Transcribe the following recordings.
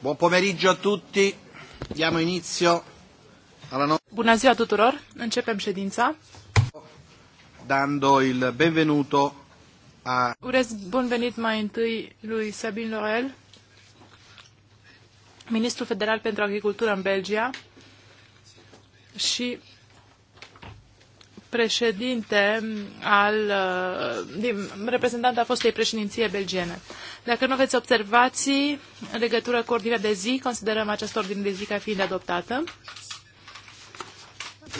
Buon pomeriggio a tutti. Diamo inizio alla nostra... Bună ziua tuturor. Începem ședința. Dando il benvenuto a... Urez bun venit mai întâi lui Sabine Lorel, ministru federal pentru agricultură în Belgia și președinte al, uh, din, reprezentant a fostei președinție belgiene. Dacă nu aveți observații în legătură cu ordinea de zi, considerăm această ordine de zi ca fiind adoptată.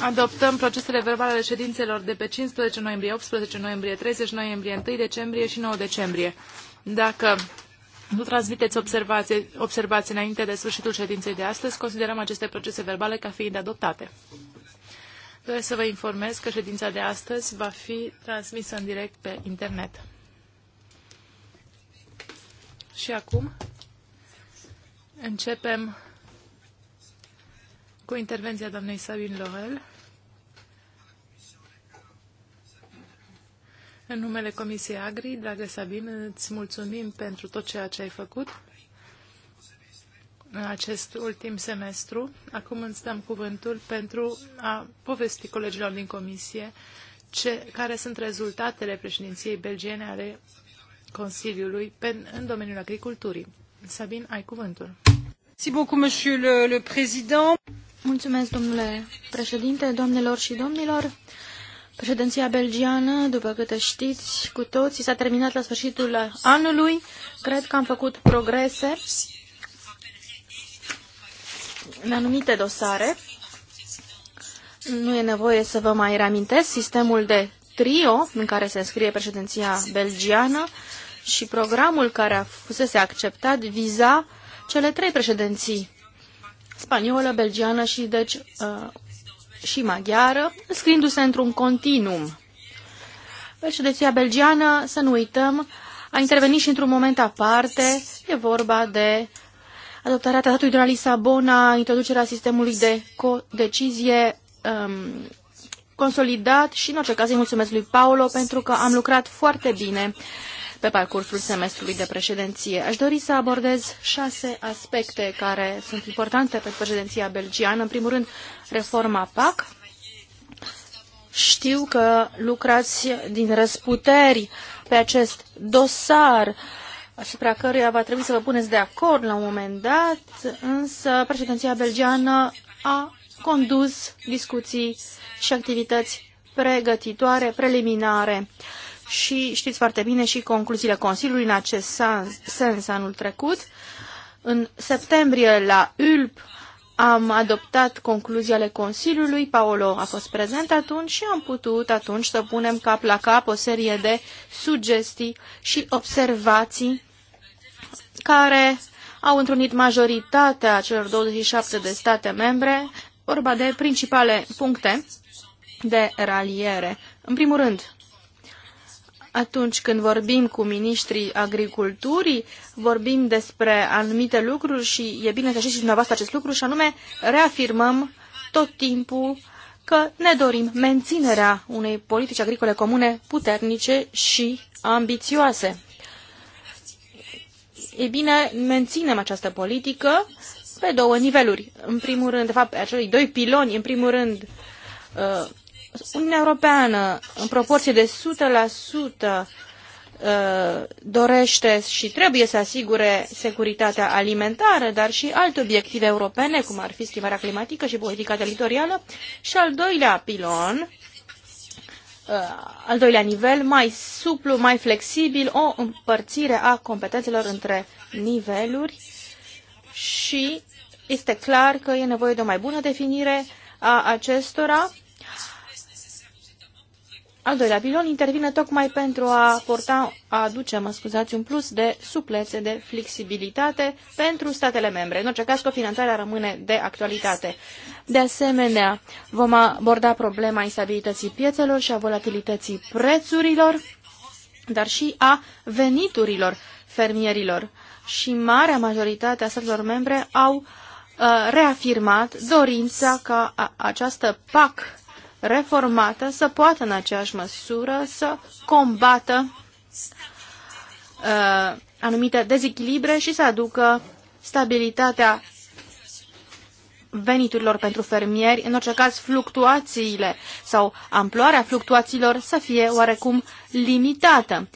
Adoptăm procesele verbale ale ședințelor de pe 15 noiembrie, 18 noiembrie, 30 noiembrie, 1 decembrie și 9 decembrie. Dacă nu transmiteți observații, observații înainte de sfârșitul ședinței de astăzi, considerăm aceste procese verbale ca fiind adoptate. Doresc să vă informez că ședința de astăzi va fi transmisă în direct pe internet. Și acum începem cu intervenția doamnei Sabine Lorel în numele Comisiei Agri. Dragă Sabine, îți mulțumim pentru tot ceea ce ai făcut în acest ultim semestru. Acum îți dăm cuvântul pentru a povesti colegilor din comisie ce, care sunt rezultatele președinției belgiene ale Consiliului în domeniul agriculturii. Sabin, ai cuvântul. Mulțumesc, domnule președinte, domnilor și domnilor. Președinția belgiană, după câte știți cu toții, s-a terminat la sfârșitul anului. Cred că am făcut progrese în anumite dosare. Nu e nevoie să vă mai reamintesc sistemul de trio în care se înscrie președinția belgiană și programul care a fusese acceptat viza cele trei președinții, spaniolă, belgiană și, deci, uh, și maghiară, scriindu-se într-un continuum. Președinția belgiană, să nu uităm, a intervenit și într-un moment aparte, e vorba de adoptarea tratatului de la Lisabona, introducerea sistemului de co-decizie, um, consolidat și, în orice caz, îi mulțumesc lui Paolo pentru că am lucrat foarte bine pe parcursul semestrului de președinție. Aș dori să abordez șase aspecte care sunt importante pentru președinția belgiană. În primul rând, reforma PAC. Știu că lucrați din răsputeri pe acest dosar asupra căruia va trebui să vă puneți de acord la un moment dat, însă președinția belgiană a condus discuții uh, și activități pregătitoare, preliminare. Și știți foarte bine și concluziile Consiliului în acest sens, sens anul trecut. În septembrie la ULP am adoptat concluzii ale Consiliului, Paolo a fost prezent atunci și am putut atunci să punem cap la cap o serie de sugestii și observații care au întrunit majoritatea celor 27 de state membre, vorba de principale puncte de raliere. În primul rând, atunci când vorbim cu ministrii agriculturii, vorbim despre anumite lucruri și e bine să știți dumneavoastră acest lucru și anume reafirmăm tot timpul că ne dorim menținerea unei politici agricole comune puternice și ambițioase. E bine, menținem această politică pe două niveluri. În primul rând, de fapt, acei doi piloni, în primul rând, uh, Uniunea Europeană, în proporție de 100%, uh, dorește și trebuie să asigure securitatea alimentară, dar și alte obiective europene, cum ar fi schimbarea climatică și politica teritorială. Și al doilea pilon, uh, al doilea nivel, mai suplu, mai flexibil, o împărțire a competențelor între niveluri și este clar că e nevoie de o mai bună definire a acestora al doilea pilon intervine tocmai pentru a aporta, a aduce, mă scuzați, un plus de suplețe, de flexibilitate pentru statele membre. În orice caz, cofinanțarea rămâne de actualitate. De asemenea, vom aborda problema instabilității piețelor și a volatilității prețurilor, dar și a veniturilor fermierilor. Și marea majoritate a statelor membre au uh, reafirmat dorința ca această PAC reformată să poată în aceeași măsură să combată uh, anumite dezechilibre și să aducă stabilitatea veniturilor pentru fermieri, în orice caz fluctuațiile sau amploarea fluctuațiilor să fie oarecum limitată.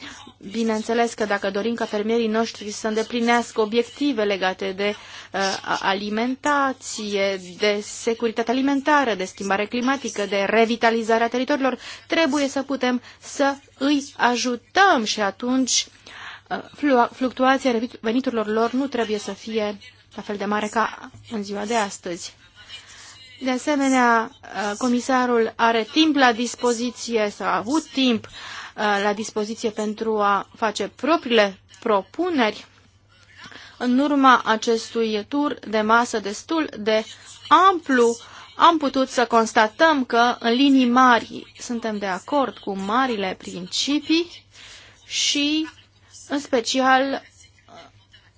Bineînțeles că dacă dorim ca fermierii noștri să îndeplinească obiective legate de uh, alimentație, de securitate alimentară, de schimbare climatică, de revitalizarea teritoriilor, trebuie să putem să îi ajutăm și atunci uh, fluctuația veniturilor lor nu trebuie să fie la fel de mare ca în ziua de astăzi. De asemenea, uh, comisarul are timp la dispoziție, s a avut timp Uh, la dispoziție pentru a face propriile propuneri în urma acestui tur de masă destul de amplu, am putut să constatăm că în linii mari suntem de acord cu marile principii și în special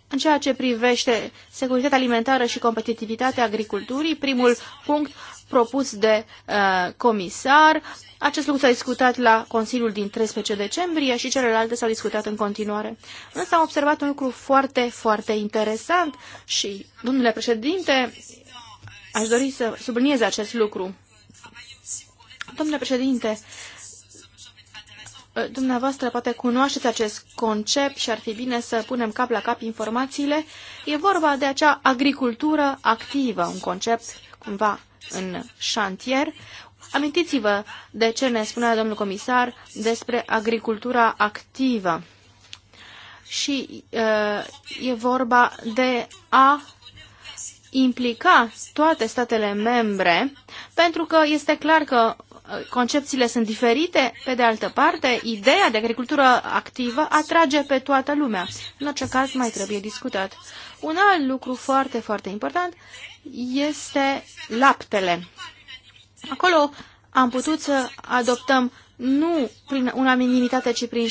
în ceea ce privește securitatea alimentară și competitivitatea agriculturii, primul punct propus de uh, comisar. Acest lucru s-a discutat la Consiliul din 13 decembrie și celelalte s-au discutat în continuare. Însă am observat un lucru foarte, foarte interesant și, domnule președinte, aș dori să subliniez acest lucru. Domnule președinte, uh, dumneavoastră poate cunoașteți acest concept și ar fi bine să punem cap la cap informațiile. E vorba de acea agricultură activă, un concept cumva în șantier. Amintiți-vă de ce ne spunea domnul comisar despre agricultura activă. Și uh, e vorba de a implica toate statele membre, pentru că este clar că uh, concepțiile sunt diferite, pe de altă parte, ideea de agricultură activă atrage pe toată lumea. În orice caz, mai trebuie discutat. Un alt lucru foarte, foarte important este laptele. Acolo am putut să adoptăm nu prin unanimitate, ci prin 75%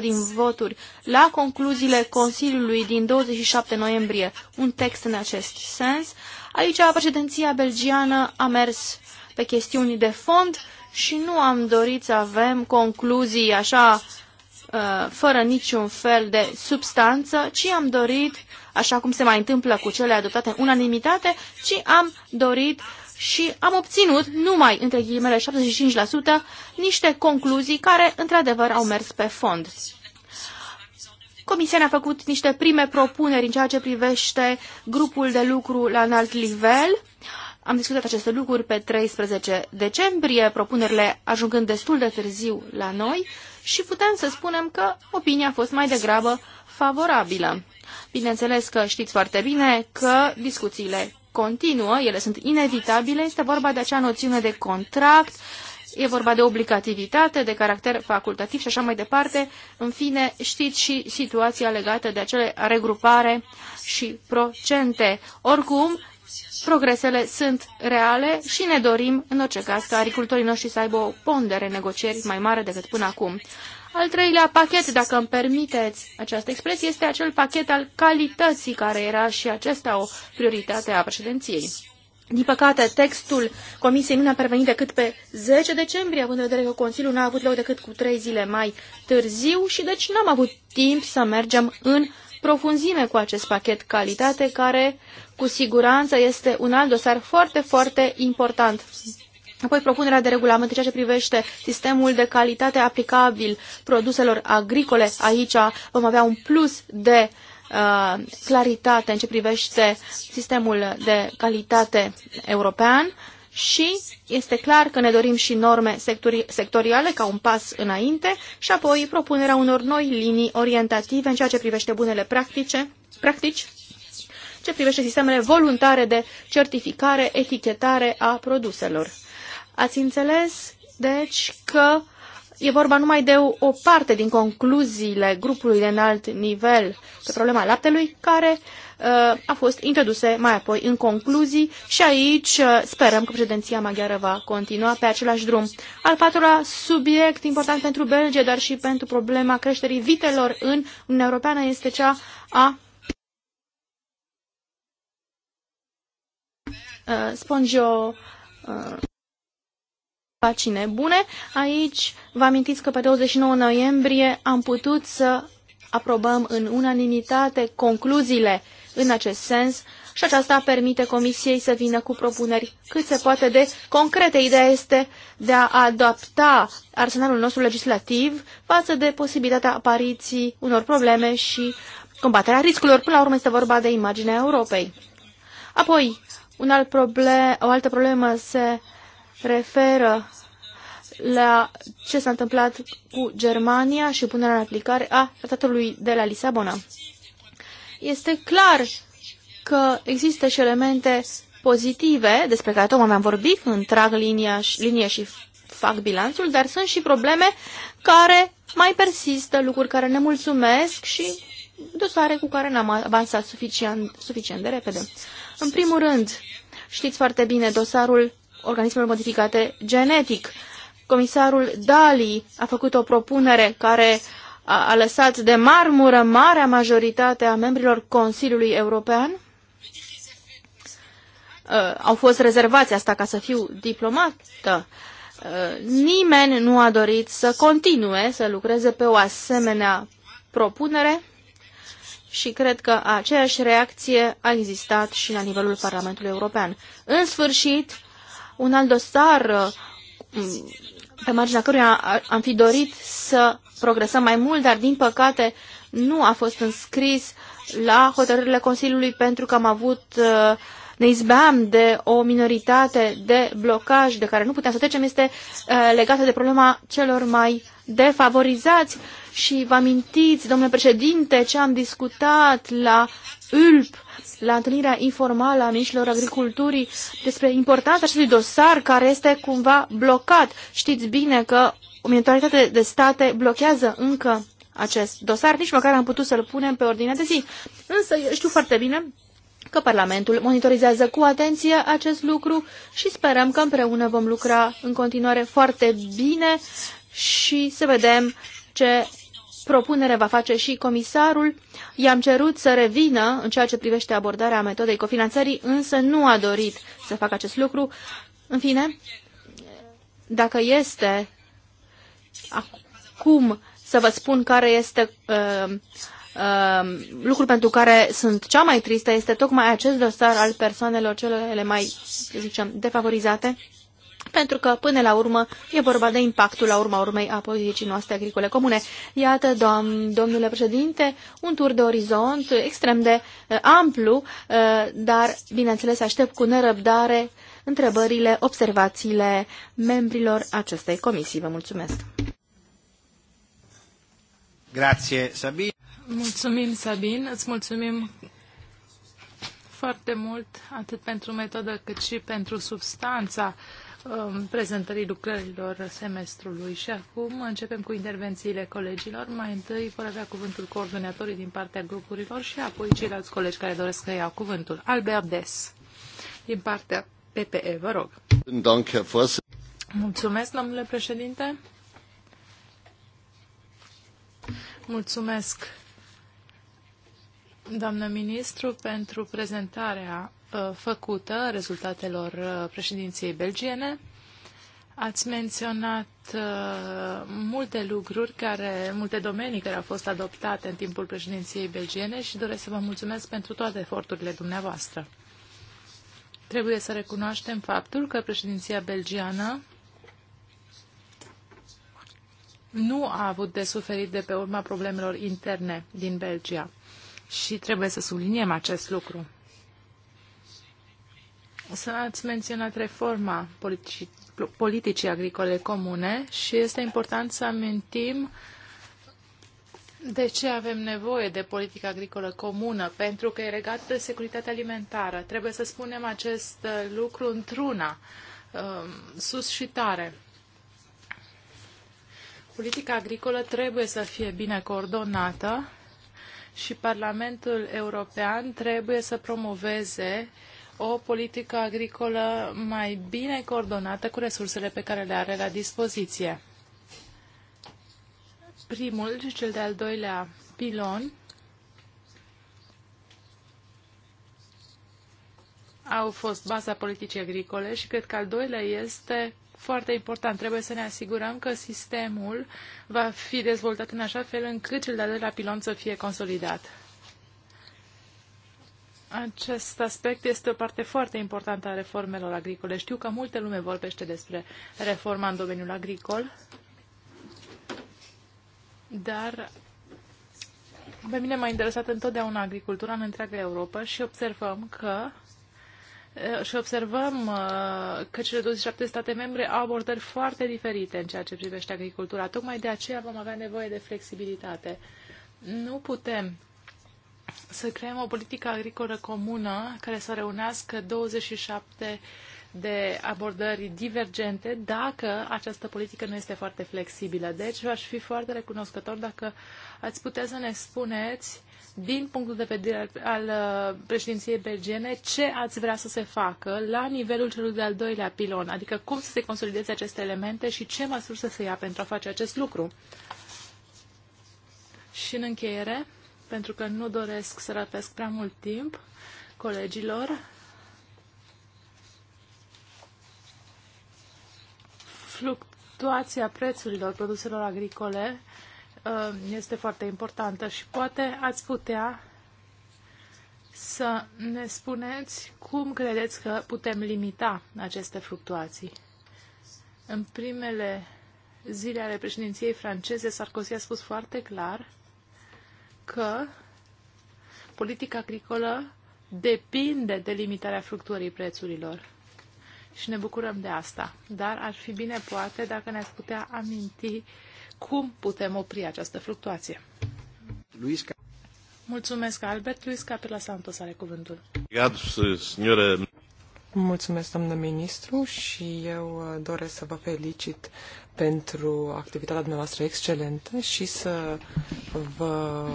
din voturi la concluziile Consiliului din 27 noiembrie un text în acest sens. Aici președinția belgiană a mers pe chestiuni de fond și nu am dorit să avem concluzii așa Uh, fără niciun fel de substanță, ci am dorit, așa cum se mai întâmplă cu cele adoptate în unanimitate, ci am dorit și am obținut numai, între ghilimele, 75%, niște concluzii care, într-adevăr, au mers pe fond. Comisia ne-a făcut niște prime propuneri în ceea ce privește grupul de lucru la înalt nivel. Am discutat aceste lucruri pe 13 decembrie, propunerile ajungând destul de târziu la noi și putem să spunem că opinia a fost mai degrabă favorabilă. Bineînțeles că știți foarte bine că discuțiile continuă, ele sunt inevitabile, este vorba de acea noțiune de contract, e vorba de obligativitate, de caracter facultativ și așa mai departe. În fine, știți și situația legată de acele regrupare și procente. Oricum, progresele sunt reale și ne dorim, în orice caz, ca agricultorii noștri să aibă o pondere negocieri mai mare decât până acum. Al treilea pachet, dacă îmi permiteți această expresie, este acel pachet al calității, care era și acesta o prioritate a președinției. Din păcate, textul Comisiei nu ne-a pervenit decât pe 10 decembrie, având în vedere că Consiliul n-a avut loc decât cu trei zile mai târziu și deci n-am avut timp să mergem în profunzime cu acest pachet calitate, care cu siguranță este un alt dosar foarte, foarte important. Apoi propunerea de regulament în ceea ce privește sistemul de calitate aplicabil produselor agricole. Aici vom avea un plus de uh, claritate în ce privește sistemul de calitate european. Uh, și este clar că ne dorim și norme sectoriale ca un pas înainte și apoi propunerea unor noi linii orientative în ceea ce privește bunele practice, practici, ce privește sistemele voluntare de certificare, etichetare a produselor. Ați înțeles, deci, că e vorba numai de o parte din concluziile grupului de înalt nivel pe problema laptelui, care uh, Uh, a fost introduse mai apoi în concluzii și aici uh, sperăm că președinția maghiară va continua pe același drum. Al patrulea subiect important pentru Belgia, dar și pentru problema creșterii vitelor în Uniunea Europeană este cea a uh, spongio pacine bune. Aici vă amintiți că pe 29 noiembrie am putut să aprobăm în unanimitate concluziile în acest sens și aceasta permite Comisiei să vină cu propuneri cât se poate de concrete. Ideea este de a adapta arsenalul nostru legislativ față de posibilitatea apariției unor probleme și combaterea riscurilor. Până la urmă este vorba de imaginea Europei. Apoi, un alt problem, o altă problemă se referă la ce s-a întâmplat cu Germania și punerea în aplicare a tratatului de la Lisabona este clar că există și elemente pozitive, despre care tocmai am vorbit, trag linia, linie și fac bilanțul, dar sunt și probleme care mai persistă, lucruri care ne mulțumesc și dosare cu care n-am avansat suficient, suficient de repede. În primul rând, știți foarte bine dosarul organismelor modificate genetic. Comisarul Dali a făcut o propunere care uh, a, lăsat de marmură marea majoritate a membrilor Consiliului European? Uh, au fost rezervați asta ca să fiu diplomată. Uh, nimeni nu a dorit să continue să lucreze pe o asemenea propunere și cred că aceeași reacție a existat și la nivelul Parlamentului European. În sfârșit, un alt dosar uh, pe marginea căruia am fi dorit să progresăm mai mult, dar din păcate nu a fost înscris la hotărârile Consiliului pentru că am avut uh, ne izbeam de o minoritate de blocaj de care nu putem să trecem este uh, legată de problema celor mai defavorizați și vă amintiți, domnule președinte, ce am discutat la ULP la întâlnirea informală a ministrilor agriculturii despre importanța acestui dosar care este cumva blocat. Știți bine că o minoritate de state blochează încă acest dosar, nici măcar am putut să-l punem pe ordinea de zi. Însă știu foarte bine că Parlamentul monitorizează cu atenție acest lucru și sperăm că împreună vom lucra în continuare foarte bine și să vedem ce propunere va face și comisarul. I-am cerut să revină în ceea ce privește abordarea metodei cofinanțării, însă nu a dorit să facă acest lucru. În fine, dacă este acum să vă spun care este uh, uh, lucrul pentru care sunt cea mai tristă, este tocmai acest dosar al persoanelor cele mai, să zicem, defavorizate pentru că, până la urmă, e vorba de impactul la urma urmei a politicii noastre agricole comune. Iată, dom domnule președinte, un tur de orizont extrem de uh, amplu, uh, dar, bineînțeles, aștept cu nerăbdare întrebările, observațiile membrilor acestei comisii. Vă mulțumesc! Grazie, Sabin. Mulțumim, Sabin. Îți mulțumim foarte mult, atât pentru metodă, cât și pentru substanța Um, prezentării lucrărilor semestrului. Și acum începem cu intervențiile colegilor. Mai întâi vor avea cuvântul coordonatorii din partea grupurilor și apoi ceilalți colegi care doresc să iau cuvântul. Albert Des, din partea PPE, vă rog. Mulțumesc, domnule președinte. Mulțumesc, doamnă ministru, pentru prezentarea Uh, făcută rezultatelor uh, președinției belgiene. Ați menționat uh, multe lucruri, care, multe domenii care au fost adoptate în timpul președinției belgiene și doresc să vă mulțumesc pentru toate eforturile dumneavoastră. Trebuie să recunoaștem faptul că președinția belgiană nu a avut de suferit de pe urma problemelor interne din Belgia și trebuie să subliniem acest lucru. Ați menționat reforma politicii, politicii agricole comune și este important să amintim de ce avem nevoie de politică agricolă comună, pentru că e legat de securitatea alimentară. Trebuie să spunem acest uh, lucru într-una, um, sus și tare. Politica agricolă trebuie să fie bine coordonată și Parlamentul European trebuie să promoveze o politică agricolă mai bine coordonată cu resursele pe care le are la dispoziție. Primul și cel de-al doilea pilon au fost baza politicii agricole și cred că al doilea este foarte important. Trebuie să ne asigurăm că sistemul va fi dezvoltat în așa fel încât cel de-al doilea pilon să fie consolidat. Acest aspect este o parte foarte importantă a reformelor agricole. Știu că multe lume vorbește despre reforma în domeniul agricol, dar pe mine m-a interesat întotdeauna agricultura în întreaga Europa și observăm că eh, și observăm eh, că cele 27 state membre au abordări foarte diferite în ceea ce privește agricultura. Tocmai de aceea vom avea nevoie de flexibilitate. Nu putem să creăm o politică agricolă comună care să reunească 27 de abordări divergente dacă această politică nu este foarte flexibilă. Deci aș fi foarte recunoscător dacă ați putea să ne spuneți din punctul de vedere al uh, președinției belgiene, ce ați vrea să se facă la nivelul celui de-al doilea pilon, adică cum să se consolideze aceste elemente și ce măsuri să se ia pentru a face acest lucru. Și în încheiere, pentru că nu doresc să răpesc prea mult timp colegilor. Fluctuația prețurilor produselor agricole uh, este foarte importantă și poate ați putea să ne spuneți cum credeți că putem limita aceste fluctuații. În primele zile ale președinției franceze, Sarkozy a spus foarte clar că politica agricolă depinde de limitarea fluctuării prețurilor. Și ne bucurăm de asta. Dar ar fi bine, poate, dacă ne-ați putea aminti cum putem opri această fluctuație. Luis Mulțumesc, Albert. Luis Capela Santos are cuvântul. Mulțumesc, doamnă ministru, și eu uh, doresc să vă felicit pentru activitatea dumneavoastră excelentă și să vă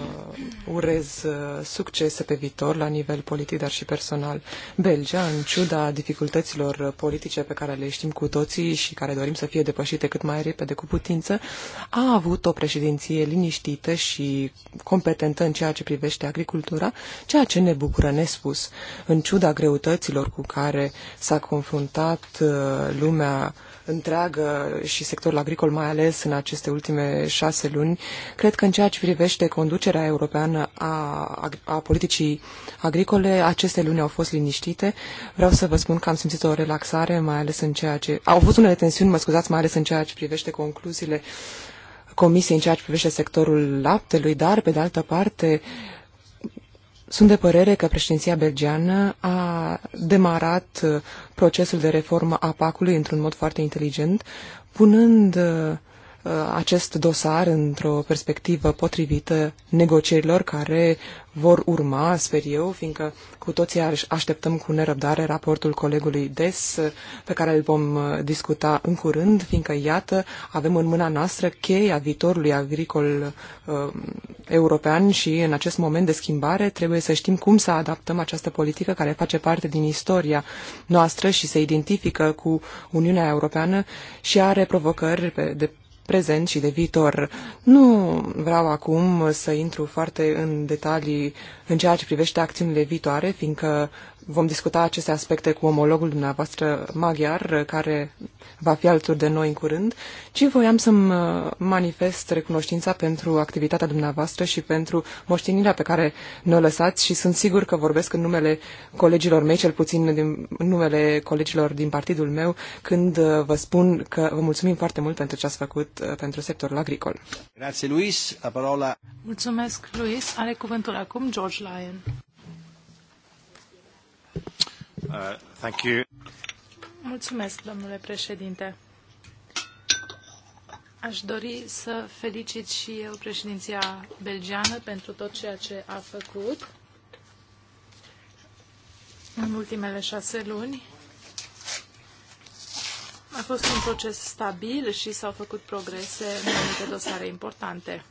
urez uh, succese pe viitor la nivel politic, dar și personal. Belgia, în ciuda dificultăților politice pe care le știm cu toții și care dorim să fie depășite cât mai repede cu putință, a avut o președinție liniștită și competentă în ceea ce privește agricultura, ceea ce ne bucură nespus. În ciuda greutăților cu care s-a confruntat uh, lumea întreagă și sectorul agricol, mai ales în aceste ultime șase luni. Cred că în ceea ce privește conducerea europeană a, a politicii agricole, aceste luni au fost liniștite. Vreau să vă spun că am simțit o relaxare, mai ales în ceea ce... Au fost unele tensiuni, mă scuzați, mai ales în ceea ce privește concluziile Comisiei în ceea ce privește sectorul laptelui, dar, pe de altă parte, uh, sunt de părere că președinția belgeană a demarat uh, procesul de reformă a PAC-ului într-un mod foarte inteligent, punând uh, Uh, acest dosar într-o perspectivă potrivită negocierilor care vor urma, sper eu, fiindcă cu toții așteptăm cu nerăbdare raportul colegului Des, uh, pe care îl vom uh, discuta în curând, fiindcă, iată, avem în mâna noastră cheia viitorului agricol uh, european și în acest moment de schimbare trebuie să știm cum să adaptăm această politică care face parte din istoria noastră și se identifică cu Uniunea Europeană și are provocări de prezent și de viitor. Nu vreau acum să intru foarte în detalii în ceea ce privește acțiunile viitoare, fiindcă Vom discuta aceste aspecte cu omologul dumneavoastră maghiar, care va fi alături de noi în curând, ci voiam să-mi uh, manifest recunoștința pentru activitatea dumneavoastră și pentru moștenirea pe care ne-o lăsați și sunt sigur că vorbesc în numele colegilor mei, cel puțin în numele colegilor din partidul meu, când uh, vă spun că vă mulțumim foarte mult pentru ce ați făcut uh, pentru sectorul agricol. Grazie, Luis. La parola... Mulțumesc, Luis. Are cuvântul acum George Lyon. Uh, Mulțumesc, domnule președinte. Aș dori să felicit și eu președinția belgiană pentru tot ceea ce a făcut în ultimele șase luni. A fost un proces stabil și s-au făcut progrese în anumite dosare importante.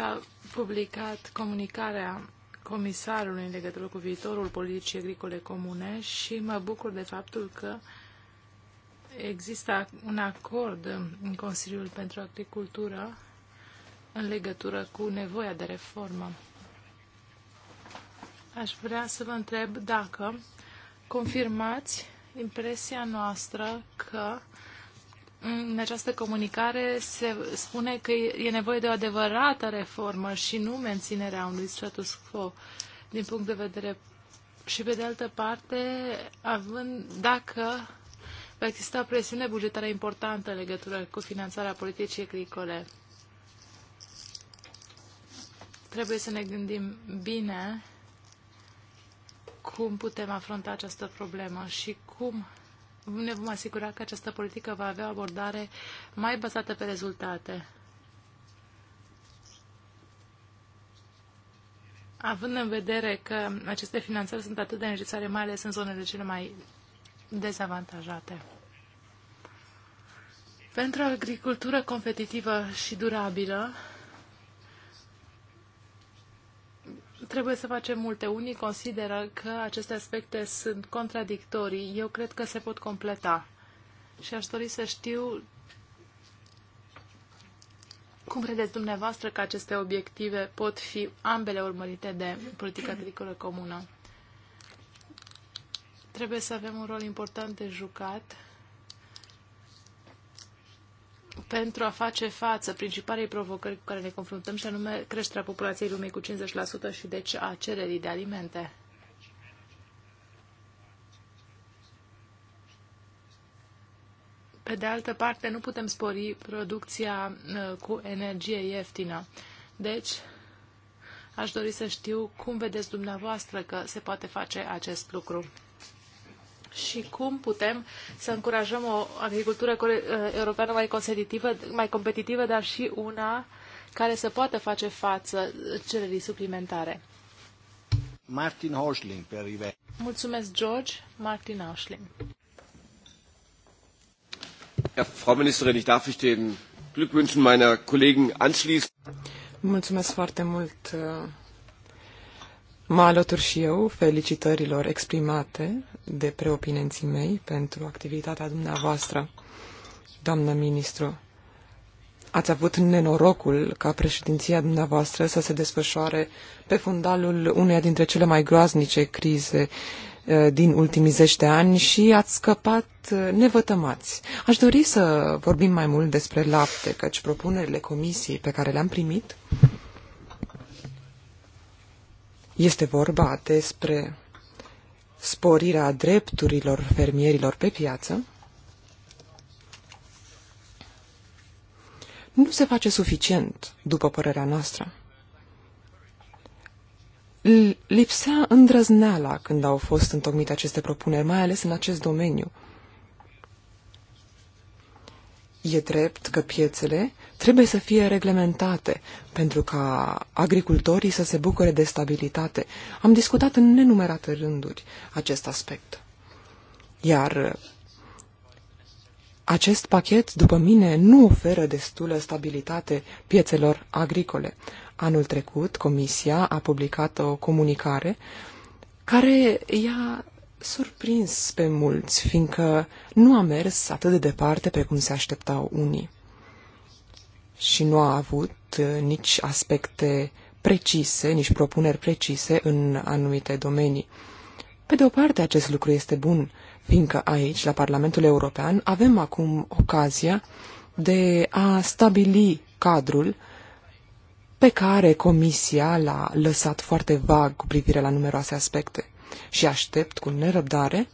s-a publicat comunicarea comisarului în legătură cu viitorul politicii agricole comune și mă bucur de faptul că există un acord în Consiliul pentru Agricultură în legătură cu nevoia de reformă. Aș vrea să vă întreb dacă confirmați impresia noastră că în această comunicare se spune că e nevoie de o adevărată reformă și nu menținerea unui status quo din punct de vedere și pe de altă parte, având, dacă va exista o presiune bugetară importantă în legătură cu finanțarea politicii agricole, trebuie să ne gândim bine cum putem afronta această problemă și cum ne vom asigura că această politică va avea o abordare mai bazată pe rezultate. Având în vedere că aceste finanțări sunt atât de necesare, mai ales în zonele cele mai dezavantajate. Pentru agricultură competitivă și durabilă, trebuie să facem multe. Unii consideră că aceste aspecte sunt contradictorii. Eu cred că se pot completa. Și aș dori să știu cum credeți dumneavoastră că aceste obiective pot fi ambele urmărite de politica agricolă comună? Trebuie să avem un rol important de jucat pentru a face față principalei provocări cu care ne confruntăm, și anume creșterea populației lumii cu 50% și deci a cererii de alimente. Pe de altă parte, nu putem spori producția uh, cu energie ieftină. Deci, aș dori să știu cum vedeți dumneavoastră că se poate face acest lucru și cum putem să încurajăm o agricultură ă, europeană mai, competitivă, mai competitivă, dar și una care să poată face față cererii suplimentare. Martin Hoșling, pe Rive. Mulțumesc, George. Martin Hoșling. Ja, Frau Ministerin, ich darf ich den Glückwünschen meiner Kollegen anschließen. Mulțumesc foarte mult, Mă alătur și eu felicitărilor exprimate de preopinenții mei pentru activitatea dumneavoastră, doamnă ministru. Ați avut nenorocul ca președinția dumneavoastră să se desfășoare pe fundalul uneia dintre cele mai groaznice crize eh, din ultimii zeci de ani și ați scăpat eh, nevătămați. Aș dori să vorbim mai mult despre lapte, căci propunerile comisiei pe care le-am primit este vorba despre sporirea drepturilor fermierilor pe piață. Nu se face suficient, după părerea noastră. Lipsea îndrăzneala când au fost întocmite aceste propuneri, mai ales în acest domeniu. E drept că piețele trebuie să fie reglementate pentru ca agricultorii să se bucure de stabilitate. Am discutat în nenumărate rânduri acest aspect. Iar uh, acest pachet, după mine, nu oferă destulă stabilitate piețelor agricole. Anul trecut, Comisia a publicat o comunicare care i-a surprins pe mulți, fiindcă nu a mers atât de departe pe cum se așteptau unii și nu a avut uh, nici aspecte precise, nici propuneri precise în anumite domenii. Pe de o parte, acest lucru este bun, fiindcă aici, la Parlamentul European, avem acum ocazia de a stabili cadrul pe care Comisia l-a lăsat foarte vag cu privire la numeroase aspecte și aștept cu nerăbdare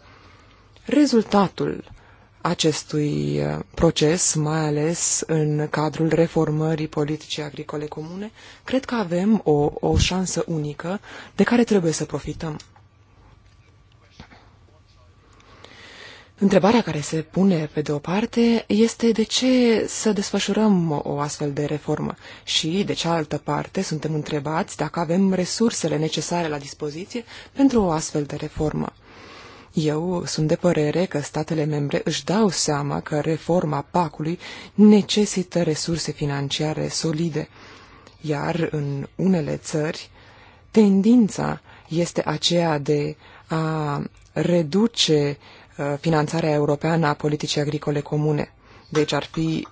rezultatul acestui uh, proces, mai ales în cadrul reformării politicii agricole comune, cred că avem o, o șansă unică de care trebuie să profităm. Întrebarea care se pune, pe de o parte, este de ce să desfășurăm o astfel de reformă și, de cealaltă parte, suntem întrebați dacă avem resursele necesare la dispoziție pentru o astfel de reformă. Eu sunt de părere că statele membre își dau seama că reforma PAC-ului necesită resurse financiare solide, iar în unele țări tendința este aceea de a reduce uh, finanțarea europeană a politicii agricole comune. Deci ar fi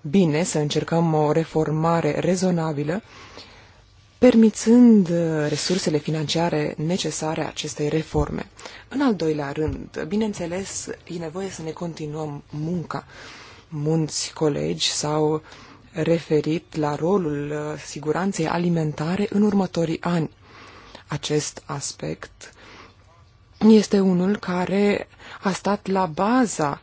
bine să încercăm o reformare rezonabilă permițând uh, resursele financiare necesare acestei reforme. În al doilea rând, bineînțeles, e nevoie să ne continuăm munca. Munți colegi s-au referit la rolul uh, siguranței alimentare în următorii ani. Acest aspect este unul care a stat la baza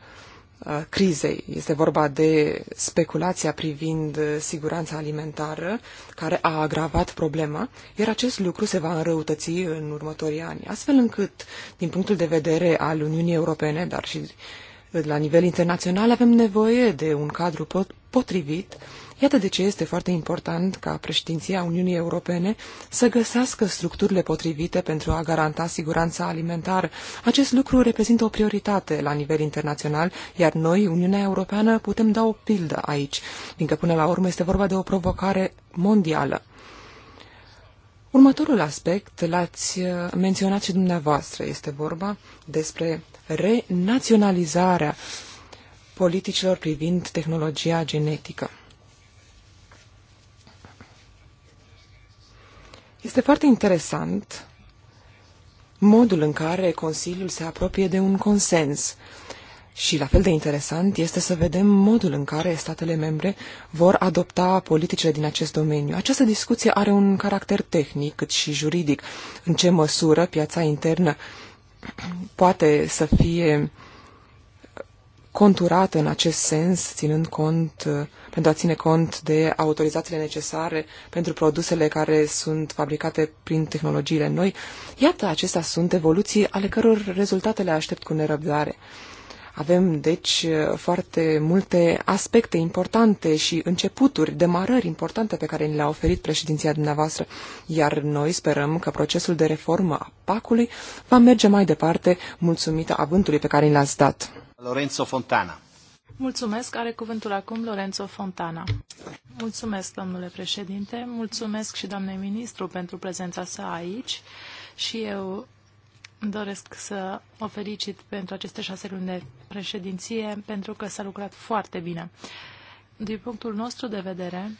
crizei. Este vorba de speculația privind siguranța alimentară, care a agravat problema, iar acest lucru se va înrăutăți în următorii ani, astfel încât, din punctul de vedere al Uniunii Europene, dar și la nivel internațional, avem nevoie de un cadru potrivit Iată de ce este foarte important ca președinția Uniunii Europene să găsească structurile potrivite pentru a garanta siguranța alimentară. Acest lucru reprezintă o prioritate la nivel internațional, iar noi, Uniunea Europeană, putem da o pildă aici, fiindcă până la urmă este vorba de o provocare mondială. Următorul aspect l-ați uh, menționat și dumneavoastră. Este vorba despre renaționalizarea politicilor privind tehnologia genetică. Este foarte interesant modul în care Consiliul se apropie de un consens. Și la fel de interesant este să vedem modul în care statele membre vor adopta politicile din acest domeniu. Această discuție are un caracter tehnic cât și juridic. În ce măsură piața internă poate să fie conturată în acest sens, ținând cont uh, pentru a ține cont de autorizațiile necesare pentru produsele care sunt fabricate prin tehnologiile noi. Iată, acestea sunt evoluții ale căror rezultate le aștept cu nerăbdare. Avem, deci, foarte multe aspecte importante și începuturi, demarări importante pe care ni le-a oferit președinția dumneavoastră, iar noi sperăm că procesul de reformă a PAC-ului va merge mai departe, mulțumită avântului pe care ni l-ați dat. Lorenzo Fontana. Mulțumesc. Are cuvântul acum Lorenzo Fontana. Mulțumesc, domnule președinte. Mulțumesc și doamnei ministru pentru prezența sa aici. Și eu doresc să o felicit pentru aceste șase luni de președinție, pentru că s-a lucrat foarte bine. Din punctul nostru de vedere,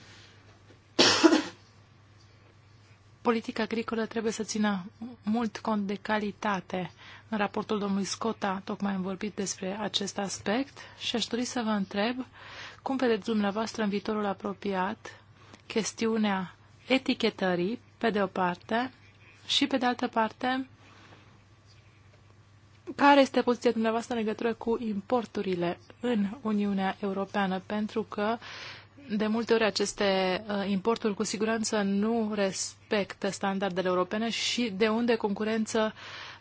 politica agricolă trebuie să țină mult cont de calitate. În raportul domnului Scota tocmai am vorbit despre acest aspect și aș dori să vă întreb cum vedeți dumneavoastră în viitorul apropiat chestiunea etichetării, pe de o parte, și pe de altă parte, care este poziția dumneavoastră în legătură cu importurile în Uniunea Europeană? Pentru că de multe ori aceste uh, importuri cu siguranță nu respectă standardele europene și de unde concurență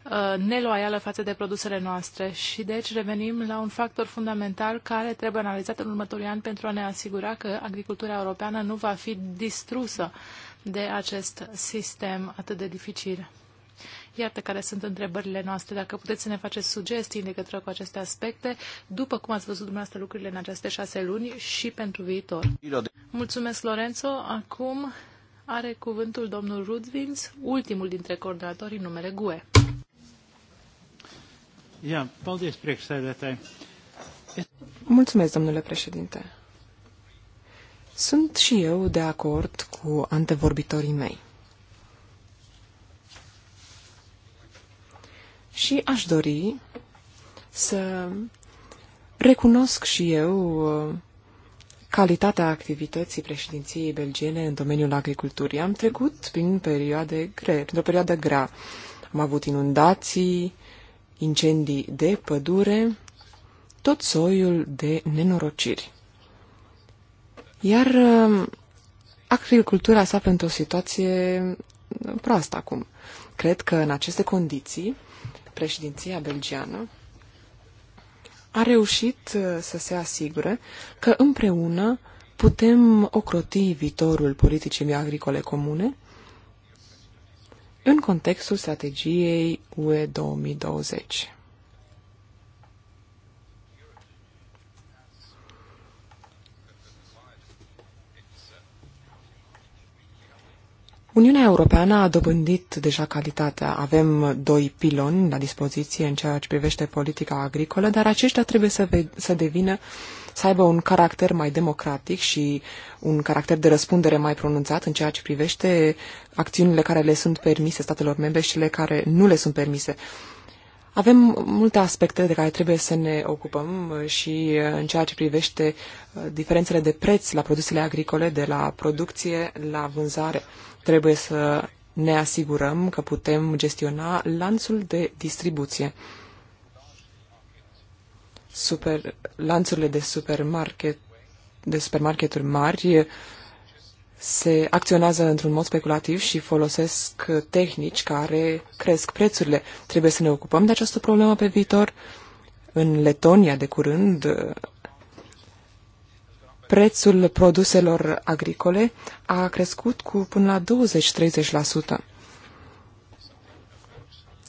uh, neloială față de produsele noastre. Și deci revenim la un factor fundamental care trebuie analizat în următorii ani pentru a ne asigura că agricultura europeană nu va fi distrusă de acest sistem atât de dificil. Iată care sunt întrebările noastre. Dacă puteți să ne faceți sugestii în legătură cu aceste aspecte, după cum ați văzut dumneavoastră lucrurile în aceste șase luni și pentru viitor. Mulțumesc, Lorenzo. Acum are cuvântul domnul Rudvins, ultimul dintre coordonatorii numele GUE. Mulțumesc, domnule președinte. Sunt și eu de acord cu antevorbitorii mei. Și aș dori să recunosc și eu uh, calitatea activității președinției belgiene în domeniul agriculturii. Am trecut prin perioade gre, prin o perioadă grea. Am avut inundații, incendii de pădure, tot soiul de nenorociri. Iar uh, agricultura s-a pentru o situație proastă acum. Cred că în aceste condiții președinția belgiană a reușit uh, să se asigure că împreună putem ocroti viitorul politicii agricole comune în contextul strategiei UE 2020. Uniunea Europeană a dobândit deja calitatea. Avem doi piloni la dispoziție în ceea ce privește politica agricolă, dar aceștia trebuie să, să devină să aibă un caracter mai democratic și un caracter de răspundere mai pronunțat în ceea ce privește acțiunile care le sunt permise statelor membre și cele care nu le sunt permise. Avem multe aspecte de care trebuie să ne ocupăm uh, și uh, în ceea ce privește uh, diferențele de preț la produsele agricole, de la producție la vânzare. Trebuie să ne asigurăm că putem gestiona lanțul de distribuție. Super, lanțurile de, supermarket, de supermarketuri mari se acționează într-un mod speculativ și folosesc tehnici care cresc prețurile. Trebuie să ne ocupăm de această problemă pe viitor. În Letonia, de curând, prețul produselor agricole a crescut cu până la 20-30%.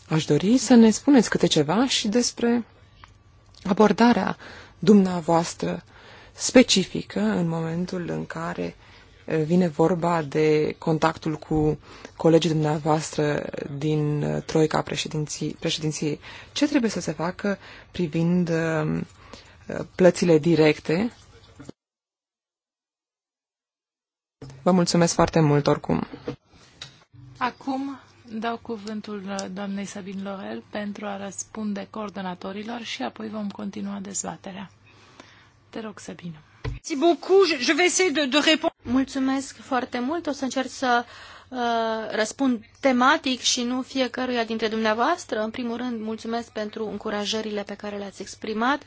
Aș dori să ne spuneți câte ceva și despre abordarea dumneavoastră specifică în momentul în care vine vorba de contactul cu colegii dumneavoastră din uh, Troica președinții, președinției. Ce trebuie să se facă privind um, plățile directe? Vă mulțumesc foarte mult oricum. Acum dau cuvântul uh, doamnei Sabin Lorel pentru a răspunde coordonatorilor și apoi vom continua dezbaterea. Te rog, Sabine. Mulțumesc foarte mult. O să încerc să uh, răspund tematic și nu fiecăruia dintre dumneavoastră. În primul rând, mulțumesc pentru încurajările pe care le-ați exprimat.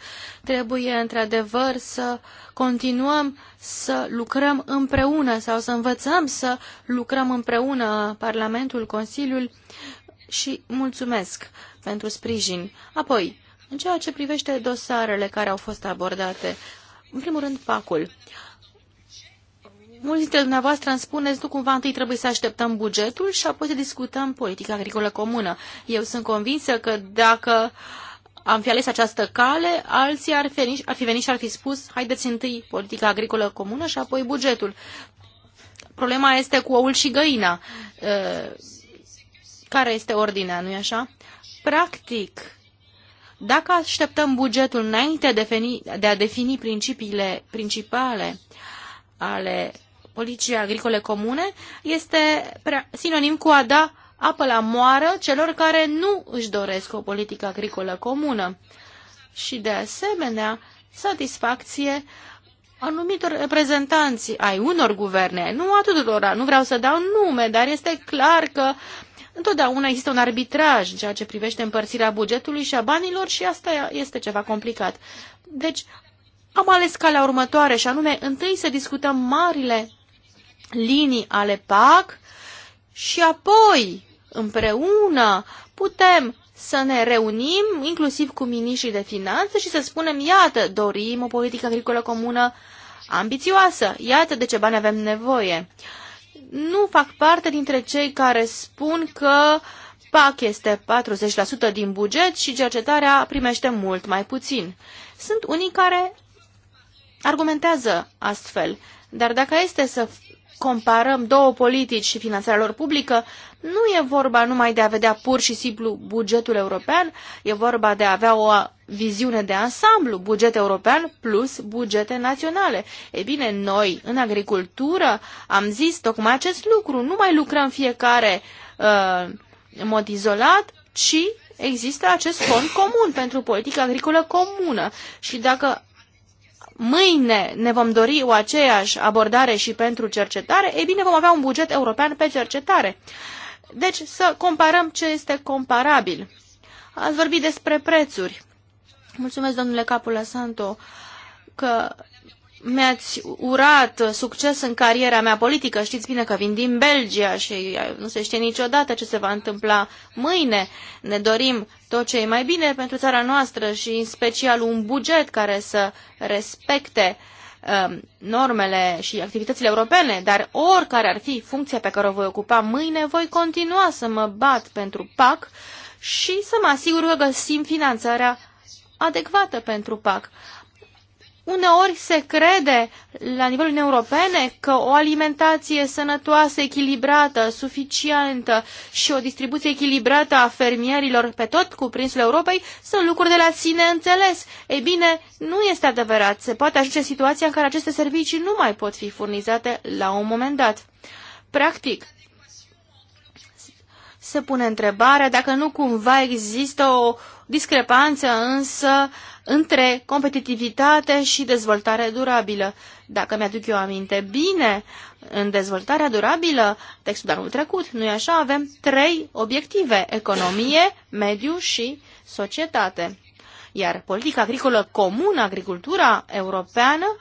Trebuie, într-adevăr, să continuăm să lucrăm împreună sau să învățăm să lucrăm împreună Parlamentul, Consiliul și mulțumesc pentru sprijin. Apoi, în ceea ce privește dosarele care au fost abordate, în primul rând, facul. Mulți dintre dumneavoastră îmi spuneți, nu cumva întâi trebuie să așteptăm bugetul și apoi să discutăm politica agricolă comună. Eu sunt convinsă că dacă am fi ales această cale, alții ar fi, ar fi venit și ar fi spus, haideți întâi politica agricolă comună și apoi bugetul. Problema este cu oul și găina. Ă, care este ordinea, nu-i așa? Practic, dacă așteptăm bugetul înainte de a defini principiile principale ale politicii agricole comune, este sinonim cu a da apă la moară celor care nu își doresc o politică agricolă comună și, de asemenea, satisfacție anumitor reprezentanți ai unor guverne, nu a tuturora, nu vreau să dau nume, dar este clar că Întotdeauna există un arbitraj în ceea ce privește împărțirea bugetului și a banilor și asta este ceva complicat. Deci am ales calea următoare și anume întâi să discutăm marile linii ale PAC și apoi împreună putem să ne reunim, inclusiv cu miniștrii de finanțe, și să spunem, iată, dorim o politică agricolă comună ambițioasă, iată de ce bani avem nevoie. Uh, nu fac parte dintre cei care spun că PAC este 40% din buget și cercetarea primește mult mai puțin. Sunt unii care argumentează astfel, dar dacă este să comparăm două politici și finanțarea lor publică, nu e vorba numai de a vedea pur și simplu bugetul european, e vorba de a avea o viziune de ansamblu, buget european plus bugete naționale. Ei bine, noi în agricultură am zis tocmai acest lucru, nu mai lucrăm fiecare uh, în mod izolat, ci există acest fond comun pentru politică agricolă comună și dacă mâine ne vom dori o aceeași abordare și pentru cercetare, e bine vom avea un buget european pe cercetare. Deci să comparăm ce este comparabil. Ați vorbit despre prețuri. Mulțumesc, domnule Capula Santo, că mi-ați urat succes în cariera mea politică. Știți bine că vin din Belgia și nu se știe niciodată ce se va întâmpla mâine. Ne dorim tot ce e mai bine pentru țara noastră și în special un buget care să respecte um, normele și activitățile europene, dar oricare ar fi funcția pe care o voi ocupa mâine, voi continua să mă bat pentru PAC și să mă asigur că găsim finanțarea adecvată pentru PAC. Uneori se crede la nivelul europene că o alimentație sănătoasă, echilibrată, suficientă și o distribuție echilibrată a fermierilor pe tot cuprinsul Europei sunt lucruri de la sine înțeles. Ei bine, nu este adevărat. Se poate ajunge situația în care aceste servicii nu mai pot fi furnizate la un moment dat. Practic, se pune întrebarea dacă nu cumva există o, discrepanță însă între competitivitate și dezvoltare durabilă. Dacă mi-aduc eu aminte bine, în dezvoltarea durabilă, textul de anul trecut, nu-i așa, avem trei obiective, economie, mediu și societate. Iar politica agricolă comună, agricultura europeană,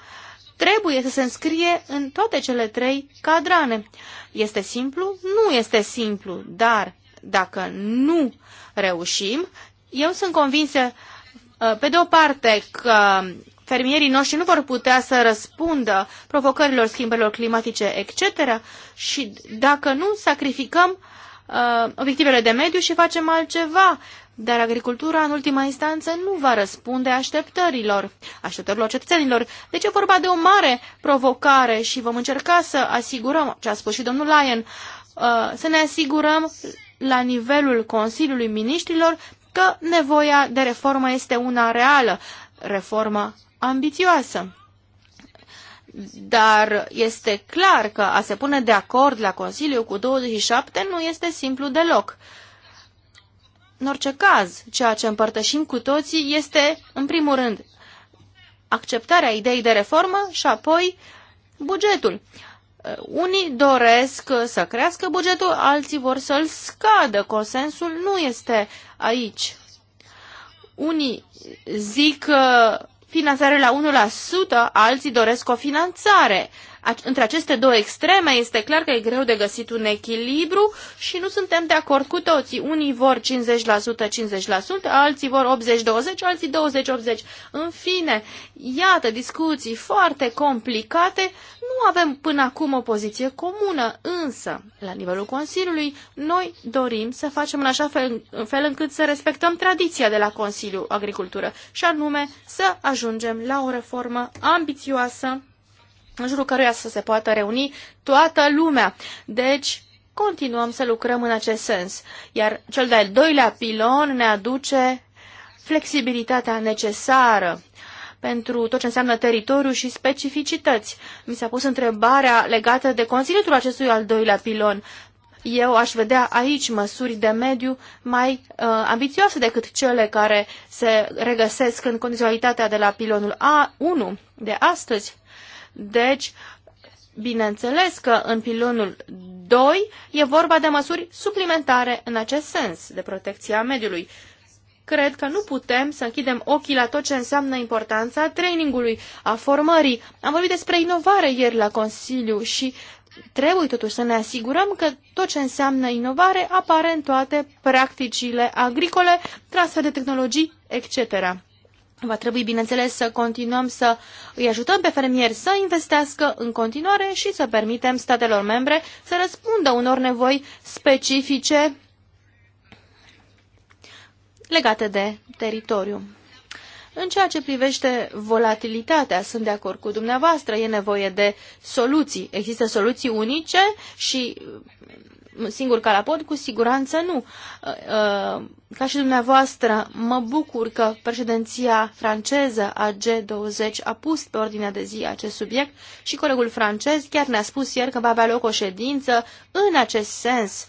trebuie să se înscrie în toate cele trei cadrane. Este simplu? Nu este simplu, dar dacă nu reușim, eu sunt convinsă, uh, pe de o parte, că fermierii noștri nu vor putea să răspundă provocărilor schimbărilor climatice, etc. Și dacă nu, sacrificăm uh, obiectivele de mediu și facem altceva. Dar agricultura, în ultima instanță, nu va răspunde așteptărilor, așteptărilor cetățenilor. Deci e vorba de o mare provocare și vom încerca să asigurăm, ce a spus și domnul Lyon, uh, să ne asigurăm la nivelul Consiliului Ministrilor că nevoia de reformă este una reală, reformă ambițioasă. Dar este clar că a se pune de acord la Consiliu cu 27 nu este simplu deloc. În orice caz, ceea ce împărtășim cu toții este, în primul rând, acceptarea ideii de reformă și apoi bugetul unii doresc să crească bugetul, alții vor să-l scadă. Consensul nu este aici. Unii zic uh, finanțare la 1%, alții doresc o finanțare între aceste două extreme este clar că e greu de găsit un echilibru și nu suntem de acord cu toții. Unii vor 50%, 50%, alții vor 80-20, alții 20-80. În fine, iată discuții foarte complicate. Nu avem până acum o poziție comună, însă, la nivelul Consiliului, noi dorim să facem în așa fel, în fel încât să respectăm tradiția de la Consiliul Agricultură și anume să ajungem la o reformă ambițioasă în jurul căruia să se poată reuni toată lumea. Deci, continuăm să lucrăm în acest sens. Iar cel de-al doilea pilon ne aduce flexibilitatea necesară pentru tot ce înseamnă teritoriu și specificități. Mi s-a pus întrebarea legată de conținutul acestui al doilea pilon. Eu aș vedea aici măsuri de mediu mai uh, ambițioase decât cele care se regăsesc în condiționalitatea de la pilonul A1 de astăzi. Deci, bineînțeles că în pilonul 2 e vorba de măsuri suplimentare în acest sens de protecția mediului. Cred că nu putem să închidem ochii la tot ce înseamnă importanța trainingului, a formării. Am vorbit despre inovare ieri la Consiliu și trebuie totuși să ne asigurăm că tot ce înseamnă inovare apare în toate practicile agricole, transfer de tehnologii, etc. Va trebui, bineînțeles, să continuăm să îi ajutăm pe fermieri să investească în continuare și să permitem statelor membre să răspundă unor nevoi specifice legate de teritoriu. În ceea ce privește volatilitatea, sunt de acord cu dumneavoastră, e nevoie de soluții. Există soluții unice și singur ca Cu siguranță nu. Uh, uh, ca și dumneavoastră, mă bucur că președinția franceză a G20 a pus pe ordinea de zi acest subiect și colegul francez chiar ne-a spus ieri că va avea loc o ședință în acest sens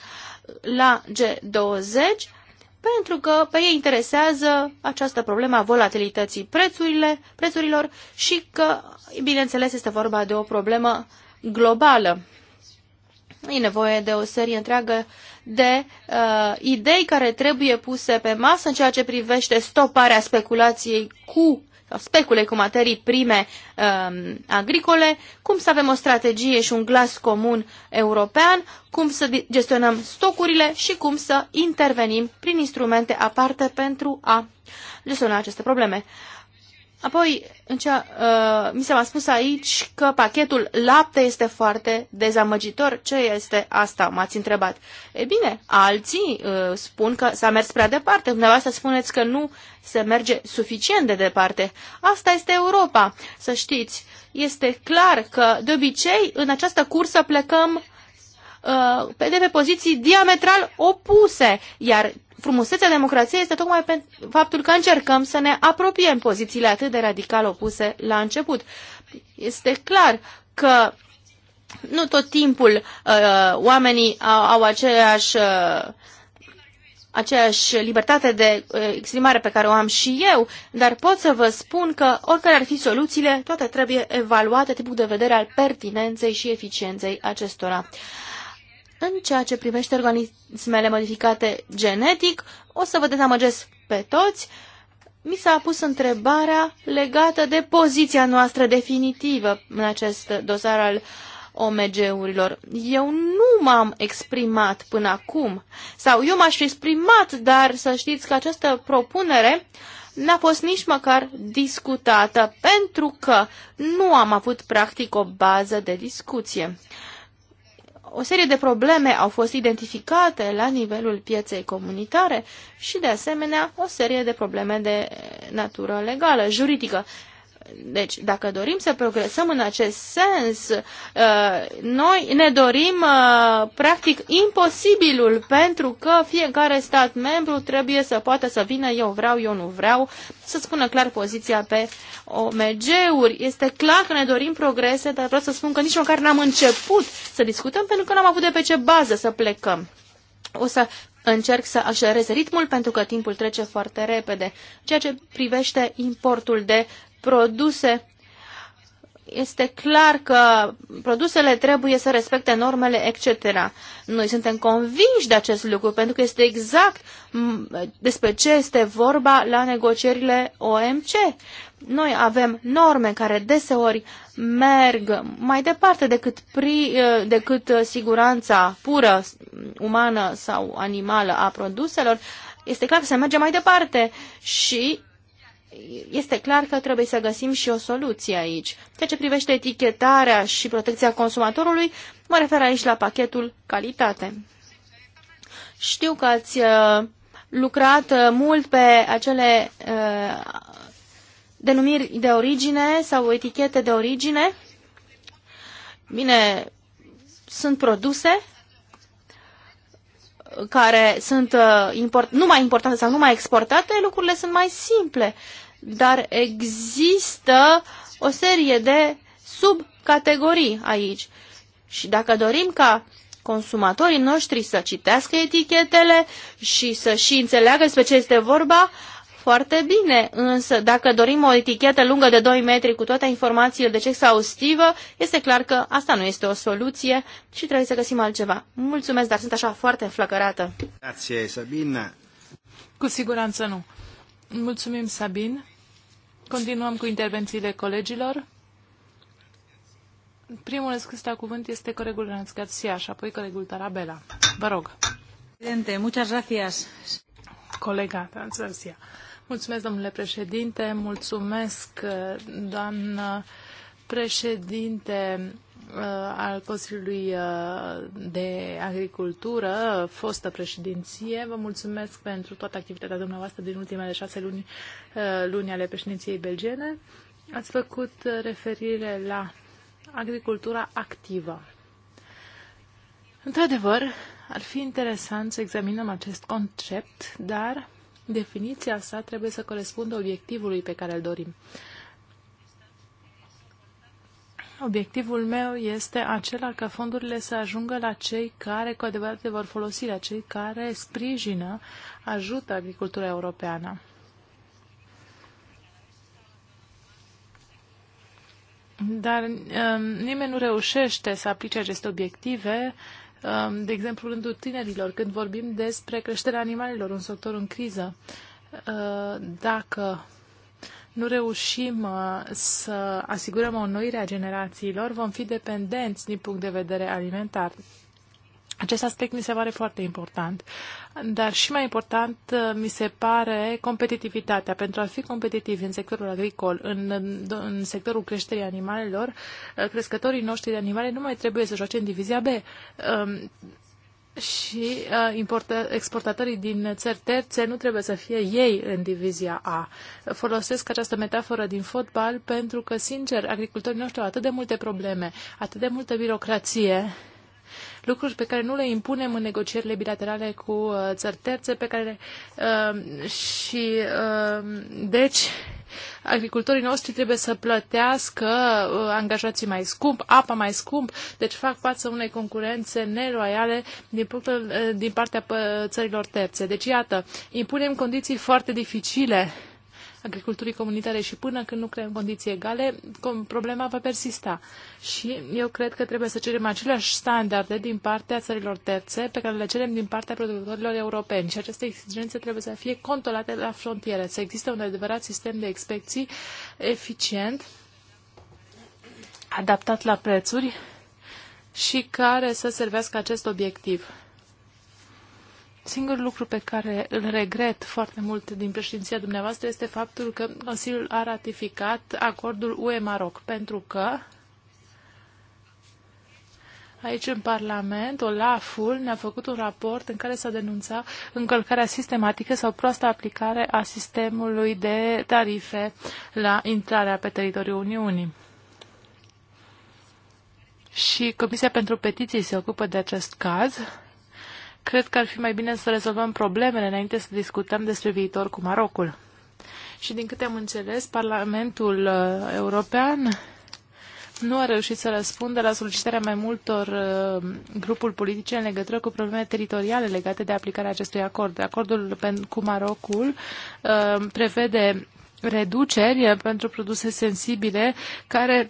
la G20 pentru că pe ei interesează această problemă a volatilității prețurile, prețurilor și că, bineînțeles, este vorba de o problemă globală. E nevoie de o serie întreagă de uh, idei care trebuie puse pe masă în ceea ce privește stoparea speculației cu sau cu materii prime um, agricole, cum să avem o strategie și un glas comun european, cum să gestionăm stocurile și cum să intervenim prin instrumente aparte pentru a gestiona aceste probleme. Uh, Apoi, în cea, uh, mi se a spus aici că pachetul lapte este foarte dezamăgitor. Ce este asta? M-ați întrebat. E bine, alții uh, spun că s-a mers prea departe. Dumneavoastră spuneți că nu se merge suficient de departe. Asta este Europa, să știți. Este clar că, de obicei, în această cursă plecăm uh, Uh, de pe poziții diametral opuse, iar frumusețea democrației este tocmai pe faptul că încercăm să ne apropiem pozițiile atât de radical opuse la început. Este clar că nu tot timpul uh, oamenii au, au aceeași, uh, aceeași libertate de uh, exprimare pe care o am și eu, dar pot să vă spun că oricare ar fi soluțiile, toate trebuie evaluate din punct de vedere al pertinenței și eficienței acestora. Uh, în ceea ce privește organismele modificate genetic, o să vă dezamăgesc pe toți, mi s-a pus întrebarea legată de poziția noastră definitivă în acest dosar al OMG-urilor. Eu nu m-am exprimat până acum, sau eu m-aș fi exprimat, dar să știți că această propunere n-a fost nici măcar discutată, pentru că nu am avut practic o bază de discuție o serie de probleme au fost identificate la nivelul pieței comunitare și, de asemenea, o serie de probleme de natură legală, juridică. Deci, dacă dorim să progresăm în acest sens, uh, noi ne dorim uh, practic imposibilul pentru că fiecare stat membru trebuie să poată să vină eu vreau, eu nu vreau, să spună clar poziția pe OMG-uri. Este clar că ne dorim progrese, dar vreau să spun că nici măcar n-am început să discutăm pentru că n-am avut de pe ce bază să plecăm. O să încerc să așerez ritmul pentru că timpul trece foarte repede. Ceea ce privește importul de produse, este clar că produsele trebuie să respecte normele, etc. Noi suntem convinși de acest lucru, pentru că este exact despre ce este vorba la negocierile OMC. Noi avem norme care deseori merg mai departe decât, pri, eh, decât siguranța pură umană sau animală a produselor. Este clar că se merge mai departe și este clar că trebuie să găsim și o soluție aici. Ceea ce privește etichetarea și protecția consumatorului, mă refer aici la pachetul calitate. Știu că ați uh, lucrat uh, mult pe acele uh, denumiri de origine sau etichete de origine. Bine, sunt produse care sunt import, nu mai importate sau nu mai exportate, lucrurile sunt mai simple dar există o serie de subcategorii aici. Și dacă dorim ca consumatorii noștri să citească etichetele și să și înțeleagă despre ce este vorba, foarte bine, însă dacă dorim o etichetă lungă de 2 metri cu toate informațiile de deci exhaustivă, este clar că asta nu este o soluție și trebuie să găsim altceva. Mulțumesc, dar sunt așa foarte înflăcărată. Grazie, Sabina. Cu siguranță nu. Mulțumim, Sabin. Continuăm cu intervențiile colegilor. Primul scris la cuvânt este colegul Renț Garcia și apoi colegul Tarabela. Vă rog. Președinte, muchas gracias. Colega Renț Garcia. Mulțumesc, domnule președinte, mulțumesc, doamnă președinte Uh, al Consiliului uh, de Agricultură, fostă președinție. Vă mulțumesc pentru toată activitatea dumneavoastră din ultimele șase luni, uh, luni ale președinției belgene. Ați făcut referire la agricultura activă. Într-adevăr, ar fi interesant să examinăm acest concept, dar definiția sa trebuie să corespundă obiectivului pe care îl dorim. Obiectivul meu este acela ca fondurile să ajungă la cei care cu adevărat le vor folosi, la cei care sprijină, ajută agricultura europeană. Dar um, nimeni nu reușește să aplice aceste obiective, um, de exemplu, rândul tinerilor, când vorbim despre creșterea animalelor, un sector în criză. Uh, dacă nu reușim uh, să asigurăm o noire a generațiilor, vom fi dependenți din punct de vedere alimentar. Acest aspect mi se pare foarte important, dar și mai important uh, mi se pare competitivitatea. Pentru a fi competitivi în sectorul agricol, în, în sectorul creșterii animalelor, uh, crescătorii noștri de animale nu mai trebuie să joace în divizia B. Um, și uh, importă, exportatorii din țări terțe nu trebuie să fie ei în divizia A. Folosesc această metaforă din fotbal pentru că, sincer, agricultorii noștri au atât de multe probleme, atât de multă birocrație, lucruri pe care nu le impunem în negocierile bilaterale cu uh, țări terțe, pe care uh, și uh, deci agricultorii noștri trebuie să plătească angajații mai scump, apa mai scump, deci fac față unei concurențe neloiale din, punctul, din partea țărilor terțe. Deci, iată, impunem condiții foarte dificile agriculturii comunitare și până când nu creăm condiții egale, problema va persista. Și eu cred că trebuie să cerem aceleași standarde din partea țărilor terțe pe care le cerem din partea producătorilor europeni. Și aceste exigențe trebuie să fie controlate la frontiere, să existe un adevărat sistem de inspecții eficient, adaptat la prețuri și care să servească acest obiectiv. Singurul lucru pe care îl regret foarte mult din președinția dumneavoastră este faptul că Consiliul a ratificat acordul UE-Maroc, pentru că aici în Parlament, OLAF-ul ne-a făcut un raport în care s-a denunțat încălcarea sistematică sau proastă aplicare a sistemului de tarife la intrarea pe teritoriul Uniunii. Și Comisia pentru Petiții se ocupă de acest caz cred că ar fi mai bine să rezolvăm problemele înainte să discutăm despre viitor cu Marocul. Și din câte am înțeles, Parlamentul uh, European nu a reușit să răspundă la solicitarea mai multor uh, grupuri politice în legătură cu probleme teritoriale legate de aplicarea acestui acord. Acordul cu Marocul uh, prevede reduceri pentru produse sensibile care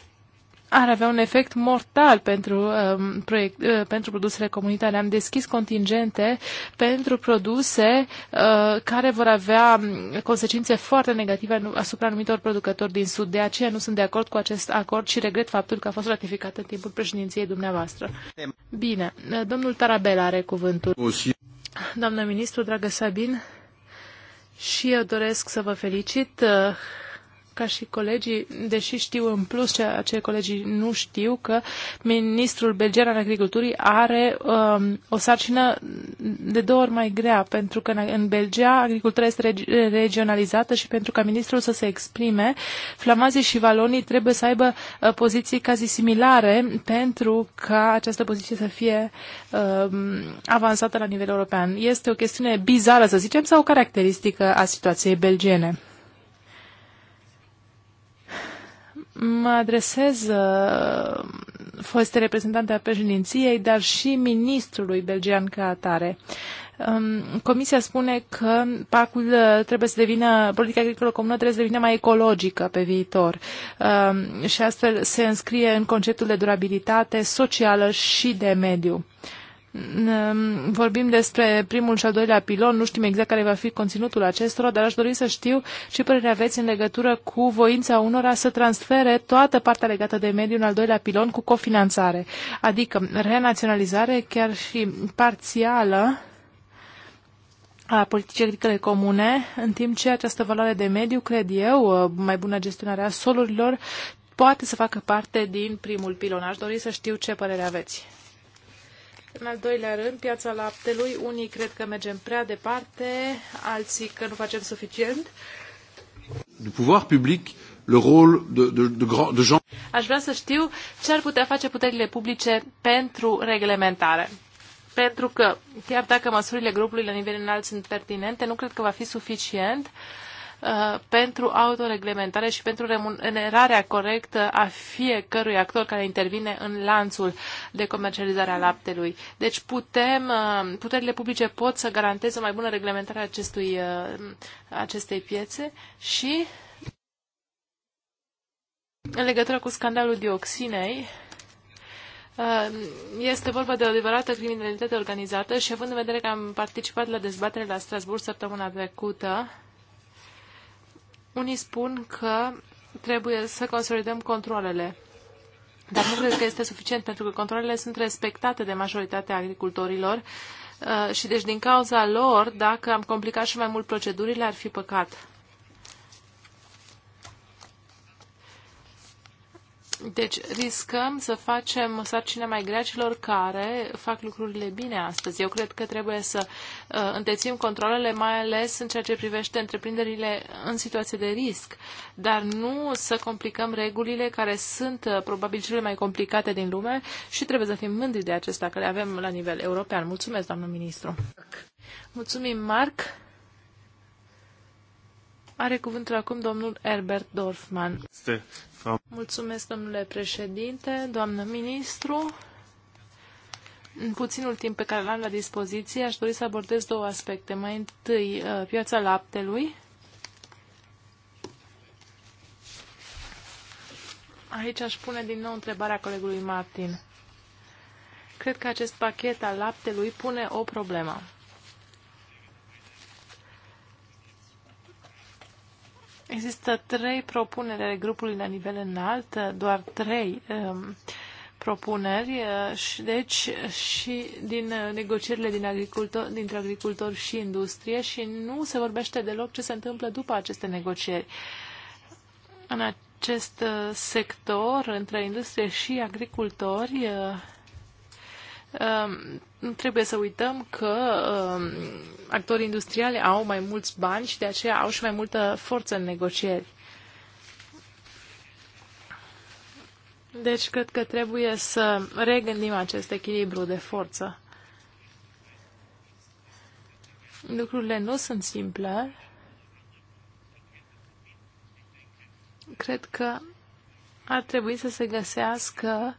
ar avea un efect mortal pentru, um, proiect, uh, pentru produsele comunitare. Am deschis contingente pentru produse uh, care vor avea um, consecințe foarte negative asupra anumitor producători din Sud. De aceea nu sunt de acord cu acest acord și regret faptul că a fost ratificat în timpul președinției dumneavoastră. Bine, uh, domnul Tarabel are cuvântul. Doamnă ministru, dragă Sabin, și eu doresc să vă felicit. Uh, ca și colegii, deși știu în plus ce ce colegii nu știu, că ministrul belgian al agriculturii are um, o sarcină de două ori mai grea, pentru că în Belgia agricultura este reg- regionalizată și pentru ca ministrul să se exprime, flamazii și valonii trebuie să aibă uh, poziții cazi similare pentru ca această poziție să fie uh, avansată la nivel european. Este o chestiune bizară, să zicem, sau o caracteristică a situației belgiene. mă adresez uh, foste reprezentante a președinției, dar și ministrului belgian ca atare. Um, comisia spune că pacul uh, trebuie să devină, politica agricolă comună trebuie să devină mai ecologică pe viitor um, și astfel se înscrie în conceptul de durabilitate socială și de mediu. Vorbim despre primul și al doilea pilon, nu știm exact care va fi conținutul acestora, dar aș dori să știu ce părere aveți în legătură cu voința unora să transfere toată partea legată de mediu în al doilea pilon cu cofinanțare, adică renaționalizare chiar și parțială a politicii agricole comune, în timp ce această valoare de mediu, cred eu, mai bună gestionare a solurilor, poate să facă parte din primul pilon. Aș dori să știu ce părere aveți. În al doilea rând, piața laptelui. Unii cred că mergem prea departe, alții că nu facem suficient. Du pouvoir public, le rôle de, de, de, grand, de gens. Aș vrea să știu ce ar putea face puterile publice pentru reglementare. Pentru că, chiar dacă măsurile grupului la nivel înalt sunt pertinente, nu cred că va fi suficient uh, Uh, pentru autoreglementare și pentru remunerarea corectă a fiecărui actor care intervine în lanțul de comercializare a laptelui. Deci putem, uh, puterile publice pot să garanteze o mai bună reglementare a acestui, uh, acestei piețe și în legătură cu scandalul dioxinei, este vorba de o adevărată criminalitate organizată și având în vedere că am participat la dezbatere la Strasburg săptămâna trecută, unii spun că trebuie să consolidăm controlele. Dar nu cred că este suficient, pentru că controlele sunt respectate de majoritatea agricultorilor uh, și deci din cauza lor, dacă am complicat și mai mult procedurile, ar fi păcat. Deci riscăm să facem sarcina mai grea celor care fac lucrurile bine astăzi. Eu cred că trebuie să uh, întețim controlele, mai ales în ceea ce privește întreprinderile în situație de risc, dar nu să complicăm regulile care sunt uh, probabil cele mai complicate din lume și trebuie să fim mândri de acestea, că le avem la nivel european. Mulțumesc, doamnă ministru. Mulțumim, Marc. Are cuvântul acum domnul Herbert Dorfman. Este. Mulțumesc, domnule președinte, doamnă ministru. În puținul timp pe care l-am la dispoziție, aș dori să abordez două aspecte. Mai întâi, uh, piața laptelui. Aici aș pune din nou întrebarea colegului Martin. Cred că acest pachet al laptelui pune o problemă. Există trei propuneri ale grupului la nivel înalt, doar trei um, propuneri uh, și deci și din uh, negocierile din agricultor, dintre agricultori și industrie și nu se vorbește deloc ce se întâmplă după aceste negocieri. În acest uh, sector, între industrie și agricultori, Um, trebuie să uităm că um, actorii industriali au mai mulți bani și de aceea au și mai multă forță în negocieri. Deci cred că trebuie să regândim acest echilibru de forță. Lucrurile nu sunt simple. Cred că ar trebui să se găsească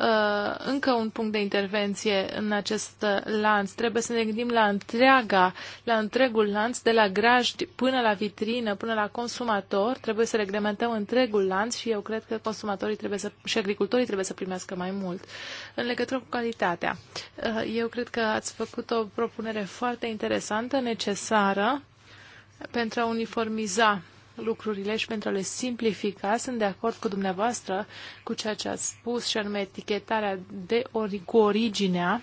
Uh, încă un punct de intervenție în acest uh, lanț. Trebuie să ne gândim la întreaga, la întregul lanț, de la grajdi până la vitrină, până la consumator. Trebuie să reglementăm întregul lanț și eu cred că consumatorii trebuie să, și agricultorii trebuie să primească mai mult. În legătură cu calitatea, uh, eu cred că ați făcut o propunere foarte interesantă, necesară, pentru a uniformiza lucrurile și pentru a le simplifica. Sunt de acord cu dumneavoastră cu ceea ce ați spus și anume etichetarea de ori, cu originea.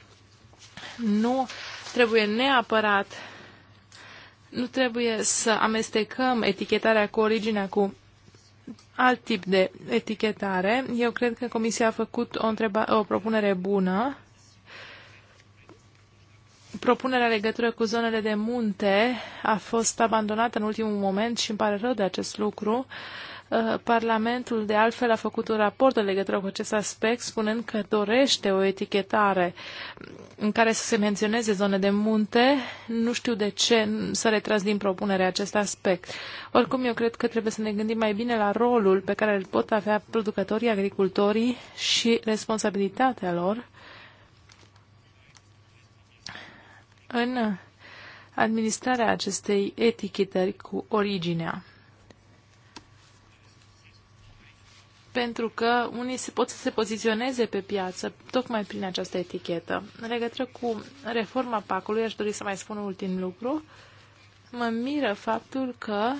Nu trebuie neapărat nu trebuie să amestecăm etichetarea cu originea cu alt tip de etichetare. Eu cred că Comisia a făcut o, întreba- o propunere bună propunerea legătură cu zonele de munte a fost abandonată în ultimul moment și îmi pare rău de acest lucru. Uh, Parlamentul, de altfel, a făcut un raport în legătură cu acest aspect, spunând că dorește o etichetare în care să se menționeze zone de munte. Nu știu de ce să retras din propunere acest aspect. Oricum, eu cred că trebuie să ne gândim mai bine la rolul pe care îl pot avea producătorii, agricultorii și responsabilitatea lor în administrarea acestei etichetări cu originea. pentru că unii se pot să se poziționeze pe piață tocmai prin această etichetă. În legătură cu reforma pacului, aș dori să mai spun un ultim lucru. Mă miră faptul că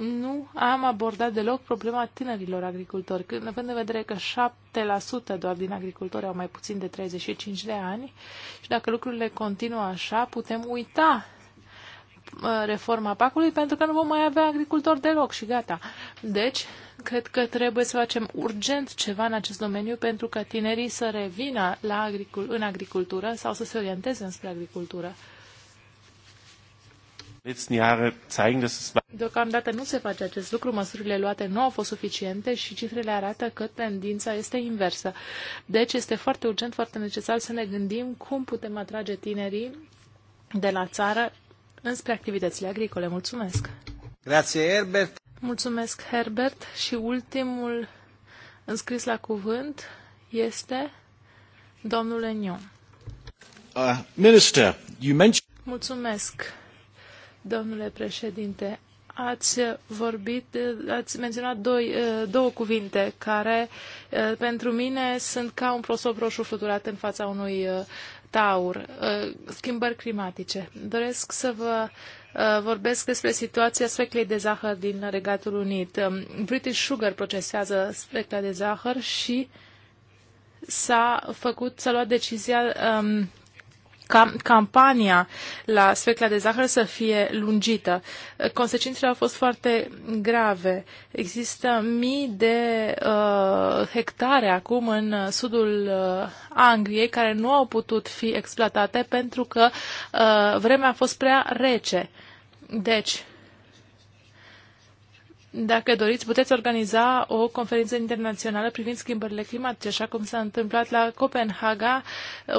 nu am abordat deloc problema tinerilor agricultori. Când, avem în vedere că 7% doar din agricultori au mai puțin de 35 de ani și dacă lucrurile continuă așa, putem uita uh, reforma pac pentru că nu vom mai avea agricultori deloc și gata. Deci, cred că trebuie să facem urgent ceva în acest domeniu pentru ca tinerii să revină la agricul- în agricultură sau să se orienteze înspre agricultură. Deocamdată nu se face acest lucru, măsurile luate nu au fost suficiente și cifrele arată că tendința este inversă. Deci este foarte urgent, foarte necesar să ne gândim cum putem atrage tinerii de la țară înspre activitățile agricole. Mulțumesc! Grazie, Herbert! Mulțumesc, Herbert! Și ultimul înscris la cuvânt este domnul Enion. Uh, minister, you mentioned... Mulțumesc! domnule președinte. Ați vorbit, ați menționat doi, eh, două cuvinte care eh, pentru mine sunt ca un prosop roșu fluturat în fața unui eh, taur, schimbări climatice. Doresc să vă vorbesc despre situația speclei de zahăr din Regatul Unit. British Sugar procesează specla de zahăr și s-a făcut, s-a luat decizia um, ca campania la specla de zahăr să fie lungită. Consecințele au fost foarte grave. Există mii de uh, hectare acum în sudul uh, Angliei care nu au putut fi exploatate pentru că uh, vremea a fost prea rece. Deci, dacă doriți, puteți organiza o conferință internațională privind schimbările climatice, așa cum s-a întâmplat la Copenhaga,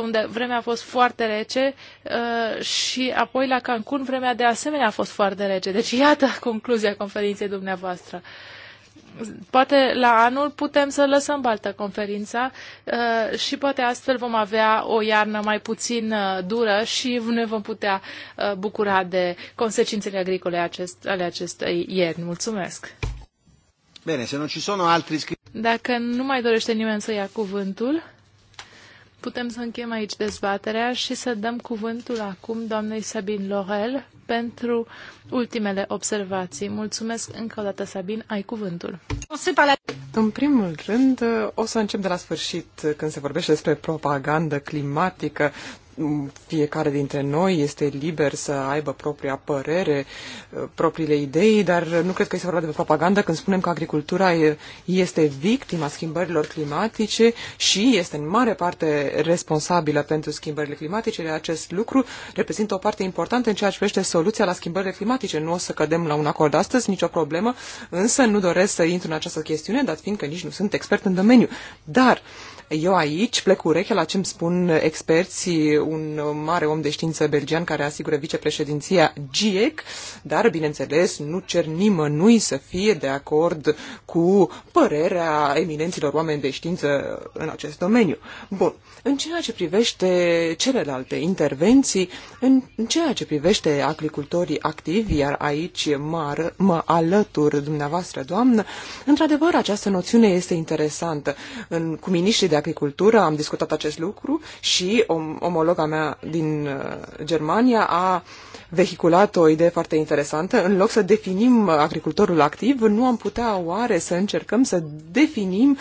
unde vremea a fost foarte rece, uh, și apoi la Cancun vremea de asemenea a fost foarte rece. Deci iată concluzia conferinței dumneavoastră poate la anul putem să lăsăm baltă conferința uh, și poate astfel vom avea o iarnă mai puțin uh, dură și ne vom putea uh, bucura de consecințele agricole acest, ale acestei ierni. Mulțumesc! Bine, să nu ci sunt altri scri... Dacă nu mai dorește nimeni să ia cuvântul, putem să încheiem aici dezbaterea și să dăm cuvântul acum doamnei Sabine Lorel pentru ultimele observații. Mulțumesc încă o dată, Sabin, ai cuvântul. În primul rând, o să încep de la sfârșit când se vorbește despre propagandă climatică fiecare dintre noi este liber să aibă propria părere, propriile idei, dar nu cred că este vorba de propagandă când spunem că agricultura este victima schimbărilor climatice și este în mare parte responsabilă pentru schimbările climatice. Acest lucru reprezintă o parte importantă în ceea ce privește soluția la schimbările climatice. Nu o să cădem la un acord astăzi, nicio problemă, însă nu doresc să intru în această chestiune, dat fiindcă nici nu sunt expert în domeniu. Dar eu aici plec cu urechea la ce îmi spun experții, un mare om de știință belgian care asigură vicepreședinția GIEC, dar, bineînțeles, nu cer nimănui să fie de acord cu părerea eminenților oameni de știință în acest domeniu. Bun. În ceea ce privește celelalte intervenții, în ceea ce privește agricultorii activi, iar aici mă, mă alătur dumneavoastră, doamnă, într-adevăr, această noțiune este interesantă. În, cu miniștrii de de Agricultură, am discutat acest lucru și om, omologa mea din uh, Germania a vehiculat o idee foarte interesantă. În loc să definim agricultorul activ, nu am putea oare să încercăm să definim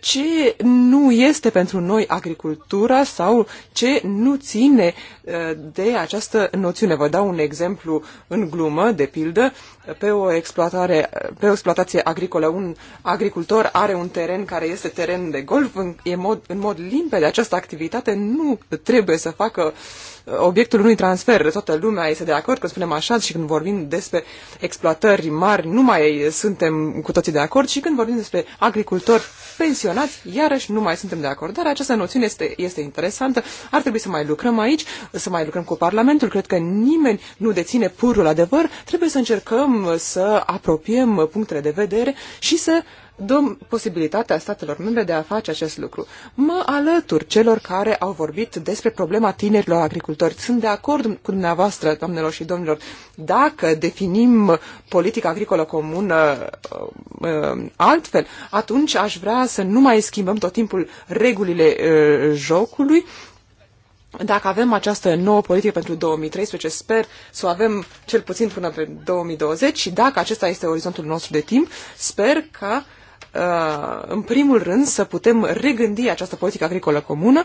ce nu este pentru noi agricultura sau ce nu ține uh, de această noțiune. Vă dau un exemplu în glumă, de pildă, pe o, exploatare, pe o exploatație agricolă. Un agricultor are un teren care este teren de golf, în, e mod, în mod limpede această activitate nu trebuie să facă uh, obiectul unui transfer. Toată lumea este de acord, că spunem așa, și când vorbim despre exploatări mari, nu mai suntem cu toții de acord, și când vorbim despre agricultori pensionați, iarăși nu mai suntem de acord. Dar această noțiune este, este interesantă. Ar trebui să mai lucrăm aici, să mai lucrăm cu Parlamentul. Cred că nimeni nu deține purul adevăr. Trebuie să încercăm să apropiem punctele de vedere și să uh, dăm posibilitatea statelor membre de a face acest lucru. Mă alătur celor care au vorbit despre problema tinerilor agricultori. Sunt de acord cu dumneavoastră, doamnelor și domnilor, dacă definim politica agricolă comună uh, uh, altfel, atunci aș vrea să nu mai schimbăm tot timpul regulile uh, jocului, dacă avem această nouă politică pentru 2013, sper să o avem cel puțin până pe 2020 și dacă acesta este orizontul nostru de timp, sper ca Uh, în primul rând, să putem regândi această politică agricolă comună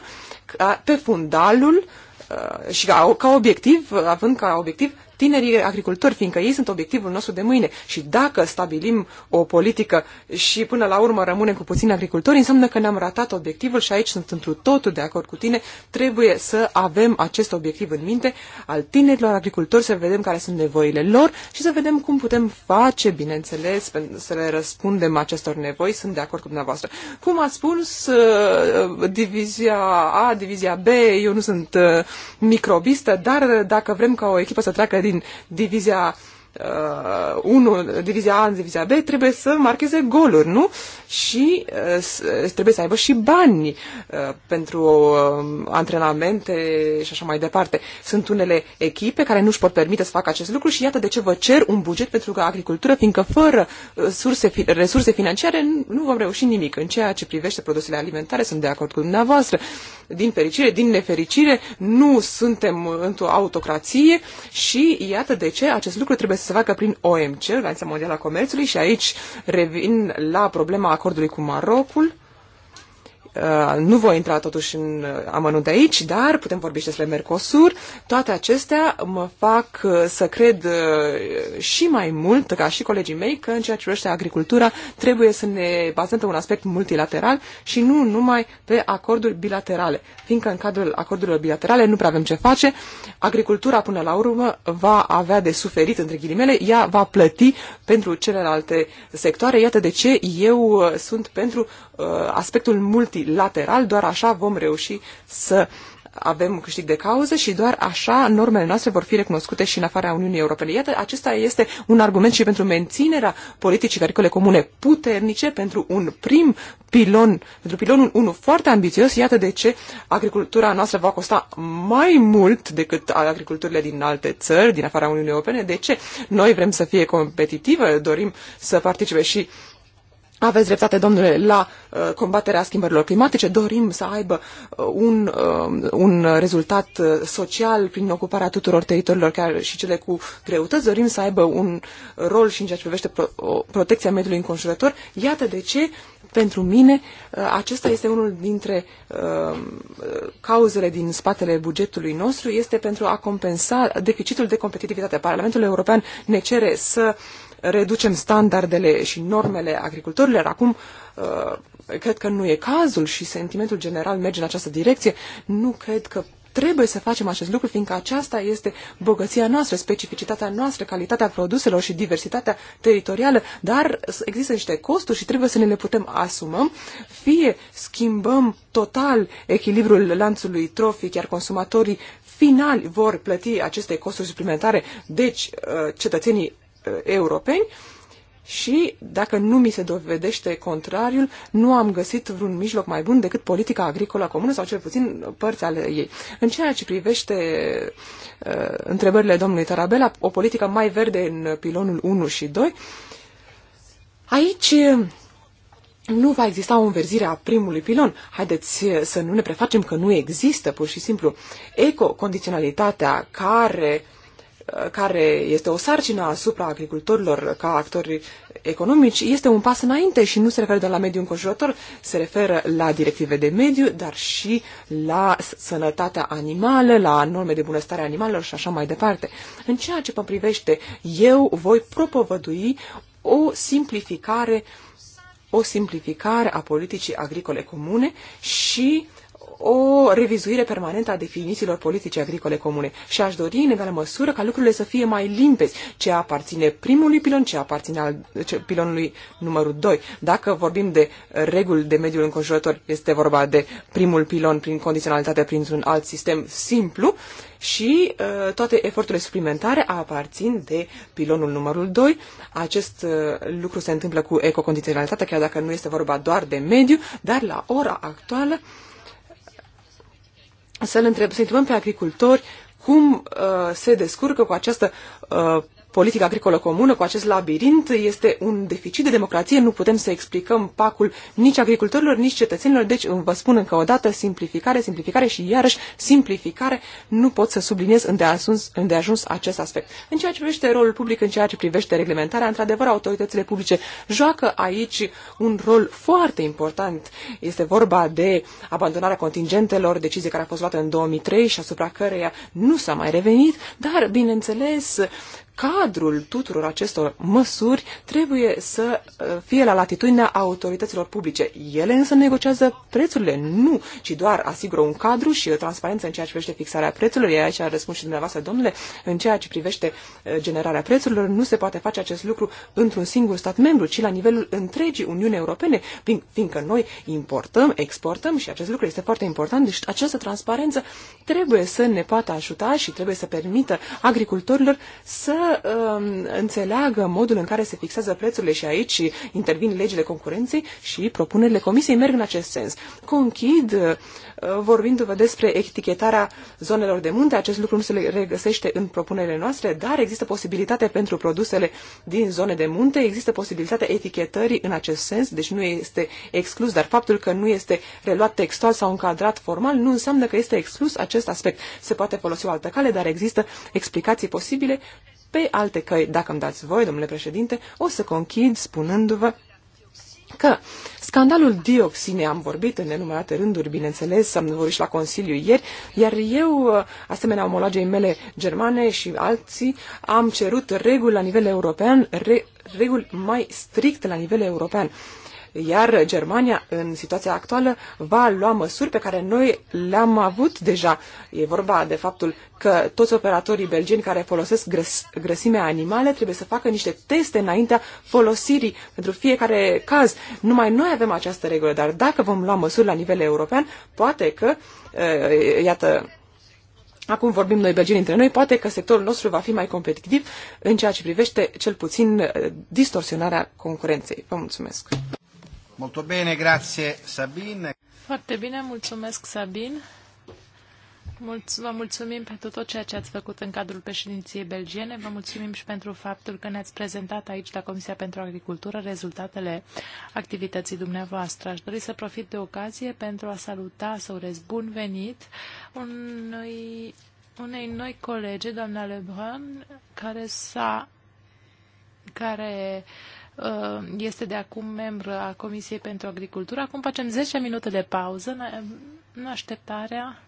pe fundalul uh, și ca, obiectiv, având ca obiectiv tinerii agricultori, fiindcă ei sunt obiectivul nostru de mâine. Și dacă stabilim o politică și până la urmă rămânem cu puțini agricultori, înseamnă că ne-am ratat obiectivul și aici sunt întru totul de acord cu tine. Trebuie să avem acest obiectiv în minte al tinerilor agricultori, să vedem care sunt nevoile lor și să vedem cum putem face, bineînțeles, să le răspundem acestor nevoi. Sunt de acord cu dumneavoastră. Cum a spus, uh, divizia A, divizia B, eu nu sunt uh, microbistă, dar dacă vrem ca o echipă să treacă din divizia uh, 1, divizia A în divizia B, trebuie să marcheze goluri, nu? Și uh, trebuie să aibă și bani uh, pentru uh, antrenamente și așa mai departe. Sunt unele echipe care nu își pot permite să facă acest lucru și iată de ce vă cer un buget pentru că agricultură, fiindcă fără uh, surse, resurse financiare nu vom reuși nimic. În ceea ce privește produsele alimentare, sunt de acord cu dumneavoastră. Din fericire, din nefericire, nu suntem într-o autocrație și iată de ce acest lucru trebuie să se facă prin OMC, Organizația Mondială a Comerțului, și aici revin la problema acordului cu Marocul. Uh, nu voi intra totuși în uh, amănunte aici, dar putem vorbi și despre Mercosur. Toate acestea mă fac uh, să cred și mai mult, ca și colegii mei, că în ceea ce privește agricultura trebuie să ne bazăm pe un aspect multilateral și nu numai pe acorduri bilaterale. Fiindcă în cadrul acordurilor bilaterale nu prea avem ce face, agricultura până la urmă va avea de suferit, între ghilimele, ea va plăti pentru celelalte sectoare. Iată de ce eu sunt pentru aspectul multilateral lateral. doar așa vom reuși să avem câștig de cauză și doar așa normele noastre vor fi recunoscute și în afara Uniunii Europene. Iată, acesta este un argument și pentru menținerea politicii agricole comune puternice, pentru un prim pilon, pentru pilonul 1 foarte ambițios. Iată de ce agricultura noastră va costa mai mult decât agriculturile din alte țări, din afara Uniunii Europene. De ce? Noi vrem să fie competitivă, dorim să participe și uh, aveți dreptate, domnule, la uh, combaterea schimbărilor climatice. Dorim să aibă uh, un, uh, un rezultat social prin ocuparea tuturor teritoriilor, chiar și cele cu greutăți. Dorim să aibă un rol și în ceea ce privește protecția mediului înconjurător. Iată de ce, pentru mine, acesta este unul dintre cauzele din spatele bugetului nostru, este pentru a compensa deficitul de competitivitate. Parlamentul European ne cere să uh, reducem standardele și normele agricultorilor. Acum uh, cred că nu e cazul și sentimentul general merge în această direcție. Nu cred că trebuie să facem acest lucru, fiindcă aceasta este bogăția noastră, specificitatea noastră, calitatea produselor și diversitatea teritorială, dar există niște costuri și trebuie să ne le putem asuma. fie schimbăm total echilibrul lanțului trofic, iar consumatorii finali vor plăti aceste costuri suplimentare, deci uh, cetățenii Eh, europeni și, dacă nu mi se dovedește contrariul, nu am găsit vreun mijloc mai bun decât politica agricolă comună sau cel puțin părți ale ei. În ceea ce privește uh, întrebările domnului Tarabela, o politică mai verde în pilonul 1 și 2, aici eh, nu va exista o înverzire a primului pilon. Haideți să nu ne prefacem că nu există, pur și simplu. Ecocondiționalitatea care care este o sarcină asupra agricultorilor ca actori economici, este un pas înainte și nu se referă doar la mediul înconjurător, se referă la directive de mediu, dar și la sănătatea animală, la norme de bunăstare animalelor și așa mai departe. În ceea ce mă privește, eu voi propovădui o simplificare o simplificare a politicii agricole comune și o revizuire permanentă a definițiilor politice agricole comune și aș dori în egală măsură ca lucrurile să fie mai limpezi ce aparține primului pilon, ce aparține al, ce, pilonului numărul 2. Dacă vorbim de reguli de mediul înconjurător, este vorba de primul pilon prin condiționalitate printr-un alt sistem simplu și uh, toate eforturile suplimentare aparțin de pilonul numărul 2. Acest uh, lucru se întâmplă cu ecocondiționalitatea, chiar dacă nu este vorba doar de mediu, dar la ora actuală uh, să-l întreb, să întrebăm pe agricultori cum uh, se descurcă cu această uh, politică agricolă comună, cu acest labirint, este un deficit de democrație. Nu putem să explicăm pacul nici agricultorilor, nici cetățenilor. Deci vă spun încă o dată, simplificare, simplificare și iarăși simplificare. Nu pot să subliniez îndeajuns, îndeajuns acest aspect. În ceea ce privește rolul public, în ceea ce privește reglementarea, într-adevăr, autoritățile publice joacă aici un rol foarte important. Este vorba de abandonarea contingentelor, decizie care a fost luată în 2003 și asupra căreia nu s-a mai revenit, dar, bineînțeles, cadrul tuturor acestor măsuri trebuie să uh, fie la latitudinea autorităților publice. Ele însă negociază prețurile, nu, ci doar asigură un cadru și o uh, transparență în ceea ce privește fixarea prețurilor. E aici răspuns și dumneavoastră, domnule, în ceea ce privește uh, generarea prețurilor, nu se poate face acest lucru într-un singur stat membru, ci la nivelul întregii Uniuni Europene, fiindcă noi importăm, exportăm și acest lucru este foarte important, deci această transparență trebuie să ne poată ajuta și trebuie să permită agricultorilor să um, înțeleagă modul în care se fixează prețurile și aici intervin legile concurenței și propunerile comisiei merg în acest sens. Conchid uh, vorbindu-vă despre etichetarea zonelor de munte. Acest lucru nu se regăsește în propunerile noastre, dar există posibilitate pentru produsele din zone de munte, există posibilitatea etichetării în acest sens, deci nu este exclus, dar faptul că nu este reluat textual sau încadrat formal nu înseamnă că este exclus acest aspect. Se poate folosi o altă cale, dar există explicații posibile pe alte căi, dacă îmi dați voi, domnule președinte, o să conchid spunându-vă că scandalul dioxine, am vorbit în nenumărate rânduri, bineînțeles, am vorbit și la Consiliu ieri, iar eu, asemenea omologei mele germane și alții, am cerut reguli la nivel european, re, reguli mai stricte la nivel european. Uh, iar Germania, în situația actuală, va lua măsuri pe care noi le-am avut deja. E vorba de faptul că toți operatorii belgeni care folosesc grăs- grăsimea animale trebuie să facă niște teste înaintea folosirii pentru fiecare caz. Numai noi avem această regulă, dar dacă vom lua măsuri la nivel european, poate că, iată, Acum vorbim noi belgeni între noi, poate că sectorul nostru va fi mai competitiv în ceea ce privește cel puțin distorsionarea concurenței. Vă mulțumesc! Molto bene, grazie Sabine. Foarte bine, mulțumesc Sabine. Mulțu- vă mulțumim pentru tot ceea ce ați făcut în cadrul președinției belgiene. Vă mulțumim și pentru faptul că ne-ați prezentat aici la Comisia pentru Agricultură rezultatele activității dumneavoastră. Aș dori să profit de ocazie pentru a saluta, să urez bun venit unui, unei noi colege, doamna Lebrun, care s-a care Uh, este de acum membru a Comisiei pentru Agricultură. Acum facem 10 minute de pauză în așteptarea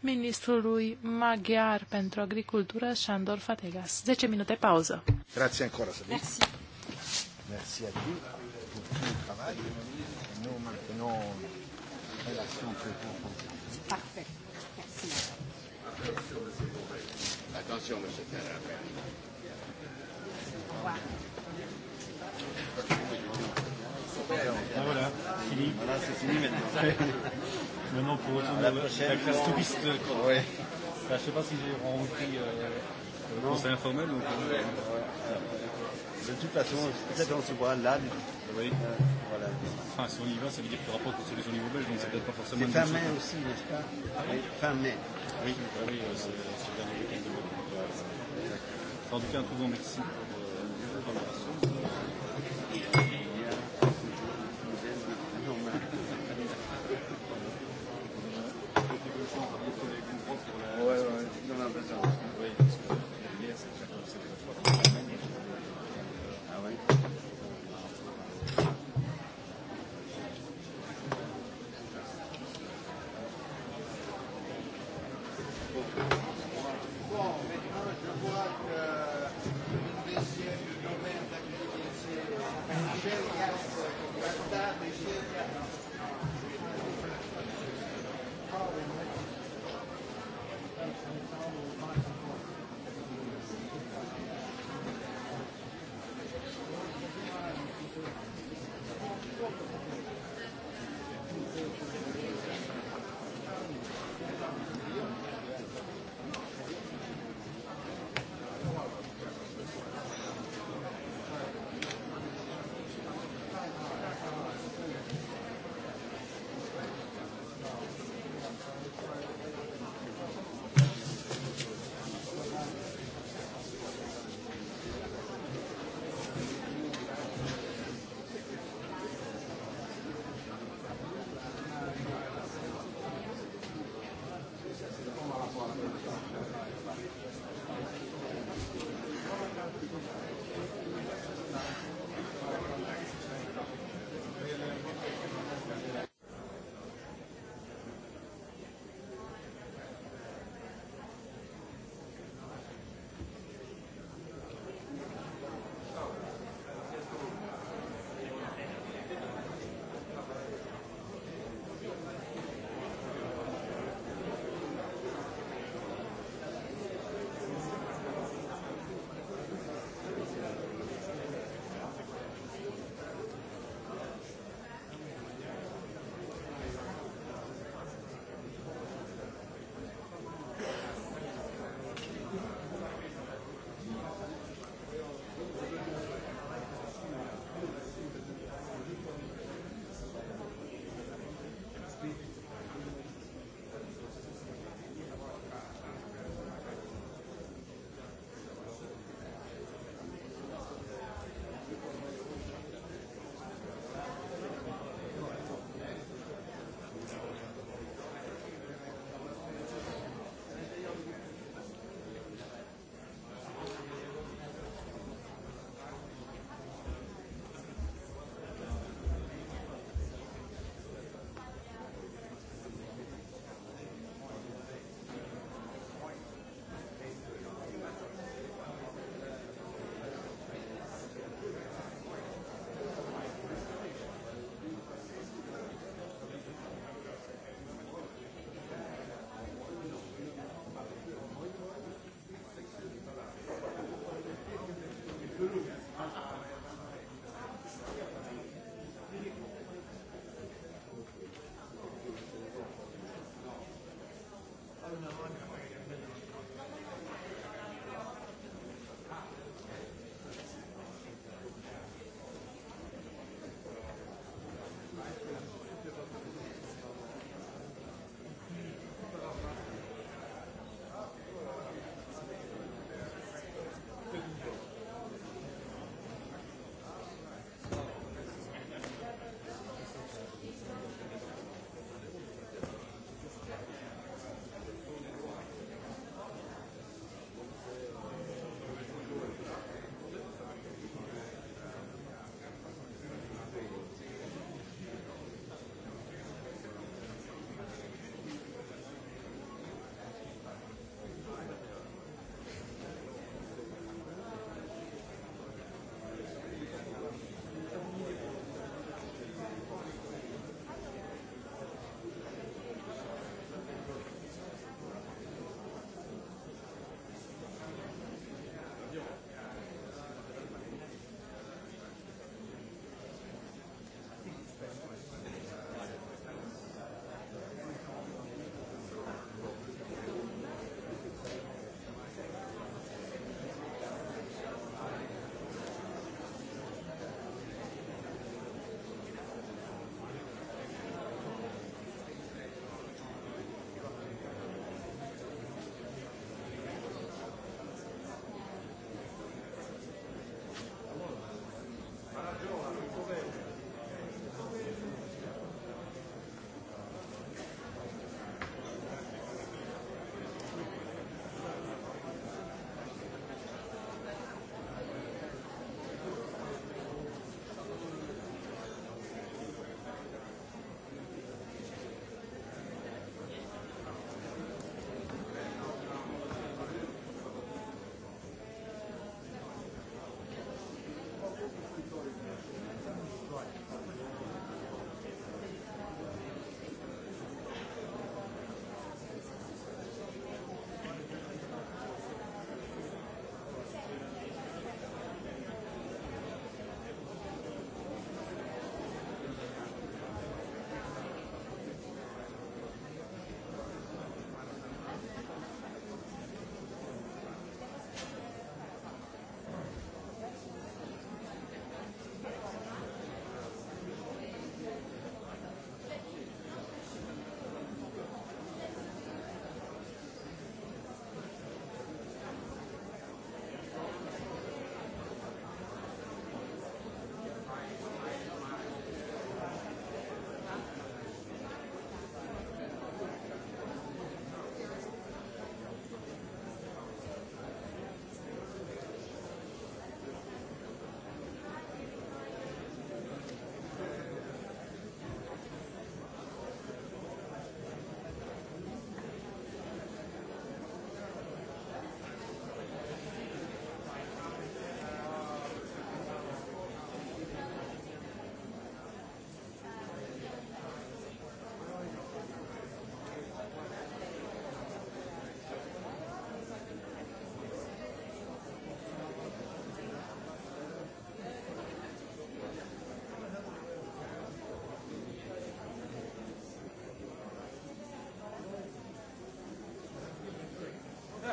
ministrului maghiar pentru agricultură, Sandor Fategas. 10 minute pauză. Grazie ancora, să Merci. Merci a te pour Attention, monsieur Ferrer. Au Ah, voilà, fini. Voilà, c'est fini maintenant. maintenant, pour retourner à la, prochaine, la classe touriste. Ouais. Là, je sais pas si j'ai rencontré euh, le conseil informel. Donc, ouais. Ouais. De toute façon, peut-être on se voit là. Oui. Euh, voilà. Enfin, si on y va, ça veut dire qu'il n'y aura pas de solution au niveau belge, donc c'est peut-être pas forcément. C'est fin mai aussi, n'est-ce pas oui. Fin mai. Oui, oui, oui c'est le dernier week-end de mai. En tout cas, un très grand merci.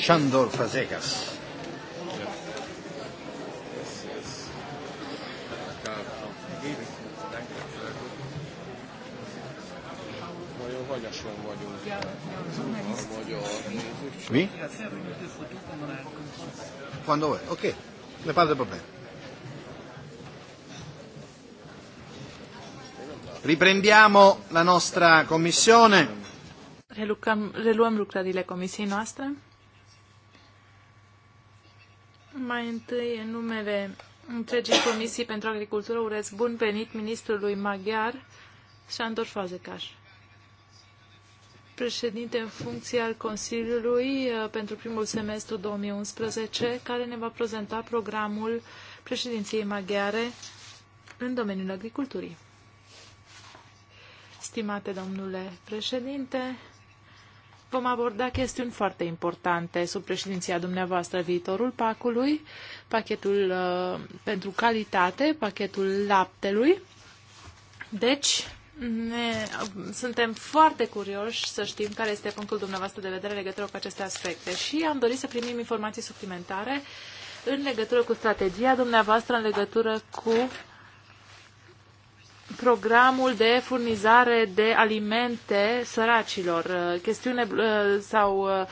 Shandor Fazekas. Mi? Quando vuoi, ok, ne parlo problema. Riprendiamo la nostra commissione relucăm, reluăm lucrările comisiei noastre. Mai întâi, în numele întregii comisii pentru agricultură, urez bun venit ministrului maghiar, Sandor Fazekas, președinte în funcție al Consiliului uh, pentru primul semestru 2011, care ne va prezenta programul președinției maghiare în domeniul agriculturii. Stimate domnule președinte, vom aborda chestiuni foarte importante sub președinția dumneavoastră, viitorul pacului, pachetul uh, pentru calitate, pachetul laptelui. Deci, ne, suntem foarte curioși să știm care este punctul dumneavoastră de vedere legătură cu aceste aspecte și am dorit să primim informații suplimentare în legătură cu strategia dumneavoastră, în legătură cu programul de furnizare de alimente săracilor, uh, chestiune uh, sau uh,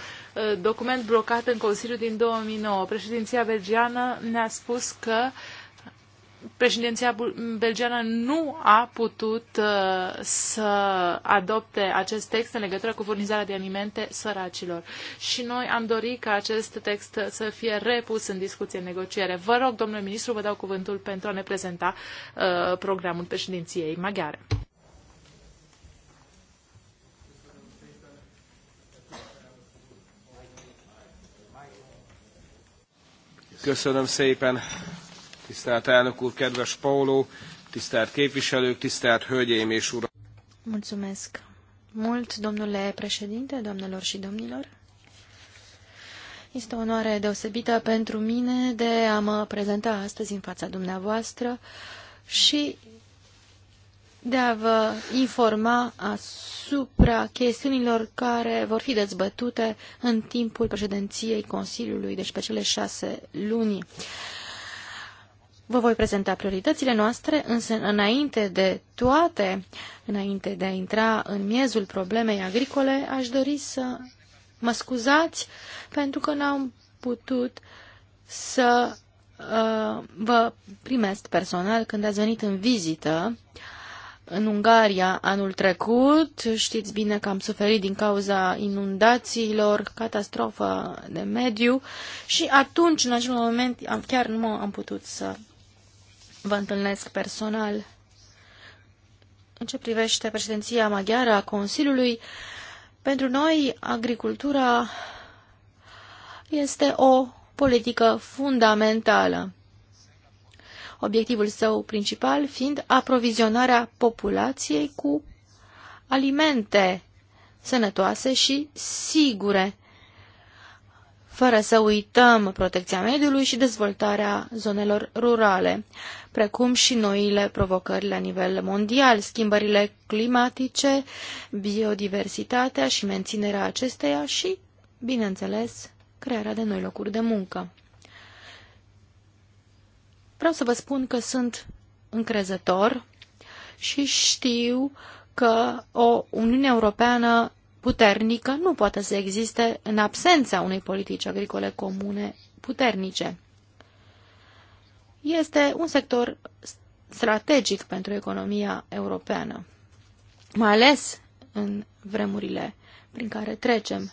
document blocat în Consiliul din 2009. Președinția belgiană ne-a spus că uh, președinția belgiană nu a putut uh, să adopte acest text în legătură cu furnizarea de alimente săracilor. Și noi am dorit ca acest text să fie repus în discuție, în negociere. Vă rog, domnule ministru, vă dau cuvântul pentru a ne prezenta uh, programul președinției maghiare. Köszönöm szépen! Tisztelt elnök úr, kedves Paolo, tisztelt képviselők, tisztelt hölgyeim és uram. Mulțumesc mult, domnule președinte, doamnelor și domnilor. Este o onoare deosebită pentru mine de a mă prezenta astăzi în fața dumneavoastră și de a vă informa asupra chestiunilor care vor fi dezbătute în timpul președinției Consiliului, deci pe cele șase luni. Vă voi prezenta prioritățile noastre, însă înainte de toate, înainte de a intra în miezul problemei agricole, aș dori să mă scuzați pentru că n-am putut să uh, vă primesc personal când ați venit în vizită în Ungaria anul trecut. Știți bine că am suferit din cauza inundațiilor, catastrofă de mediu și atunci, în acel moment, am, chiar nu am putut să vă întâlnesc personal. În ce privește președinția maghiară a Consiliului, pentru noi agricultura este o politică fundamentală. Obiectivul său principal fiind aprovizionarea populației cu alimente sănătoase și sigure, fără să uităm protecția mediului și dezvoltarea zonelor rurale precum și noile provocări la nivel mondial, schimbările climatice, biodiversitatea și menținerea acesteia și, bineînțeles, crearea de noi locuri de muncă. Vreau să vă spun că sunt încrezător și știu că o Uniune Europeană puternică nu poate să existe în absența unei politici agricole comune puternice este un sector strategic pentru economia europeană, mai ales în vremurile prin care trecem.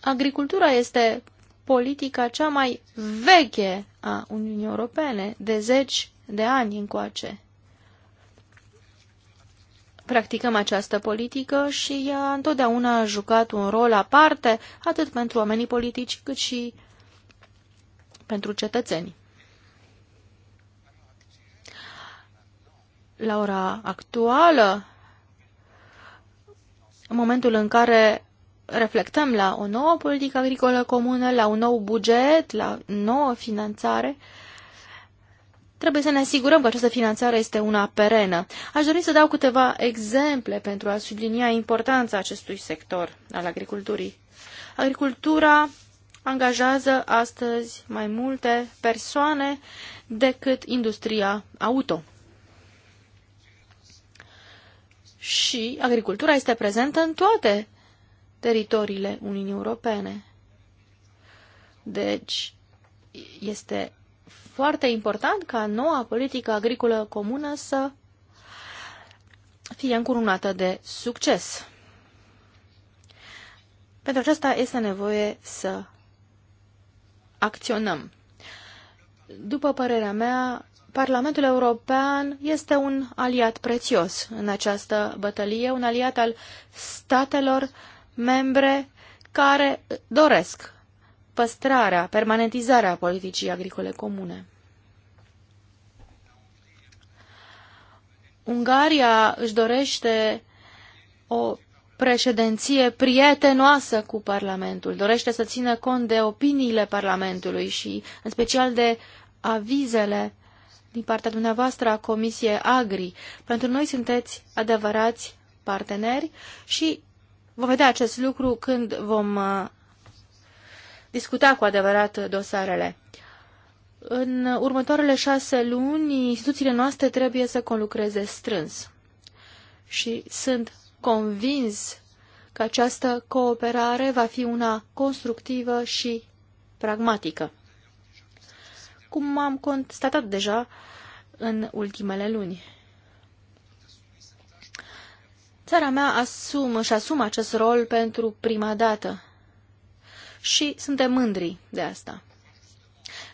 Agricultura este politica cea mai veche a Uniunii Europene, de zeci de ani încoace. Practicăm această politică și ea întotdeauna a jucat un rol aparte, atât pentru oamenii politici, cât și pentru cetățeni. la ora actuală, în momentul în care reflectăm la o nouă politică agricolă comună, la un nou buget, la nouă finanțare, trebuie să ne asigurăm că această finanțare este una perenă. Aș dori să dau câteva exemple pentru a sublinia importanța acestui sector al agriculturii. Agricultura angajează astăzi mai multe persoane decât industria auto. și agricultura este prezentă în toate teritoriile Uniunii Europene. Deci, este foarte important ca noua politică agricolă comună să fie încurunată de succes. Pentru aceasta este nevoie să acționăm. După părerea mea, Parlamentul European este un aliat prețios în această bătălie, un aliat al statelor membre care doresc păstrarea, permanentizarea politicii agricole comune. Ungaria își dorește o președinție prietenoasă cu Parlamentul, dorește să țină cont de opiniile Parlamentului și în special de avizele din partea dumneavoastră a Comisiei Agri. Pentru noi sunteți adevărați parteneri și vom vedea acest lucru când vom uh, discuta cu adevărat dosarele. În următoarele șase luni, instituțiile noastre trebuie să conlucreze strâns. Și sunt convins că această cooperare va fi una constructivă și pragmatică cum am constatat deja în ultimele luni. Țara mea asum, își asumă acest rol pentru prima dată și suntem mândri de asta.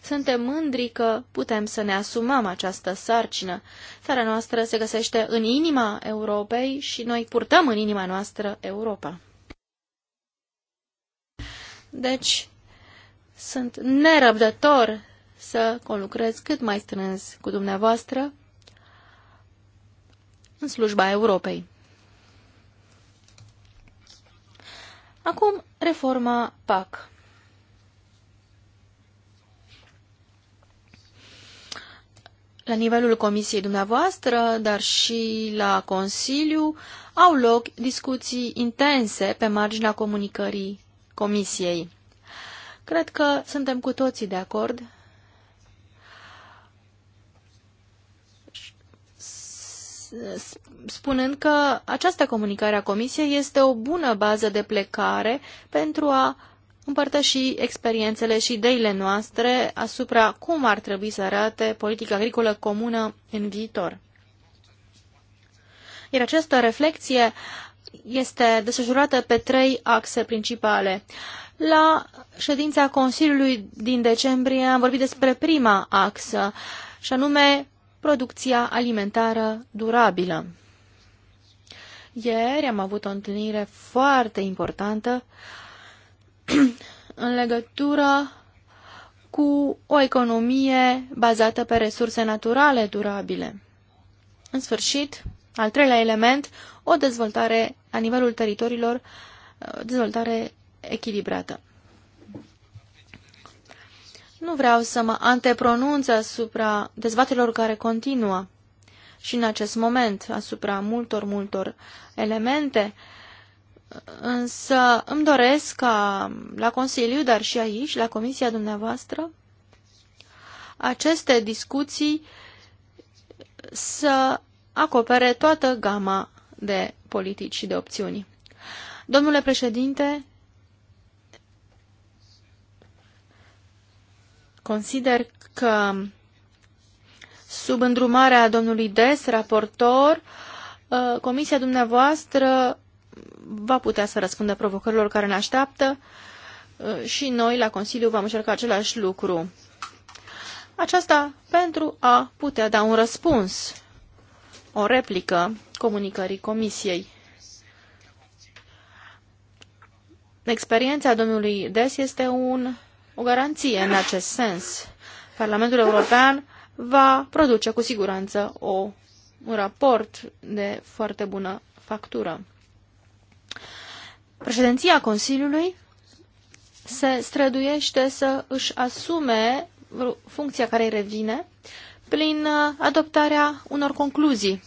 Suntem mândri că putem să ne asumăm această sarcină. Țara noastră se găsește în inima Europei și noi purtăm în inima noastră Europa. Deci, sunt nerăbdător să conlucrez cât mai strâns cu dumneavoastră în slujba Europei. Acum, reforma PAC. La nivelul comisiei dumneavoastră, dar și la Consiliu, au loc discuții intense pe marginea comunicării comisiei. Cred că suntem cu toții de acord spunând că această comunicare a Comisiei este o bună bază de plecare pentru a împărtăși experiențele și ideile noastre asupra cum ar trebui să arate politica agricolă comună în viitor. Iar această reflexie este desfășurată pe trei axe principale. La ședința Consiliului din decembrie am vorbit despre prima axă, și anume producția alimentară durabilă. Ieri am avut o întâlnire foarte importantă în legătură cu o economie bazată pe resurse naturale durabile. În sfârșit, al treilea element, o dezvoltare a nivelul teritoriilor, dezvoltare echilibrată. Nu vreau să mă antepronunț asupra dezbaterilor care continuă și în acest moment, asupra multor, multor elemente, însă îmi doresc ca la Consiliu, dar și aici, la Comisia dumneavoastră, aceste discuții să acopere toată gama de politici și de opțiuni. Domnule președinte, Consider că sub îndrumarea domnului Des, raportor, uh, comisia dumneavoastră va putea să răspundă provocărilor care ne așteaptă uh, și noi la Consiliu vom încerca același lucru. Aceasta pentru a putea da un răspuns, o replică comunicării Comisiei. Experiența domnului Des este un o garanție în acest sens. Parlamentul European va produce cu siguranță o, un raport de foarte bună factură. Președinția Consiliului se străduiește să își asume funcția care îi revine prin adoptarea unor concluzii.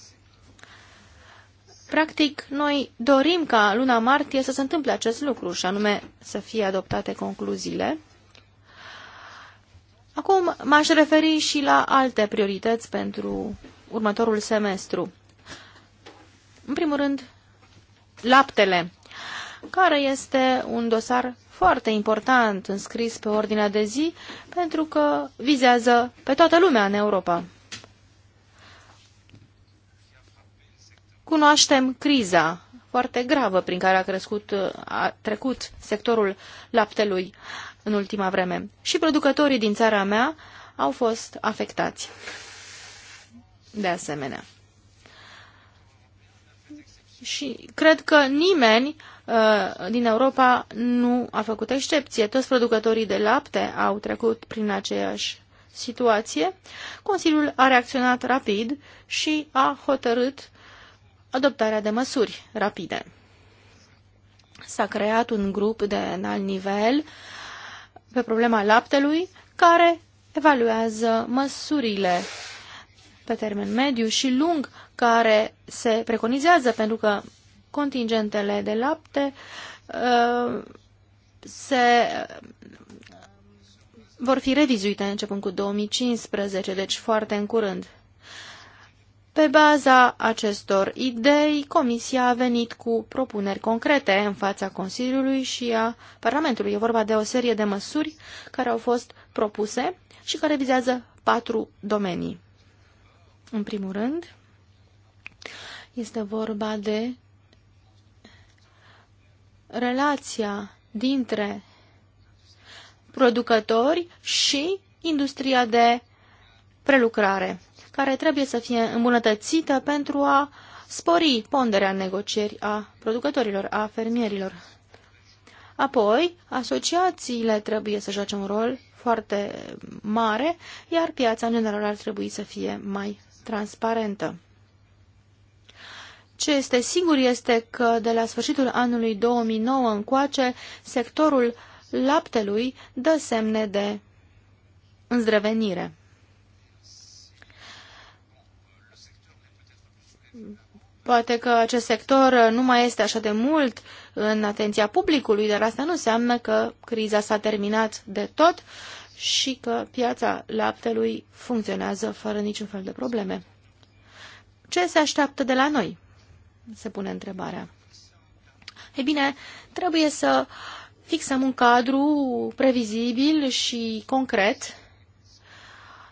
Practic, noi dorim ca luna martie să se întâmple acest lucru și anume să fie adoptate concluziile Acum m-aș referi și la alte priorități pentru următorul semestru. În primul rând, laptele, care este un dosar foarte important înscris pe ordinea de zi, pentru că vizează pe toată lumea în Europa. Cunoaștem criza foarte gravă prin care a, crescut, a trecut sectorul laptelui în ultima vreme. Și producătorii din țara mea au fost afectați. De asemenea. Și cred că nimeni uh, din Europa nu a făcut excepție. Toți producătorii de lapte au trecut prin aceeași situație. Consiliul a reacționat rapid și a hotărât adoptarea de măsuri rapide. S-a creat un grup de înalt nivel pe problema laptelui, care evaluează măsurile pe termen mediu și lung care se preconizează, pentru că contingentele de lapte uh, se vor fi revizuite începând cu 2015, deci foarte în curând. Pe baza acestor idei, Comisia a venit cu propuneri concrete în fața Consiliului și a Parlamentului. E vorba de o serie de măsuri care au fost propuse și care vizează patru domenii. În primul rând, este vorba de relația dintre producători și industria de prelucrare care trebuie să fie îmbunătățită pentru a spori ponderea negocieri a producătorilor, a fermierilor. Apoi, asociațiile trebuie să joace un rol foarte mare, iar piața în general ar trebui să fie mai transparentă. Ce este sigur este că de la sfârșitul anului 2009 încoace, sectorul laptelui dă semne de îndrevenire. Poate că acest sector nu mai este așa de mult în atenția publicului, dar asta nu înseamnă că criza s-a terminat de tot și că piața laptelui funcționează fără niciun fel de probleme. Ce se așteaptă de la noi? Se pune întrebarea. Ei bine, trebuie să fixăm un cadru previzibil și concret.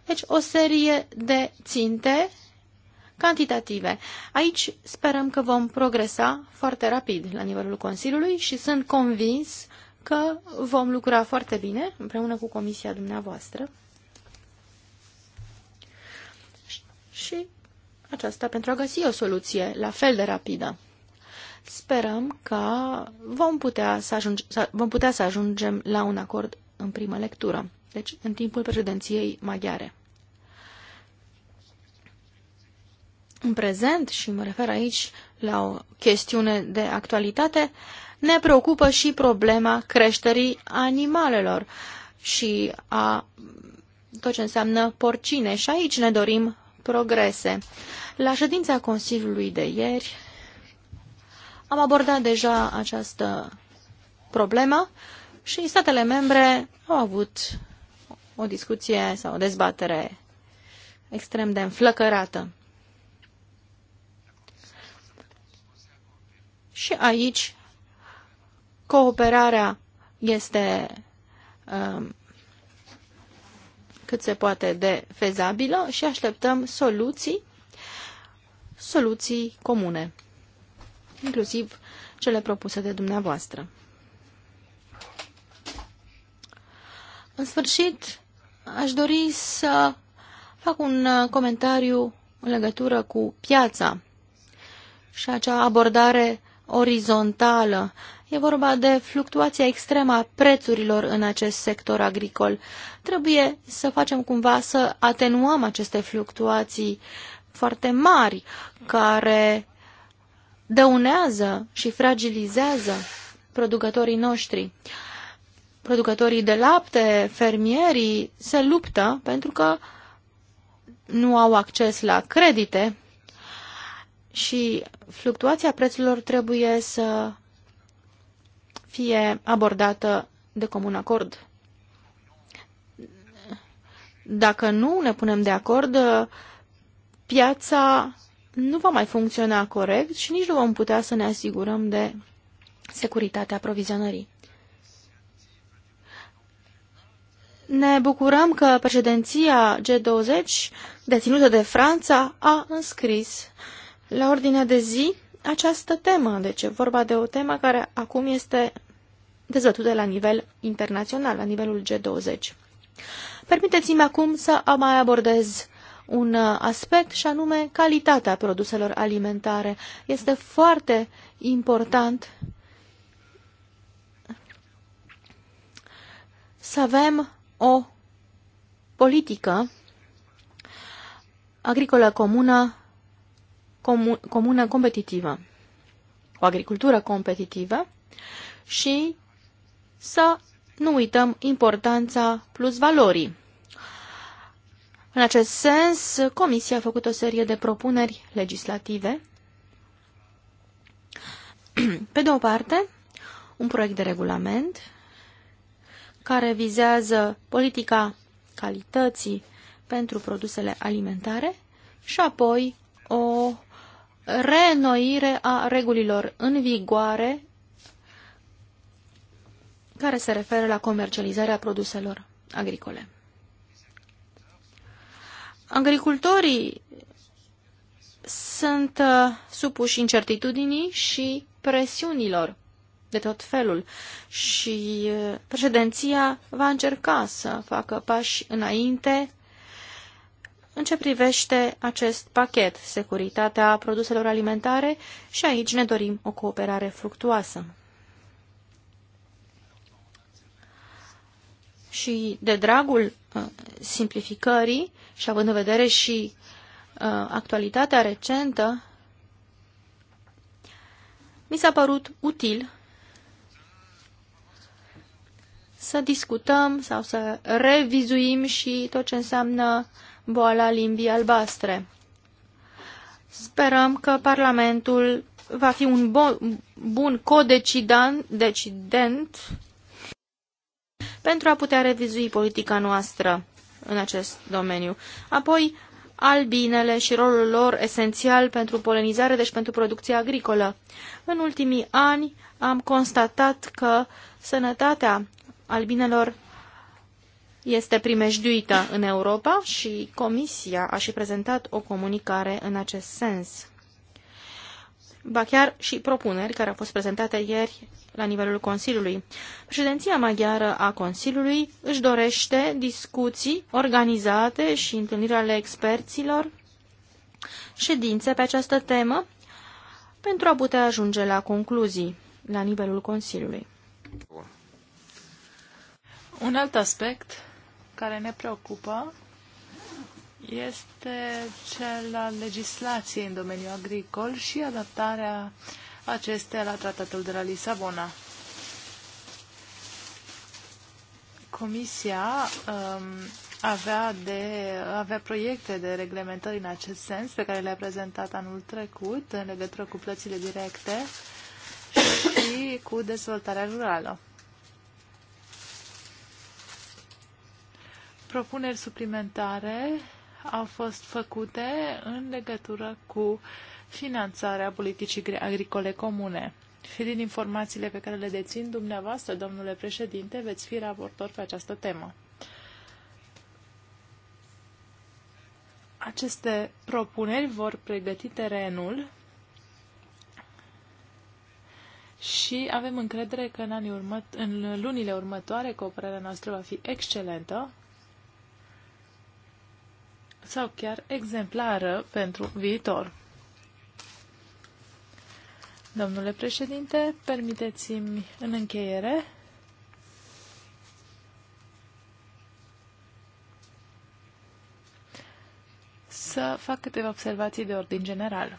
Deci o serie de ținte cantitative. Aici sperăm că vom progresa foarte rapid la nivelul Consiliului și sunt convins că vom lucra foarte bine împreună cu comisia dumneavoastră. Și aceasta pentru a găsi o soluție la fel de rapidă. Sperăm că vom putea să, ajunge, să, vom putea să ajungem la un acord în primă lectură, deci în timpul președinției maghiare. în prezent, și mă refer aici la o chestiune de actualitate, ne preocupă și problema creșterii animalelor și a tot ce înseamnă porcine. Și aici ne dorim progrese. La ședința Consiliului de ieri am abordat deja această problemă și statele membre au avut o discuție sau o dezbatere extrem de înflăcărată. Și aici cooperarea este um, cât se poate de fezabilă și așteptăm soluții, soluții comune, inclusiv cele propuse de dumneavoastră. În sfârșit, aș dori să fac un uh, comentariu în legătură cu piața și acea abordare orizontală. E vorba de fluctuația extremă a prețurilor în acest sector agricol. Trebuie să facem cumva să atenuăm aceste fluctuații foarte mari care dăunează și fragilizează producătorii noștri. Producătorii de lapte, fermierii se luptă pentru că nu au acces la credite și fluctuația prețurilor trebuie să fie abordată de comun acord. Dacă nu ne punem de acord, piața nu va mai funcționa corect și nici nu vom putea să ne asigurăm de securitatea aprovizionării. Ne bucurăm că președinția G20, deținută de Franța, a înscris uh, la ordinea de zi această temă. Deci e vorba de o temă care acum este dezbătută la nivel internațional, la nivelul G20. Permiteți-mi acum să mai abordez un uh, aspect și anume calitatea produselor alimentare. Este foarte important să avem o politică agricolă comună comună competitivă, o agricultură competitivă și să nu uităm importanța plus valorii. În acest sens, Comisia a făcut o serie de propuneri legislative. Pe de o parte, un proiect de regulament care vizează politica calității pentru produsele alimentare și apoi o reînnoire a regulilor în vigoare care se referă la comercializarea produselor agricole. Agricultorii sunt uh, supuși incertitudinii și presiunilor de tot felul și uh, președinția va încerca să facă pași înainte în ce privește acest pachet, securitatea produselor alimentare, și aici ne dorim o cooperare fructuoasă. Și de dragul uh, simplificării și având în vedere și uh, actualitatea recentă, mi s-a părut util să discutăm sau să revizuim și tot ce înseamnă uh, boala limbii albastre. Sperăm că Parlamentul va fi un bun codecident pentru a putea revizui politica noastră în acest domeniu. Apoi, albinele și rolul lor esențial pentru polenizare, deci pentru producția agricolă. În ultimii ani am constatat că sănătatea albinelor este primejduită în Europa și Comisia a și prezentat o comunicare în acest sens. Ba chiar și propuneri care au fost prezentate ieri la nivelul Consiliului. Președinția maghiară a Consiliului își dorește discuții organizate și întâlniri ale experților, ședințe pe această temă, pentru a putea ajunge la concluzii la nivelul Consiliului. Un alt aspect care ne preocupă este cel al legislației în domeniul agricol și adaptarea acestea la tratatul de la Lisabona. Comisia um, avea, de, avea proiecte de reglementări în acest sens pe care le-a prezentat anul trecut în legătură cu plățile directe și cu dezvoltarea rurală. Propuneri suplimentare au fost făcute în legătură cu finanțarea politicii agricole comune. Și din informațiile pe care le dețin dumneavoastră, domnule președinte, veți fi raportor pe această temă. Aceste propuneri vor pregăti terenul și avem încredere că în, anii urmă, în lunile următoare cooperarea noastră va fi excelentă sau chiar exemplară pentru viitor. Domnule președinte, permiteți-mi în încheiere să fac câteva observații de ordin general.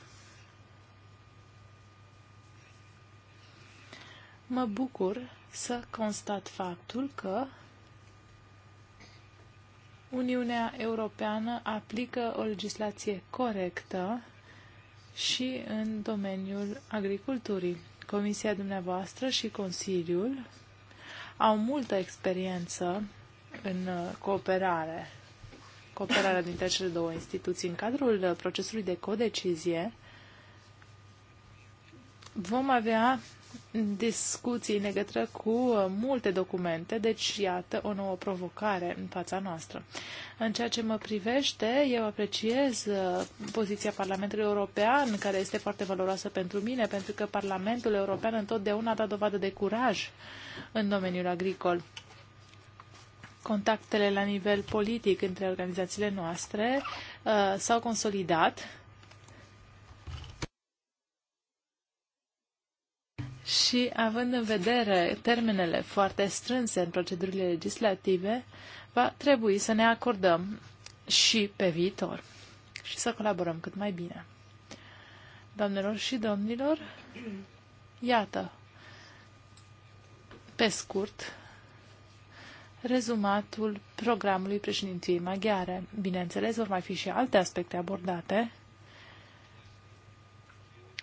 Mă bucur să constat faptul că Uniunea Europeană aplică o legislație corectă și în domeniul agriculturii. Comisia dumneavoastră și Consiliul au multă experiență în uh, cooperare, cooperarea dintre cele două instituții. În cadrul uh, procesului de codecizie vom avea discuții în legătură cu multe documente, deci iată o nouă provocare în fața noastră. În ceea ce mă privește, eu apreciez uh, poziția Parlamentului European, care este foarte valoroasă pentru mine, pentru că Parlamentul European întotdeauna a dat dovadă de curaj în domeniul agricol. Contactele la nivel politic între organizațiile noastre uh, s-au consolidat Și având în vedere termenele foarte strânse în procedurile legislative, va trebui să ne acordăm și pe viitor și să colaborăm cât mai bine. Doamnelor și domnilor, iată, pe scurt, rezumatul programului președintiei maghiare. Bineînțeles, vor mai fi și alte aspecte abordate,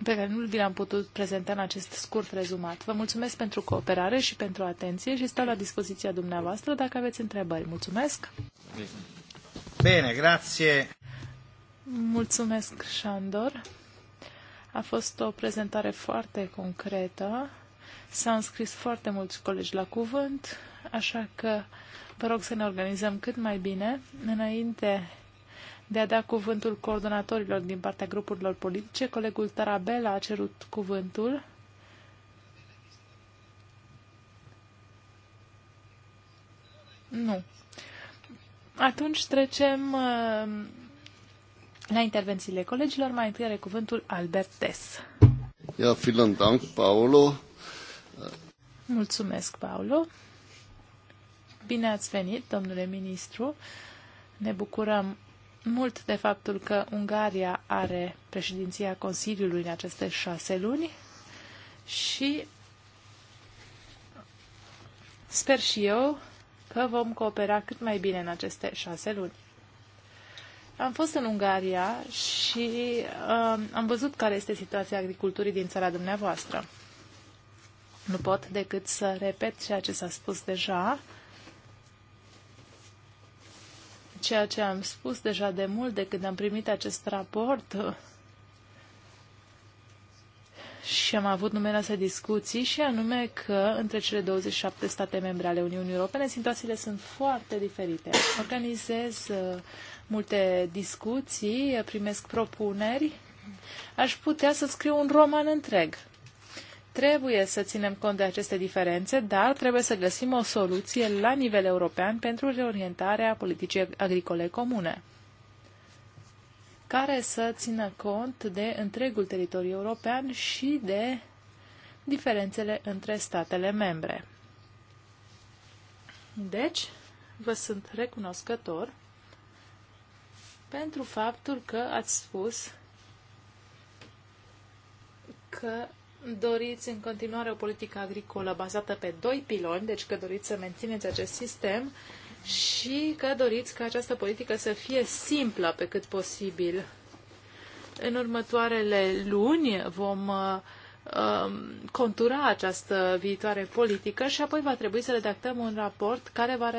pe care nu vi l-am putut prezenta în acest scurt rezumat. Vă mulțumesc pentru cooperare și pentru atenție și stau la dispoziția dumneavoastră dacă aveți întrebări. Mulțumesc! Bine, grație! Mulțumesc, Șandor! A fost o prezentare foarte concretă. S-au înscris foarte mulți colegi la cuvânt, așa că vă rog să ne organizăm cât mai bine înainte de a da cuvântul coordonatorilor din partea grupurilor politice. Colegul Tarabella a cerut cuvântul. Nu. Atunci trecem uh, la intervențiile colegilor. Mai întâi are cuvântul Albert Tess. Ia, vielen Dank, Paolo. Mulțumesc, Paolo. Bine ați venit, domnule ministru. Ne bucurăm mult de faptul că Ungaria are președinția Consiliului în aceste șase luni și sper și eu că vom coopera cât mai bine în aceste șase luni. Am fost în Ungaria și uh, am văzut care este situația agriculturii din țara dumneavoastră. Nu pot decât să repet ceea ce s-a spus deja. Uh, ceea ce am spus deja de mult de când am primit acest raport și am avut numeroase discuții și anume că între cele 27 state membre ale Uniunii Europene situațiile sunt foarte diferite. Organizez uh, multe discuții, primesc propuneri, aș putea să scriu un roman întreg Trebuie să ținem cont de aceste diferențe, dar trebuie să găsim o soluție la nivel european pentru reorientarea politicii agricole comune, care să țină cont de întregul teritoriu european și de diferențele între statele membre. Deci, vă sunt recunoscător pentru faptul că ați spus că doriți în continuare o politică agricolă bazată pe doi piloni, deci că doriți să mențineți acest sistem și că doriți ca această politică să fie simplă pe cât posibil. În următoarele luni vom uh, um, contura această viitoare politică și apoi va trebui să redactăm un raport care va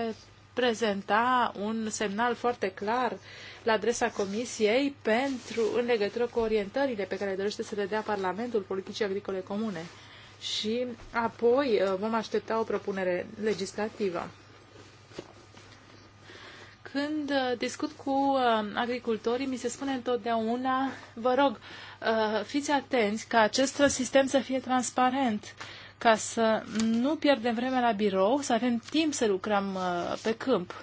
prezenta un semnal foarte clar la adresa Comisiei pentru, în legătură cu orientările pe care dorește să le dea Parlamentul Politicii Agricole Comune. Și apoi uh, vom aștepta o propunere legislativă. Când uh, discut cu uh, agricultorii, mi se spune întotdeauna, vă rog, fiți atenți ca acest sistem să fie transparent ca să nu pierdem vremea la birou, să avem timp să lucrăm uh, pe câmp.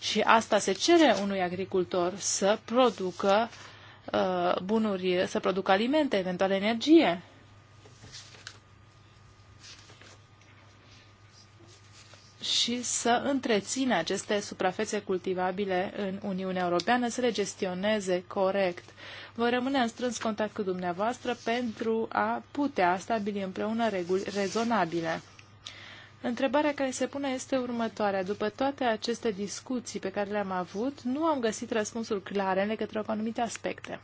Și asta se cere unui agricultor să producă uh, bunuri, să producă alimente, eventual energie. și să întrețină aceste suprafețe cultivabile în Uniunea Europeană, să le gestioneze corect. Voi rămâne în strâns contact cu dumneavoastră pentru a putea stabili împreună reguli rezonabile. Întrebarea care se pune este următoarea. După toate aceste discuții pe care le-am avut, nu am găsit răspunsuri clare în legătură cu anumite aspecte.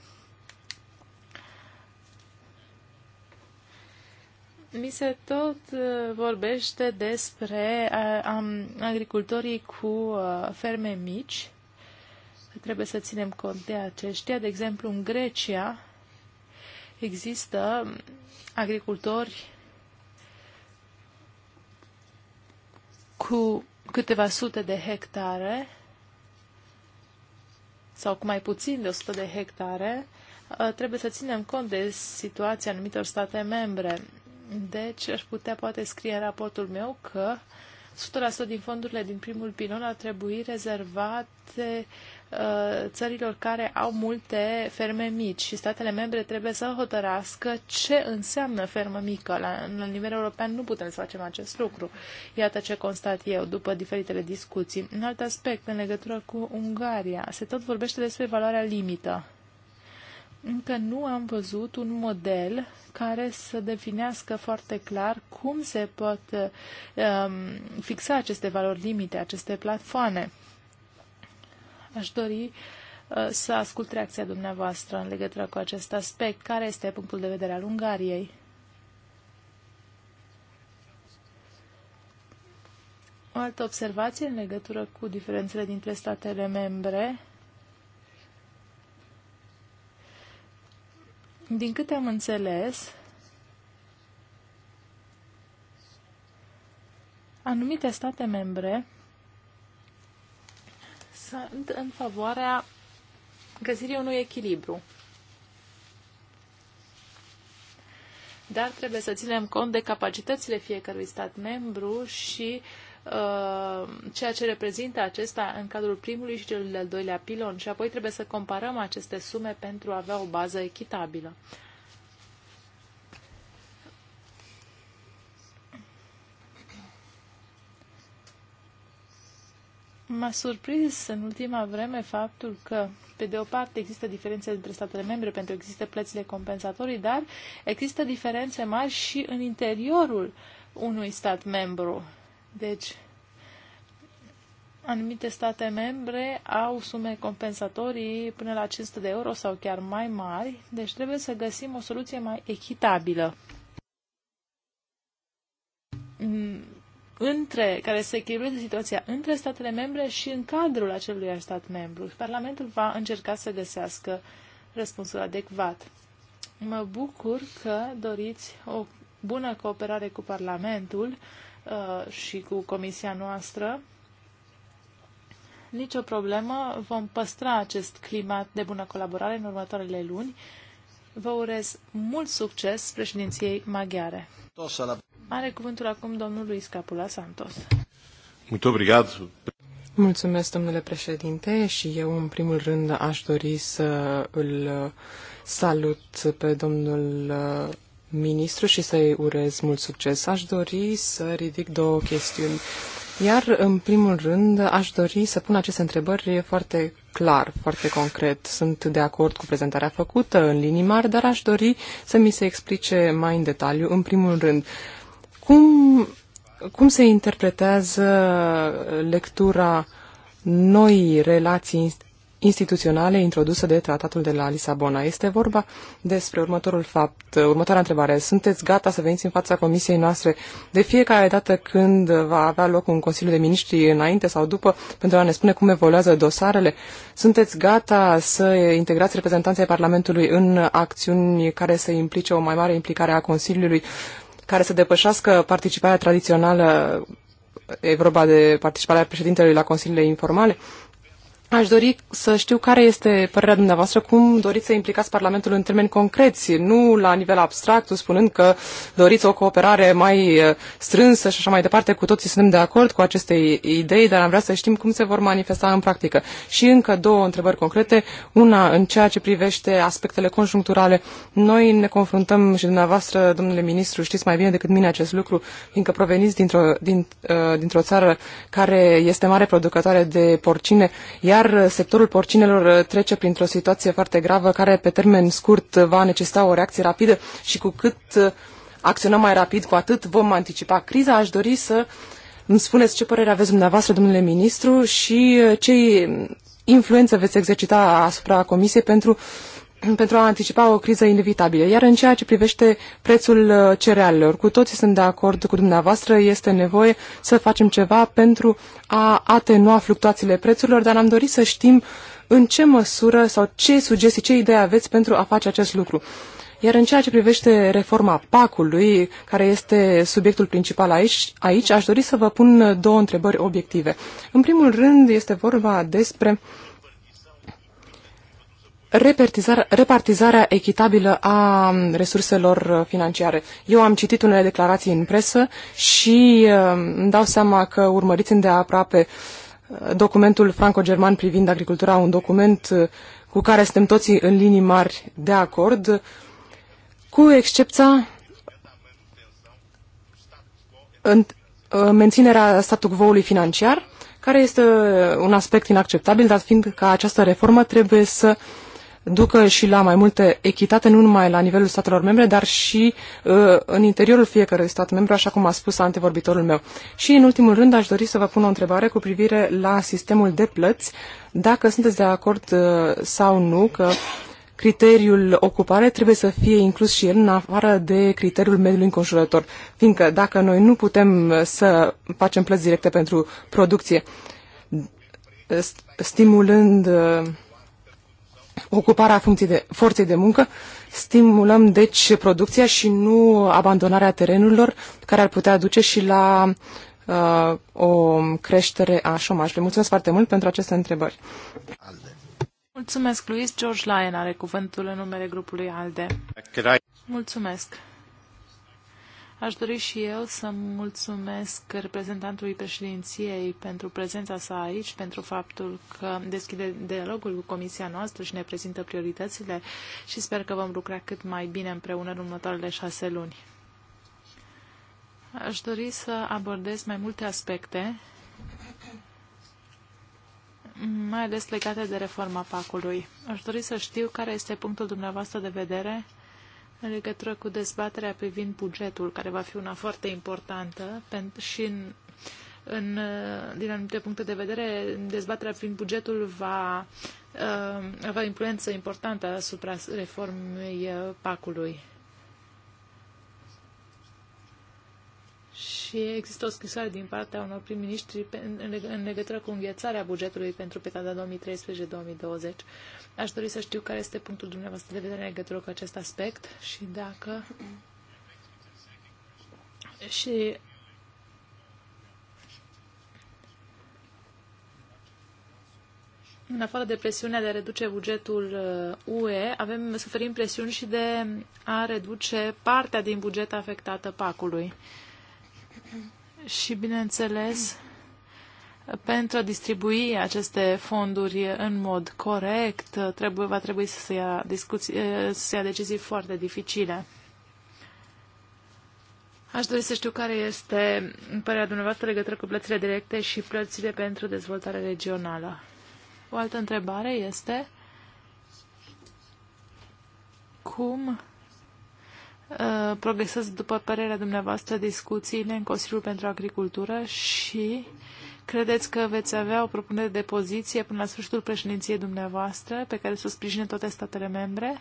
Mi se tot uh, vorbește despre uh, agricultorii cu uh, ferme mici trebuie să ținem cont de aceștia. De exemplu, în Grecia există agricultori cu câteva sute de hectare sau cu mai puțin de 100 de hectare, uh, trebuie să ținem cont de situația anumitor state membre. Deci aș putea poate scrie în raportul meu că 100% din fondurile din primul pilon ar trebui rezervate Uh, țărilor care au multe ferme mici și statele membre trebuie să hotărască ce înseamnă fermă mică. La, la nivel european nu putem să facem acest lucru. Iată ce constat eu după diferitele discuții. Un alt aspect în legătură cu Ungaria. Se tot vorbește despre valoarea limită. Încă nu am văzut un model care să definească foarte clar cum se pot um, fixa aceste valori limite, aceste platfoane Aș dori uh, să ascult reacția dumneavoastră în legătură cu acest aspect. Care este punctul de vedere al Ungariei? O altă observație în legătură cu diferențele dintre statele membre. Din câte am înțeles, anumite state membre sunt în favoarea găsirii unui echilibru. Dar trebuie să ținem cont de capacitățile fiecărui stat membru și uh, ceea ce reprezintă acesta în cadrul primului și celui de-al doilea pilon și apoi trebuie să comparăm aceste sume pentru a avea o bază echitabilă. M-a surprins în ultima vreme faptul că, pe de o parte, există diferențe între statele membre pentru că există plățile compensatorii, dar există diferențe mari și în interiorul unui stat membru. Deci, anumite state membre au sume compensatorii până la 500 de euro sau chiar mai mari, deci trebuie să găsim o soluție mai echitabilă între, care să echilibreze situația între statele membre și în cadrul acelui stat membru. Parlamentul va încerca să găsească răspunsul adecvat. Mă bucur că doriți o bună cooperare cu Parlamentul uh, și cu Comisia noastră. nici o problemă, vom păstra acest climat de bună colaborare în următoarele luni. Vă urez mult succes președinției maghiare. Are cuvântul acum domnul Luis Capula Santos. obrigat. Mulțumesc, domnule președinte, și eu, în primul rând, aș dori să îl salut pe domnul uh, ministru și să-i urez mult succes. Aș dori să ridic două chestiuni. Iar, în primul rând, aș dori să pun aceste întrebări foarte clar, foarte concret. Sunt de acord cu prezentarea făcută în linii mari, dar aș dori să mi se explice mai în detaliu. În primul rând, cum, cum se interpretează lectura noii relații instituționale introdusă de tratatul de la Lisabona. Este vorba despre următorul fapt, următoarea întrebare. Sunteți gata să veniți în fața comisiei noastre de fiecare dată când va avea loc un Consiliu de Ministri înainte sau după pentru a ne spune cum evoluează dosarele? Sunteți gata să integrați reprezentanții Parlamentului în acțiuni care să implice o mai mare implicare a Consiliului care să depășească participarea tradițională, e vorba de participarea președintelui la consiliile informale, Aș dori să știu care este părerea dumneavoastră, cum doriți să implicați Parlamentul în termeni concreți, nu la nivel abstract, spunând că doriți o cooperare mai uh, strânsă și așa mai departe. Cu toții suntem de acord cu aceste idei, dar am vrea să știm cum se vor manifesta în practică. Și încă două întrebări concrete. Una în ceea ce privește aspectele conjuncturale. Noi ne confruntăm și dumneavoastră, domnule ministru, știți mai bine decât mine acest lucru, fiindcă proveniți dintr-o, din, uh, dintr-o țară care este mare producătoare de porcine, iar iar sectorul porcinelor uh, trece printr-o situație foarte gravă care pe termen scurt uh, va necesita o reacție rapidă și cu cât uh, acționăm mai rapid, cu atât vom anticipa criza. Aș dori să îmi spuneți ce părere aveți dumneavoastră, domnule ministru, și ce influență veți exercita asupra Comisiei pentru uh, pentru a anticipa o criză inevitabilă. Iar în ceea ce privește prețul uh, cerealelor, cu toții sunt de acord cu dumneavoastră, este nevoie să facem ceva pentru a atenua fluctuațiile prețurilor, dar am dorit să știm în ce măsură sau ce sugestii, ce idei aveți pentru a face acest lucru. Iar în ceea ce privește reforma PAC-ului, care este subiectul principal aici, aici, aș dori să vă pun două întrebări obiective. În primul rând este vorba despre uh, repartizarea, repartizarea echitabilă a resurselor financiare. Eu am citit unele declarații în presă și uh, îmi dau seama că urmăriți îndeaproape uh, documentul franco-german privind agricultura, un document uh, cu care suntem toți în linii mari de acord, cu excepția în, menținerea statului quo financiar, care este un aspect inacceptabil, dar fiind că această reformă trebuie să uh, ducă și la mai multă echitate, nu numai la nivelul statelor membre, dar și uh, în interiorul fiecărui stat membru, așa cum a spus antevorbitorul meu. Și, în ultimul rând, aș dori să vă pun o întrebare cu privire la sistemul de plăți, dacă sunteți de acord uh, sau nu că criteriul ocupare trebuie să fie inclus și el în afară de criteriul mediului înconjurător, fiindcă dacă noi nu putem uh, să facem plăți directe pentru producție, stimulând uh, ocuparea funcției de, forței de muncă, stimulăm deci producția și nu abandonarea terenurilor care ar putea duce și la uh, o creștere a șomajului. Mulțumesc foarte mult pentru aceste întrebări. Alde. Mulțumesc, Luis. George Lyon are cuvântul în numele grupului ALDE. Mulțumesc. Aș dori și eu să mulțumesc reprezentantului președinției pentru prezența sa aici, pentru faptul că deschide dialogul cu comisia noastră și ne prezintă prioritățile și sper că vom lucra cât mai bine împreună în următoarele șase luni. Aș dori să abordez mai multe aspecte, mai ales legate de reforma PAC-ului. Aș dori să știu care este punctul dumneavoastră de vedere în legătură cu dezbaterea privind bugetul, care va fi una foarte importantă și în, în, uh, din anumite puncte de vedere, dezbaterea privind bugetul va uh, avea influență importantă asupra reformei uh, pacului. Și există o scrisoare din partea unor prim-ministri în legătură cu înghețarea bugetului pentru perioada 2013-2020. Aș dori să știu care este punctul dumneavoastră de vedere în legătură cu acest aspect și dacă... Și În afară de presiunea de a reduce bugetul uh, UE, avem, suferim presiuni și de a reduce partea din buget afectată PAC-ului. Și, bineînțeles, pentru a distribui aceste fonduri în mod corect, trebuie, va trebui să se, ia discuții, eh, să se ia decizii foarte dificile. Aș dori să știu care este părerea dumneavoastră legătură cu plățile directe și plățile pentru dezvoltare regională. O altă întrebare este cum eh, progresează, după părerea dumneavoastră, discuțiile în Consiliul pentru Agricultură și uh, Credeți că veți avea o propunere de poziție până la sfârșitul președinției dumneavoastră, pe care să o sprijine toate statele membre?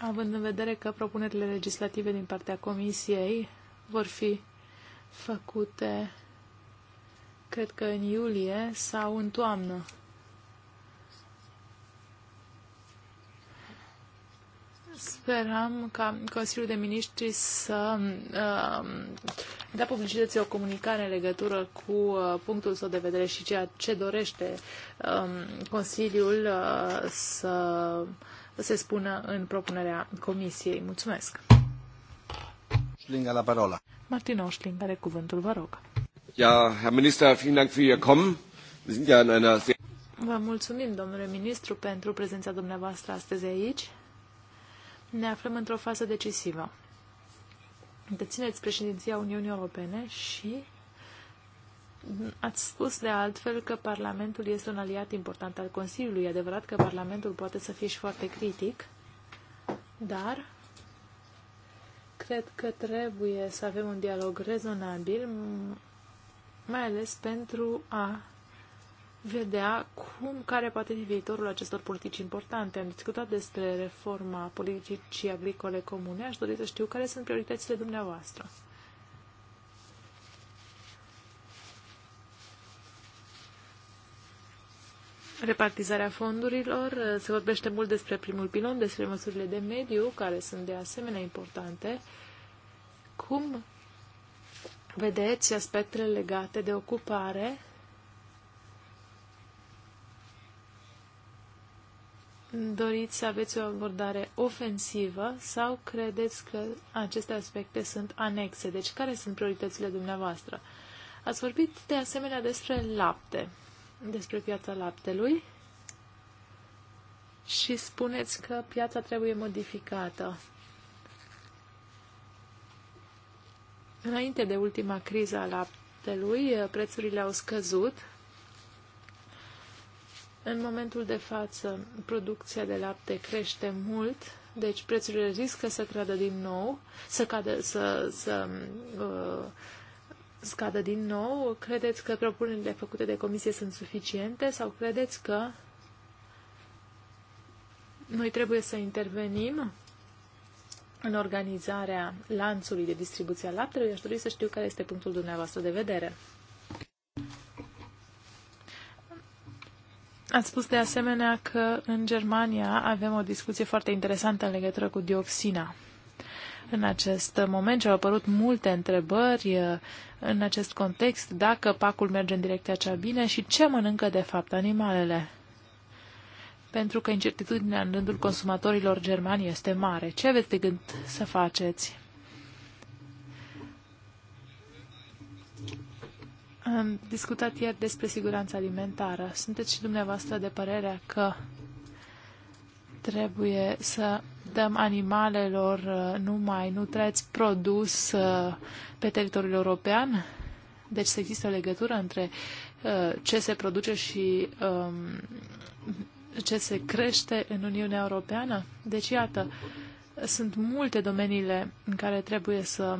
Având în vedere că propunerile legislative din partea Comisiei vor fi făcute, cred că în iulie sau în toamnă. Sperăm ca Consiliul de Ministri să uh, dea publicității o comunicare în legătură cu uh, punctul său de vedere și ceea ce dorește uh, Consiliul uh, să se spună în propunerea Comisiei. Mulțumesc! Schlinga la parola. Martin Oșling are cuvântul, vă rog. Ja, Herr Minister, vielen Dank für Ihr Kommen. Wir sind ja in einer Vă mulțumim, domnule ministru, pentru prezența dumneavoastră astăzi aici ne aflăm într-o fază decisivă. Dețineți președinția Uniunii Europene și Ați spus de altfel că Parlamentul este un aliat important al Consiliului. E adevărat că Parlamentul poate să fie și foarte critic, dar cred că trebuie să avem un dialog rezonabil, mai ales pentru a vedea cum, care poate fi viitorul acestor politici importante. Am discutat despre reforma politicii agricole comune. Aș dori să știu care sunt prioritățile dumneavoastră. Repartizarea fondurilor. Se vorbește mult despre primul pilon, despre măsurile de mediu, care sunt de asemenea importante. Cum vedeți aspectele legate de ocupare doriți să aveți o abordare ofensivă sau credeți că aceste aspecte sunt anexe? Deci, care sunt prioritățile dumneavoastră? Ați vorbit de asemenea despre lapte, despre piața laptelui și spuneți că piața trebuie modificată. Înainte de ultima criză a laptelui, prețurile au scăzut în momentul de față, producția de lapte crește mult, deci prețurile riscă să cadă din nou, să cadă, să, să uh, scadă din nou. Credeți că propunerile făcute de comisie sunt suficiente sau credeți că noi trebuie să intervenim în organizarea lanțului de distribuție a laptelui? Aș dori să știu care este punctul dumneavoastră de vedere. Ați spus de asemenea că în Germania avem o discuție foarte interesantă în legătură cu dioxina. În acest moment și au apărut multe întrebări uh, în acest context, dacă pacul merge în direcția cea bine și ce mănâncă de fapt animalele. Pentru că incertitudinea în rândul consumatorilor germani este mare. Ce aveți de gând să faceți? Am discutat ieri despre siguranța alimentară. Sunteți și dumneavoastră de părerea că trebuie să dăm animalelor uh, numai nutreți produs uh, pe teritoriul european? Deci să există o legătură între uh, ce se produce și um, ce se crește în Uniunea Europeană? Deci, iată, sunt multe domeniile în care trebuie să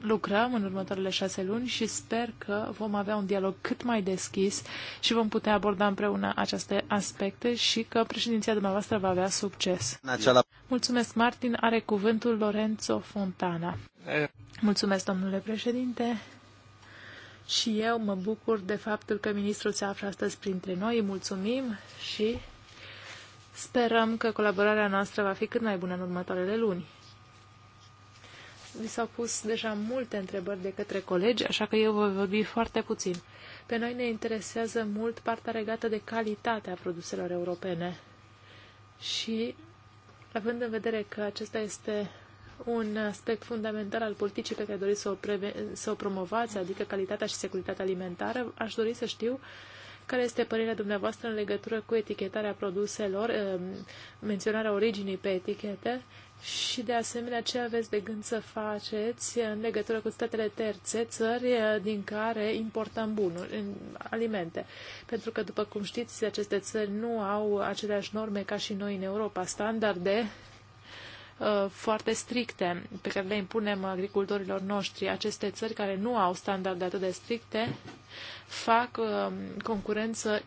lucrăm în următoarele șase luni și sper că vom avea un dialog cât mai deschis și vom putea aborda împreună aceste aspecte și că președinția dumneavoastră va avea succes. Acela... Mulțumesc, Martin. Are cuvântul Lorenzo Fontana. Mulțumesc, domnule președinte. Și eu mă bucur de faptul că ministrul se află astăzi printre noi. Îi mulțumim și sperăm că colaborarea noastră va fi cât mai bună în următoarele luni mi s-au pus deja multe întrebări de către colegi, așa că eu voi vorbi foarte puțin. Pe noi ne interesează mult partea legată de calitatea produselor europene. Și, având în vedere că acesta este un aspect fundamental al politicii pe care doriți să o, să o promovați, adică calitatea și securitatea alimentară, aș dori să știu care este părerea dumneavoastră în legătură cu etichetarea produselor, eh, menționarea originii pe etichete și, de asemenea, ce aveți de gând să faceți în legătură cu statele terțe, țări eh, din care importăm bunuri, alimente? Pentru că, după cum știți, aceste țări nu au aceleași norme ca și noi în Europa, standarde eh, foarte stricte pe care le impunem agricultorilor noștri. Aceste țări care nu au standarde atât de stricte fac eh, concurență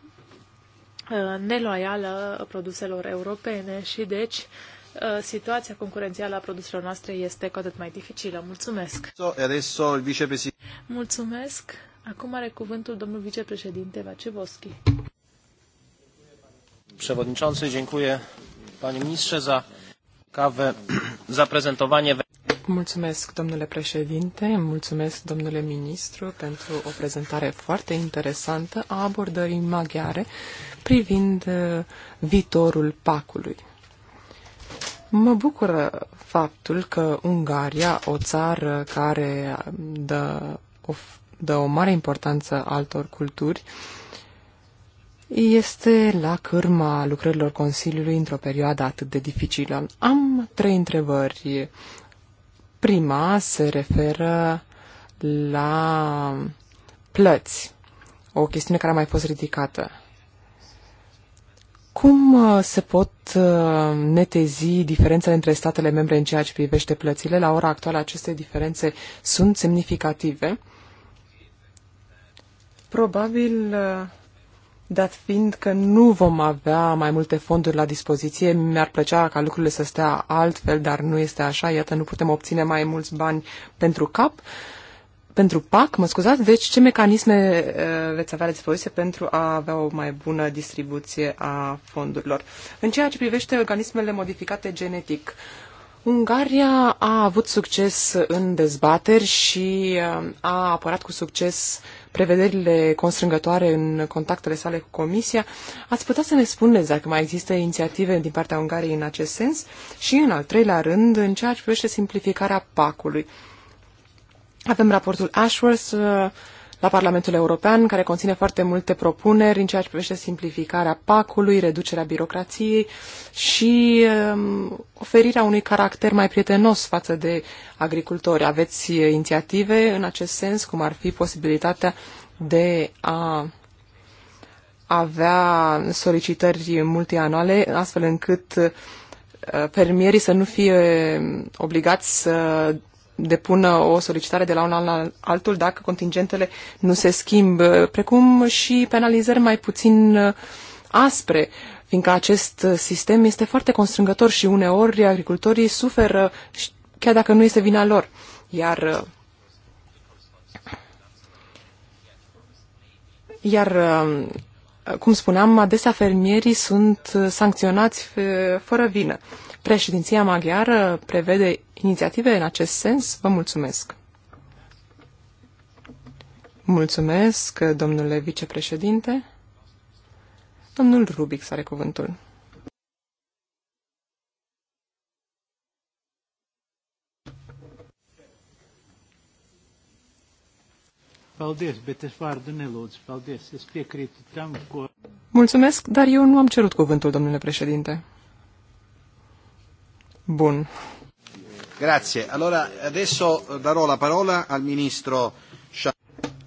neloială produselor europene și deci Uh, situația concurențială a produselor noastre este cu atât mai dificilă. Mulțumesc! Mulțumesc! Acum are cuvântul domnul vicepreședinte Vacevoschi. Przewodniczący, dziękuję panie ministrze za kawę, Mulțumesc, domnule președinte, mulțumesc, domnule ministru, pentru o prezentare foarte interesantă a abordării maghiare privind uh, viitorul pacului. Mă bucură faptul că Ungaria, o țară care dă o, dă o mare importanță altor culturi, este la cârma lucrărilor Consiliului într-o perioadă atât de dificilă. Am trei întrebări. Prima se referă la plăți, o chestiune care a mai fost ridicată. Cum uh, se pot uh, netezi diferențele între statele membre în ceea ce privește plățile? La ora actuală aceste diferențe sunt semnificative. Probabil, uh, dat fiind că nu vom avea mai multe fonduri la dispoziție, mi-ar plăcea ca lucrurile să stea altfel, dar nu este așa. Iată, nu putem obține mai mulți bani pentru cap. Uh, pentru PAC, mă scuzați, deci ce mecanisme uh, veți avea la dispoziție pentru a avea o mai bună distribuție a fondurilor? În ceea ce privește organismele modificate genetic, Ungaria a avut succes în dezbateri și uh, a apărat cu succes prevederile constrângătoare în contactele sale cu Comisia. Ați putea să ne spuneți dacă mai există inițiative din partea Ungariei în acest sens? Și, în al treilea rând, în ceea ce privește simplificarea PAC-ului. Avem raportul Ashworth uh, la Parlamentul European, care conține foarte multe propuneri în ceea ce privește simplificarea pacului, reducerea birocrației și um, oferirea unui caracter mai prietenos față de agricultori. Aveți inițiative în acest sens, cum ar fi posibilitatea de a avea solicitări multianuale, astfel încât uh, fermierii să nu fie um, obligați să depună o solicitare de la un an la altul dacă contingentele nu se schimbă, precum și penalizări mai puțin uh, aspre, fiindcă acest uh, sistem este foarte constrângător și uneori agricultorii suferă chiar dacă nu este vina lor. Iar uh, iar cum spuneam, adesea fermierii sunt uh, sancționați uh, fără vină. Președinția maghiară prevede inițiative în acest sens? Vă mulțumesc! Mulțumesc, domnule vicepreședinte. Domnul Rubic are cuvântul. Paldies, bet es vārdu nelūdzu. Paldies, es piekrītu tam, ko... Mulțumesc, dar eu nu am cerut cuvântul, domnule președinte. Bun. Grazie. Allora, adesso darò la parola al ministro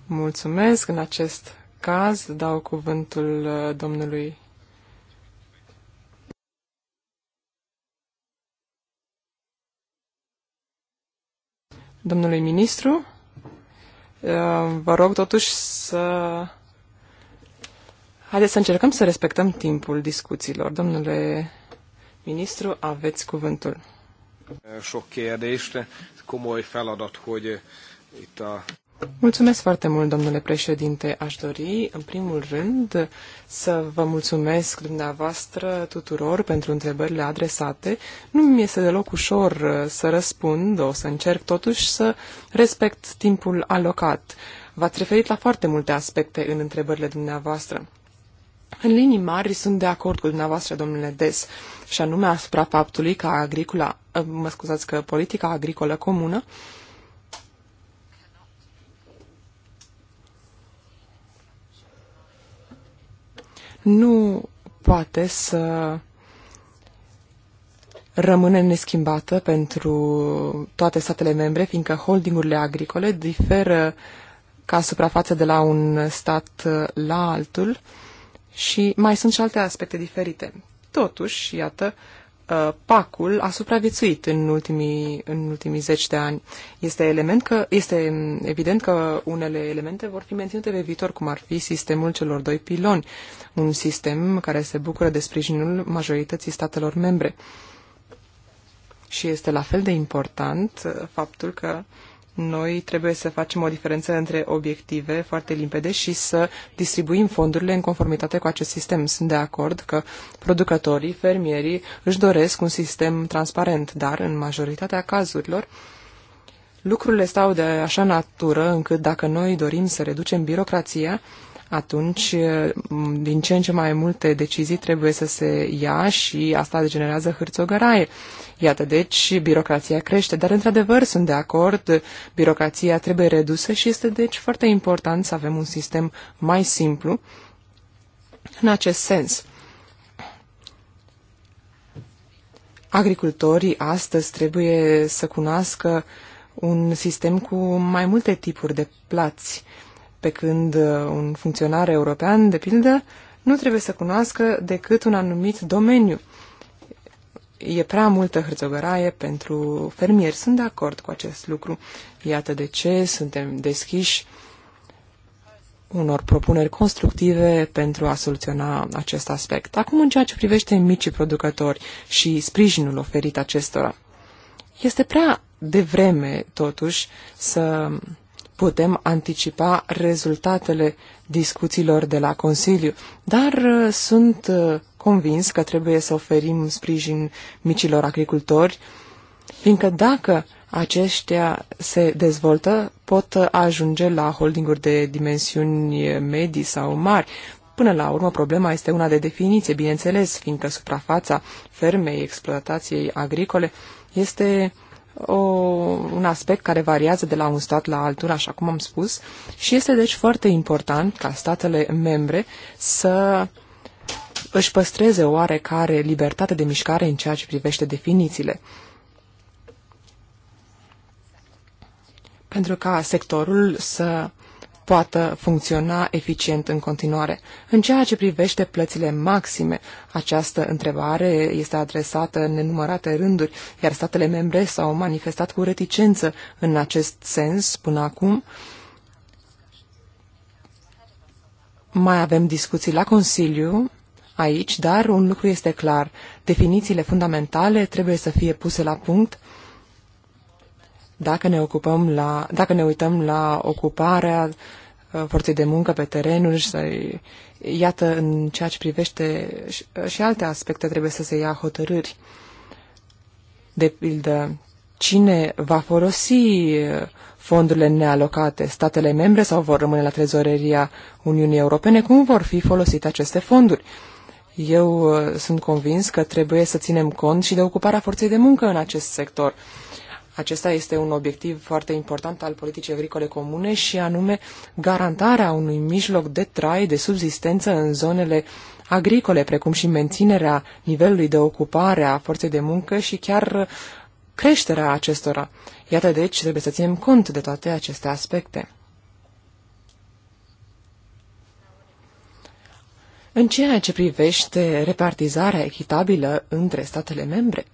Mulțumesc. În acest caz dau cuvântul uh, domnului domnului ministru. Uh, vă rog totuși să... Haideți să încercăm să respectăm timpul discuțiilor. Domnule ministru, aveți cuvântul. Sok kérdést, komoly feladat, hogy uh, itt a Mulțumesc foarte mult, domnule președinte. Aș dori, în primul rând, să vă mulțumesc dumneavoastră tuturor pentru întrebările adresate. Nu mi este deloc ușor uh, să răspund, o să încerc totuși să respect timpul alocat. V-ați referit la foarte multe aspecte în întrebările dumneavoastră. În linii mari sunt de acord cu dumneavoastră, domnule Des, și anume asupra faptului că agricula, uh, mă scuzați că politica agricolă comună nu poate să rămâne neschimbată pentru toate statele membre, fiindcă holdingurile agricole diferă ca suprafață de la un stat la altul și mai sunt și alte aspecte diferite. Totuși, iată, Uh, pacul a supraviețuit în ultimii, în ultimii zeci de ani. Este, element că, este evident că unele elemente vor fi menținute pe viitor, cum ar fi sistemul celor doi piloni, un sistem care se bucură de sprijinul majorității statelor membre. Și este la fel de important uh, faptul că uh, noi trebuie să facem o diferență între obiective foarte limpede și să distribuim fondurile în conformitate cu acest sistem. Sunt de acord că producătorii, fermierii își doresc un sistem transparent, dar în majoritatea cazurilor lucrurile stau de așa natură încât dacă noi dorim să reducem birocrația, atunci din ce în ce mai multe decizii trebuie să se ia și asta degenerează hârțogăraie. Iată, deci, birocrația crește, dar, într-adevăr, sunt de acord, birocrația trebuie redusă și este, deci, foarte important să avem un sistem mai simplu în acest sens. Agricultorii astăzi trebuie să cunoască un sistem cu mai multe tipuri de plați, pe când uh, un funcționar european, de pildă, nu trebuie să cunoască decât un anumit domeniu e prea multă hârțogăraie pentru fermieri. Sunt de acord cu acest lucru. Iată de ce suntem deschiși unor propuneri constructive pentru a soluționa acest aspect. Acum, în ceea ce privește micii producători și sprijinul oferit acestora, este prea devreme, totuși, să putem anticipa rezultatele discuțiilor de la Consiliu, dar uh, sunt uh, convins că trebuie să oferim sprijin micilor agricultori, fiindcă dacă aceștia se dezvoltă, pot ajunge la holdinguri de dimensiuni medii sau mari. Până la urmă, problema este una de definiție, bineînțeles, fiindcă suprafața fermei exploatației agricole este o, un aspect care variază de la un stat la altul, așa cum am spus, și este deci foarte important ca statele membre să își păstreze oarecare libertate de mișcare în ceea ce privește definițiile. Pentru ca sectorul să poată funcționa eficient în continuare. În ceea ce privește plățile maxime, această întrebare este adresată în nenumărate rânduri, iar statele membre s-au manifestat cu reticență în acest sens până acum. Mai avem discuții la Consiliu aici, dar un lucru este clar. Definițiile fundamentale trebuie să fie puse la punct dacă ne, ocupăm la, dacă ne uităm la ocuparea uh, forței de muncă pe terenuri și să iată în ceea ce privește uh, și alte aspecte trebuie să se ia hotărâri. De pildă, cine va folosi uh, fondurile nealocate, statele membre sau vor rămâne la trezoreria Uniunii Europene, cum vor fi folosite aceste fonduri. Eu uh, sunt convins că trebuie să ținem cont și de ocuparea forței de muncă în acest sector. Acesta este un obiectiv foarte important al politicii agricole comune și anume garantarea unui mijloc de trai, de subsistență în zonele agricole, precum și menținerea nivelului de ocupare a forței de muncă și chiar creșterea acestora. Iată deci, trebuie să ținem cont de toate aceste aspecte. În ceea ce privește repartizarea echitabilă între statele membre,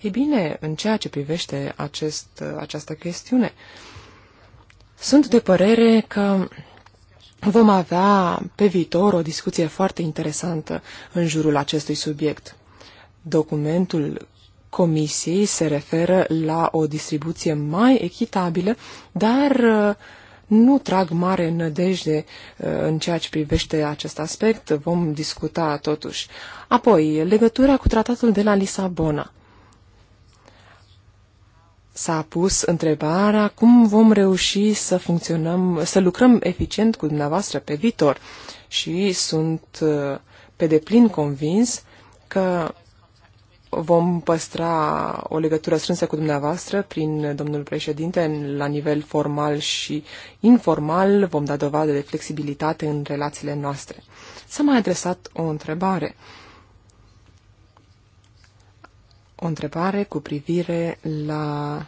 ei bine, în ceea ce privește acest, această chestiune, sunt de părere că vom avea pe viitor o discuție foarte interesantă în jurul acestui subiect. Documentul Comisiei se referă la o distribuție mai echitabilă, dar uh, nu trag mare nădejde uh, în ceea ce privește acest aspect. Vom discuta totuși. Apoi, legătura cu tratatul de la Lisabona. S-a pus întrebarea cum vom reuși să funcționăm, să lucrăm eficient cu dumneavoastră pe viitor și sunt uh, pe deplin convins că vom păstra o legătură strânsă cu dumneavoastră prin domnul președinte la nivel formal și informal. Vom da dovadă de flexibilitate în relațiile noastre. S-a mai adresat o întrebare. O întrebare cu privire la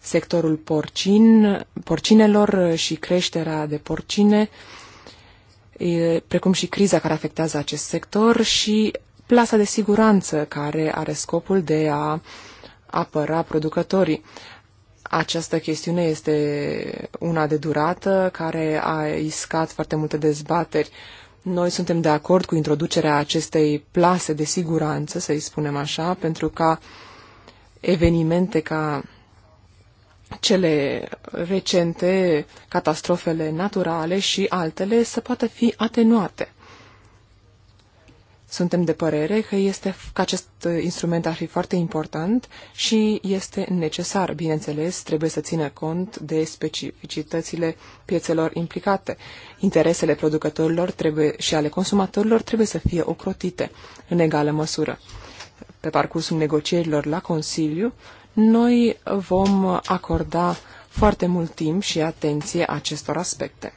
sectorul porcin, porcinelor și creșterea de porcine, precum și criza care afectează acest sector și plasa de siguranță care are scopul de a apăra producătorii. Această chestiune este una de durată care a iscat foarte multe dezbateri. Noi suntem de acord cu introducerea acestei plase de siguranță, să-i spunem așa, pentru ca evenimente ca cele recente, catastrofele naturale și altele să poată fi atenuate. Suntem de părere că, este, că acest instrument ar fi foarte important și este necesar. Bineînțeles, trebuie să țină cont de specificitățile piețelor implicate. Interesele producătorilor trebuie, și ale consumatorilor trebuie să fie ocrotite în egală măsură. Pe parcursul negocierilor la Consiliu, noi vom acorda foarte mult timp și atenție acestor aspecte.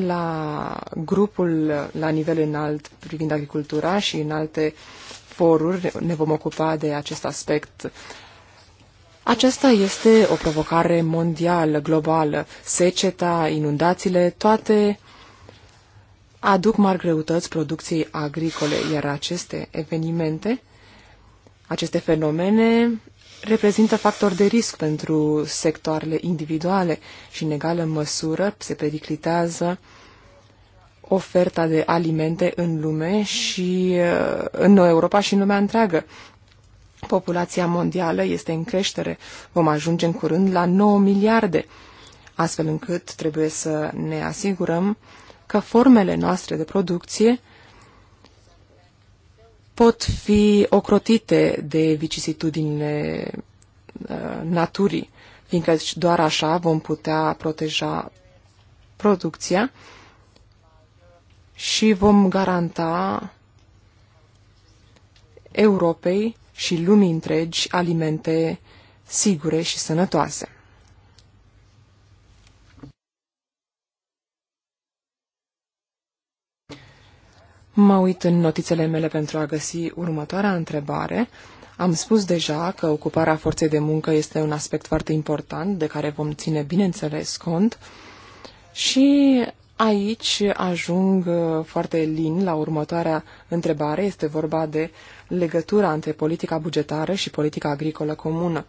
la grupul la nivel înalt privind agricultura și în alte foruri ne vom ocupa de acest aspect. Aceasta este o provocare mondială, globală. Seceta, inundațiile, toate aduc mari greutăți producției agricole, iar aceste evenimente, aceste fenomene reprezintă factor de risc pentru sectoarele individuale și, în egală măsură, se periclitează oferta de alimente în lume și uh, în Europa și în lumea întreagă. Populația mondială este în creștere. Vom ajunge în curând la 9 miliarde, astfel încât trebuie să ne asigurăm că formele noastre de producție pot fi ocrotite de vicisitudinile uh, naturii, fiindcă doar așa vom putea proteja producția și vom garanta Europei și lumii întregi alimente sigure și sănătoase. Mă uit în notițele mele pentru a găsi următoarea întrebare. Am spus deja că ocuparea forței de muncă este un aspect foarte important de care vom ține, bineînțeles, cont și aici ajung uh, foarte lin la următoarea întrebare. Este vorba de legătura între politica bugetară și politica agricolă comună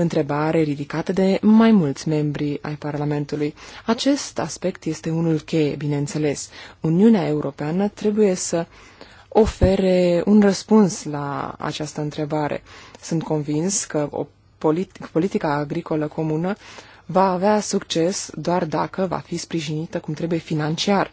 întrebare ridicată de mai mulți membri ai Parlamentului. Acest aspect este unul cheie, bineînțeles. Uniunea Europeană trebuie să ofere un răspuns la această întrebare. Sunt convins că o polit- politica agricolă comună va avea succes doar dacă va fi sprijinită cum trebuie financiar,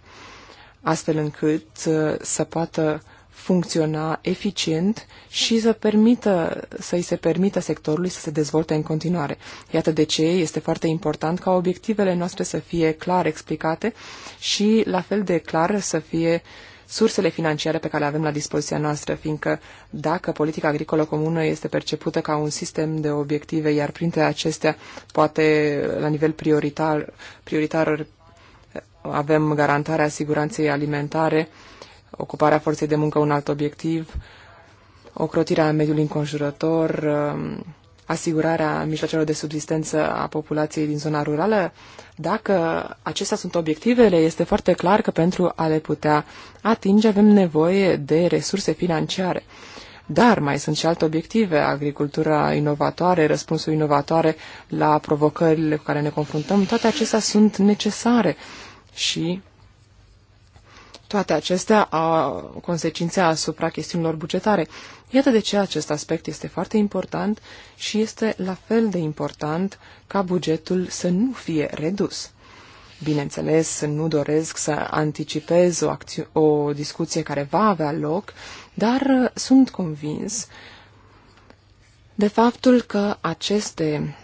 astfel încât uh, să poată funcționa eficient și să permită, să-i se permită sectorului să se dezvolte în continuare. Iată de ce este foarte important ca obiectivele noastre să fie clar explicate și la fel de clar să fie sursele financiare pe care le avem la dispoziția noastră, fiindcă dacă politica agricolă comună este percepută ca un sistem de obiective, iar printre acestea, poate la nivel prioritar, prioritar avem garantarea siguranței alimentare, ocuparea forței de muncă un alt obiectiv, ocrotirea mediului înconjurător, um, asigurarea mijloacelor de subsistență a populației din zona rurală, dacă acestea sunt obiectivele, este foarte clar că pentru a le putea atinge avem nevoie de resurse financiare. Dar mai sunt și alte obiective, agricultura inovatoare, răspunsul inovatoare la provocările cu care ne confruntăm, toate acestea sunt necesare și toate acestea au consecințe asupra chestiunilor bugetare. Iată de ce acest aspect este foarte important și este la fel de important ca bugetul să nu fie redus. Bineînțeles, nu doresc să anticipez o, o discuție care va avea loc, dar sunt convins de faptul că aceste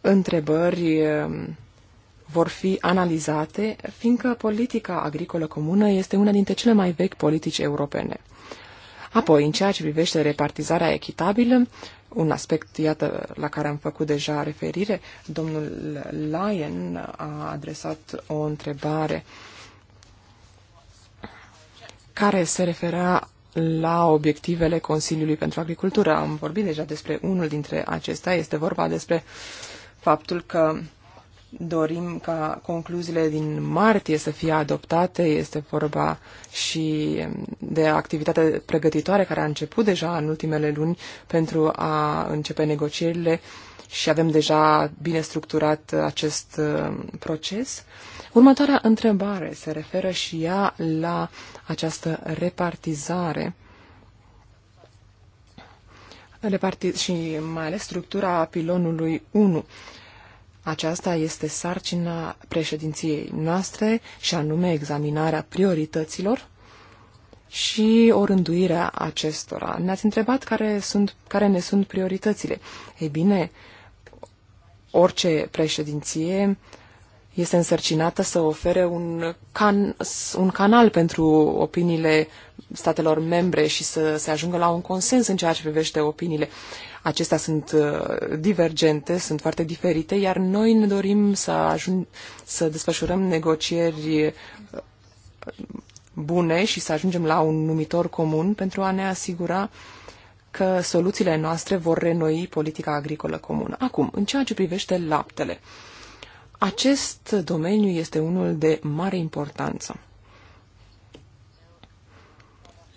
întrebări vor fi analizate, fiindcă politica agricolă comună este una dintre cele mai vechi politici europene. Apoi, în ceea ce privește repartizarea echitabilă, un aspect, iată, la care am făcut deja referire, domnul Lyon a adresat o întrebare care se referea la obiectivele Consiliului pentru Agricultură. Am vorbit deja despre unul dintre acestea. Este vorba despre faptul că dorim ca concluziile din martie să fie adoptate. Este vorba și de activitate pregătitoare care a început deja în ultimele luni pentru a începe negocierile și avem deja bine structurat acest uh, proces. Următoarea întrebare se referă și ea la această repartizare repartiz și mai ales structura pilonului 1. Aceasta este sarcina președinției noastre și anume examinarea priorităților și o rânduire acestora. Ne-ați întrebat care, sunt, care ne sunt prioritățile. Ei bine, orice președinție este însărcinată să ofere un, can, un canal pentru opiniile statelor membre și să se ajungă la un consens în ceea ce privește opiniile. Acestea sunt uh, divergente, sunt foarte diferite, iar noi ne dorim să, ajung, să desfășurăm negocieri uh, bune și să ajungem la un numitor comun pentru a ne asigura că soluțiile noastre vor renoi politica agricolă comună. Acum, în ceea ce privește laptele, acest domeniu este unul de mare importanță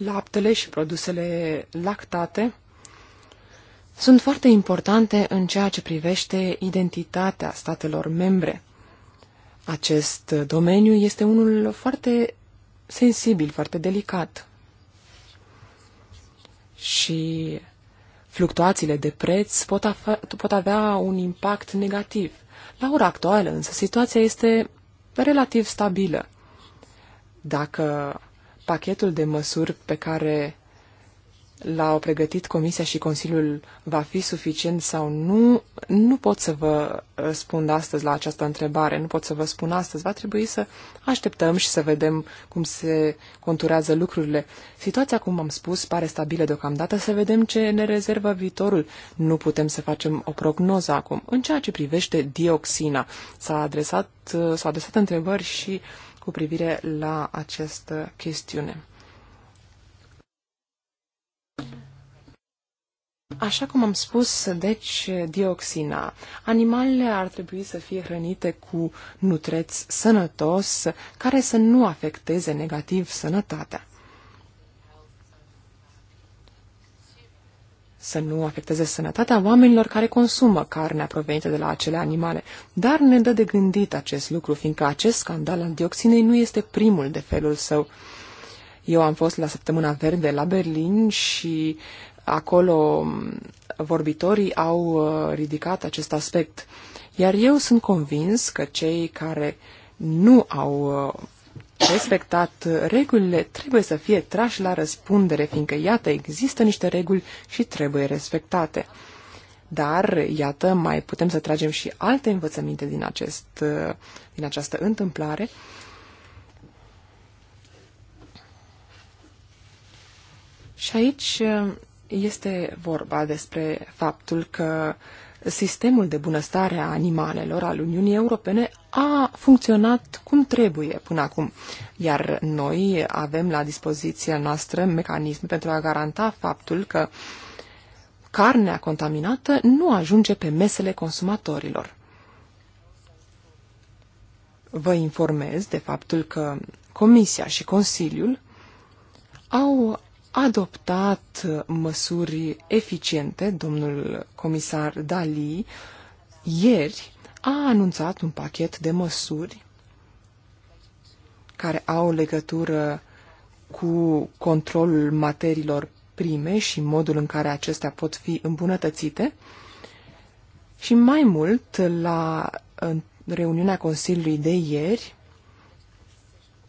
laptele și produsele lactate sunt foarte importante în ceea ce privește identitatea statelor membre. Acest domeniu este unul foarte sensibil, foarte delicat. Și fluctuațiile de preț pot, pot avea un impact negativ. La ora actuală, însă, situația este relativ stabilă. Dacă pachetul de măsuri pe care l-au pregătit Comisia și Consiliul va fi suficient sau nu, nu pot să vă răspund uh, astăzi la această întrebare, nu pot să vă spun astăzi. Va trebui să așteptăm și să vedem cum se conturează lucrurile. Situația, cum am spus, pare stabilă deocamdată, să vedem ce ne rezervă viitorul. Nu putem să facem o prognoză acum. În ceea ce privește dioxina, s-a adresat, uh, s adresat întrebări și uh, cu privire la această chestiune. Așa cum am spus, deci, dioxina. Animalele ar trebui să fie hrănite cu nutreț sănătos, care să nu afecteze negativ sănătatea. să nu afecteze sănătatea oamenilor care consumă carnea provenită de la acele animale. Dar ne dă de gândit acest lucru, fiindcă acest scandal al dioxinei nu este primul de felul său. Eu am fost la Săptămâna Verde la Berlin și acolo mm, vorbitorii au uh, ridicat acest aspect. Iar eu sunt convins că cei care nu au uh, respectat regulile, trebuie să fie trași la răspundere, fiindcă, iată, există niște reguli și trebuie respectate. Dar, iată, mai putem să tragem și alte învățăminte din, acest, din această întâmplare. Și aici este vorba despre faptul că uh, sistemul de bunăstare a animalelor al Uniunii Europene a funcționat cum trebuie până acum, iar noi avem la dispoziția noastră mecanisme pentru a garanta faptul că carnea contaminată nu ajunge pe mesele consumatorilor. Vă informez de faptul că Comisia și Consiliul au adoptat uh, măsuri eficiente, domnul comisar Dali ieri a anunțat un pachet de măsuri care au legătură cu controlul materiilor prime și modul în care acestea pot fi îmbunătățite. Și mai mult, la reuniunea Consiliului de ieri,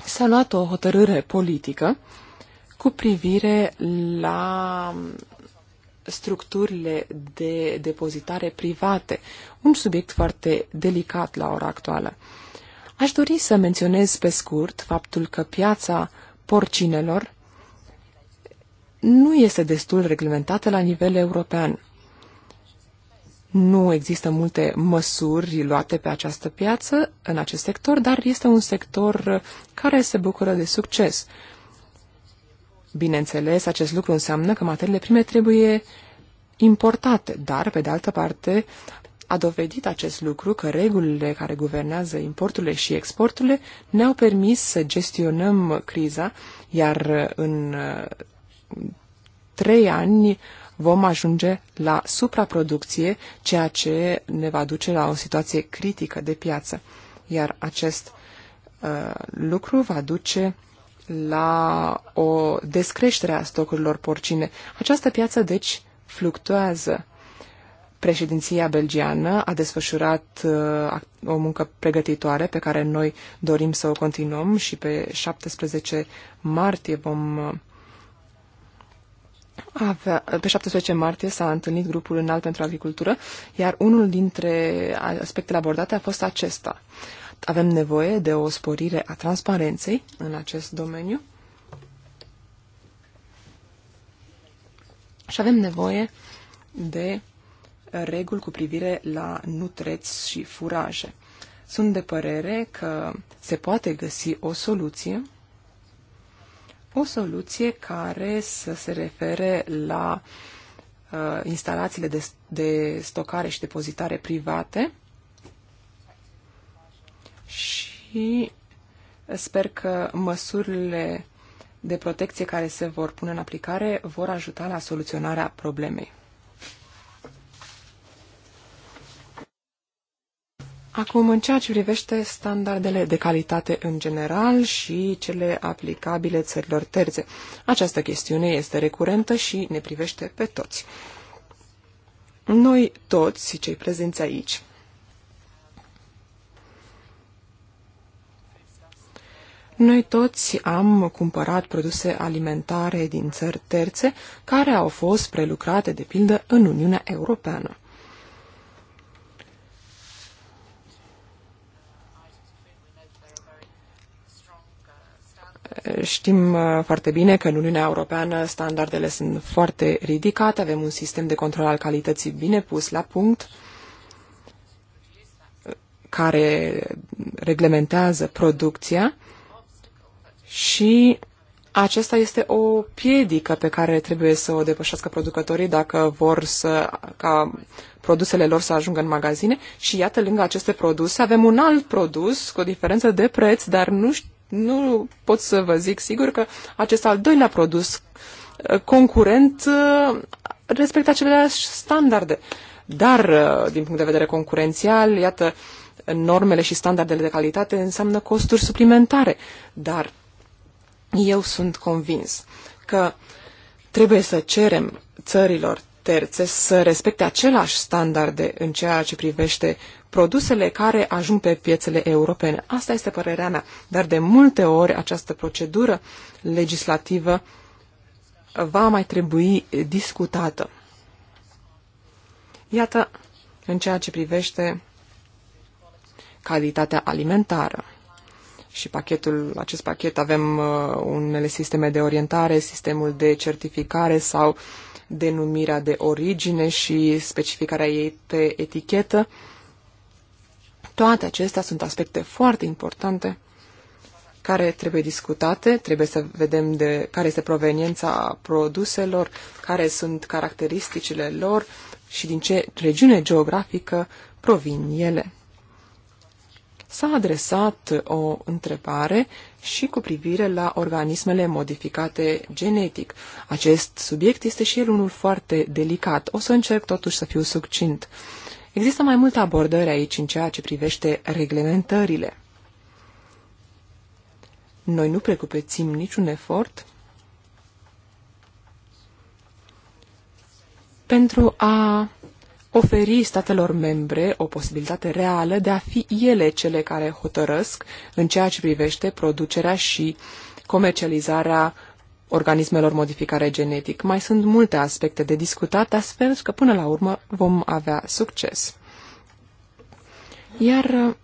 s-a luat o hotărâre politică cu privire la structurile de depozitare private, un subiect foarte delicat la ora actuală. Aș dori să menționez pe scurt faptul că piața porcinelor nu este destul reglementată la nivel european. Nu există multe măsuri luate pe această piață, în acest sector, dar este un sector care se bucură de succes. Bineînțeles, acest lucru înseamnă că materiile prime trebuie importate, dar, pe de altă parte, a dovedit acest lucru că regulile care guvernează importurile și exporturile ne-au permis să gestionăm criza, iar în uh, trei ani vom ajunge la supraproducție, ceea ce ne va duce la o situație critică de piață. Iar acest uh, lucru va duce la o descreștere a stocurilor porcine. Această piață, deci, fluctuează. Președinția belgiană a desfășurat uh, o muncă pregătitoare pe care noi dorim să o continuăm și pe 17 martie vom uh, avea, pe 17 martie s-a întâlnit grupul înalt pentru agricultură, iar unul dintre aspectele abordate a fost acesta avem nevoie de o sporire a transparenței în acest domeniu și avem nevoie de reguli cu privire la nutreți și furaje. Sunt de părere că se poate găsi o soluție, o soluție care să se refere la uh, instalațiile de, de stocare și depozitare private, și sper că măsurile de protecție care se vor pune în aplicare vor ajuta la soluționarea problemei. Acum, în ceea ce privește standardele de calitate în general și cele aplicabile țărilor terțe, această chestiune este recurentă și ne privește pe toți. Noi toți, cei prezenți aici, Noi toți am cumpărat produse alimentare din țări terțe care au fost prelucrate, de pildă, în Uniunea Europeană. Știm uh, foarte bine că în Uniunea Europeană standardele sunt foarte ridicate, avem un sistem de control al calității bine pus la punct, care reglementează producția și acesta este o piedică pe care trebuie să o depășească producătorii dacă vor să, ca produsele lor să ajungă în magazine. Și iată, lângă aceste produse avem un alt produs cu o diferență de preț, dar nu, nu pot să vă zic sigur că acest al doilea produs uh, concurent uh, respectă aceleași standarde. Dar, uh, din punct de vedere concurențial, iată, normele și standardele de calitate înseamnă costuri suplimentare. Dar eu sunt convins că trebuie să cerem țărilor terțe să respecte același standarde în ceea ce privește produsele care ajung pe piețele europene. Asta este părerea mea, dar de multe ori această procedură legislativă va mai trebui discutată. Iată, în ceea ce privește calitatea alimentară și pachetul, acest pachet avem uh, unele sisteme de orientare, sistemul de certificare sau denumirea de origine și specificarea ei pe etichetă. Toate acestea sunt aspecte foarte importante care trebuie discutate, trebuie să vedem de care este proveniența produselor, care sunt caracteristicile lor și din ce regiune geografică provin ele s-a adresat o întrebare și cu privire la organismele modificate genetic. Acest subiect este și el unul foarte delicat. O să încerc totuși să fiu succint. Există mai multe abordări aici în ceea ce privește reglementările. Noi nu precupețim niciun efort pentru a oferi statelor membre o posibilitate reală de a fi ele cele care hotărăsc în ceea ce privește producerea și comercializarea organismelor modificare genetic. Mai sunt multe aspecte de discutat, dar sper că până la urmă vom avea succes. Iar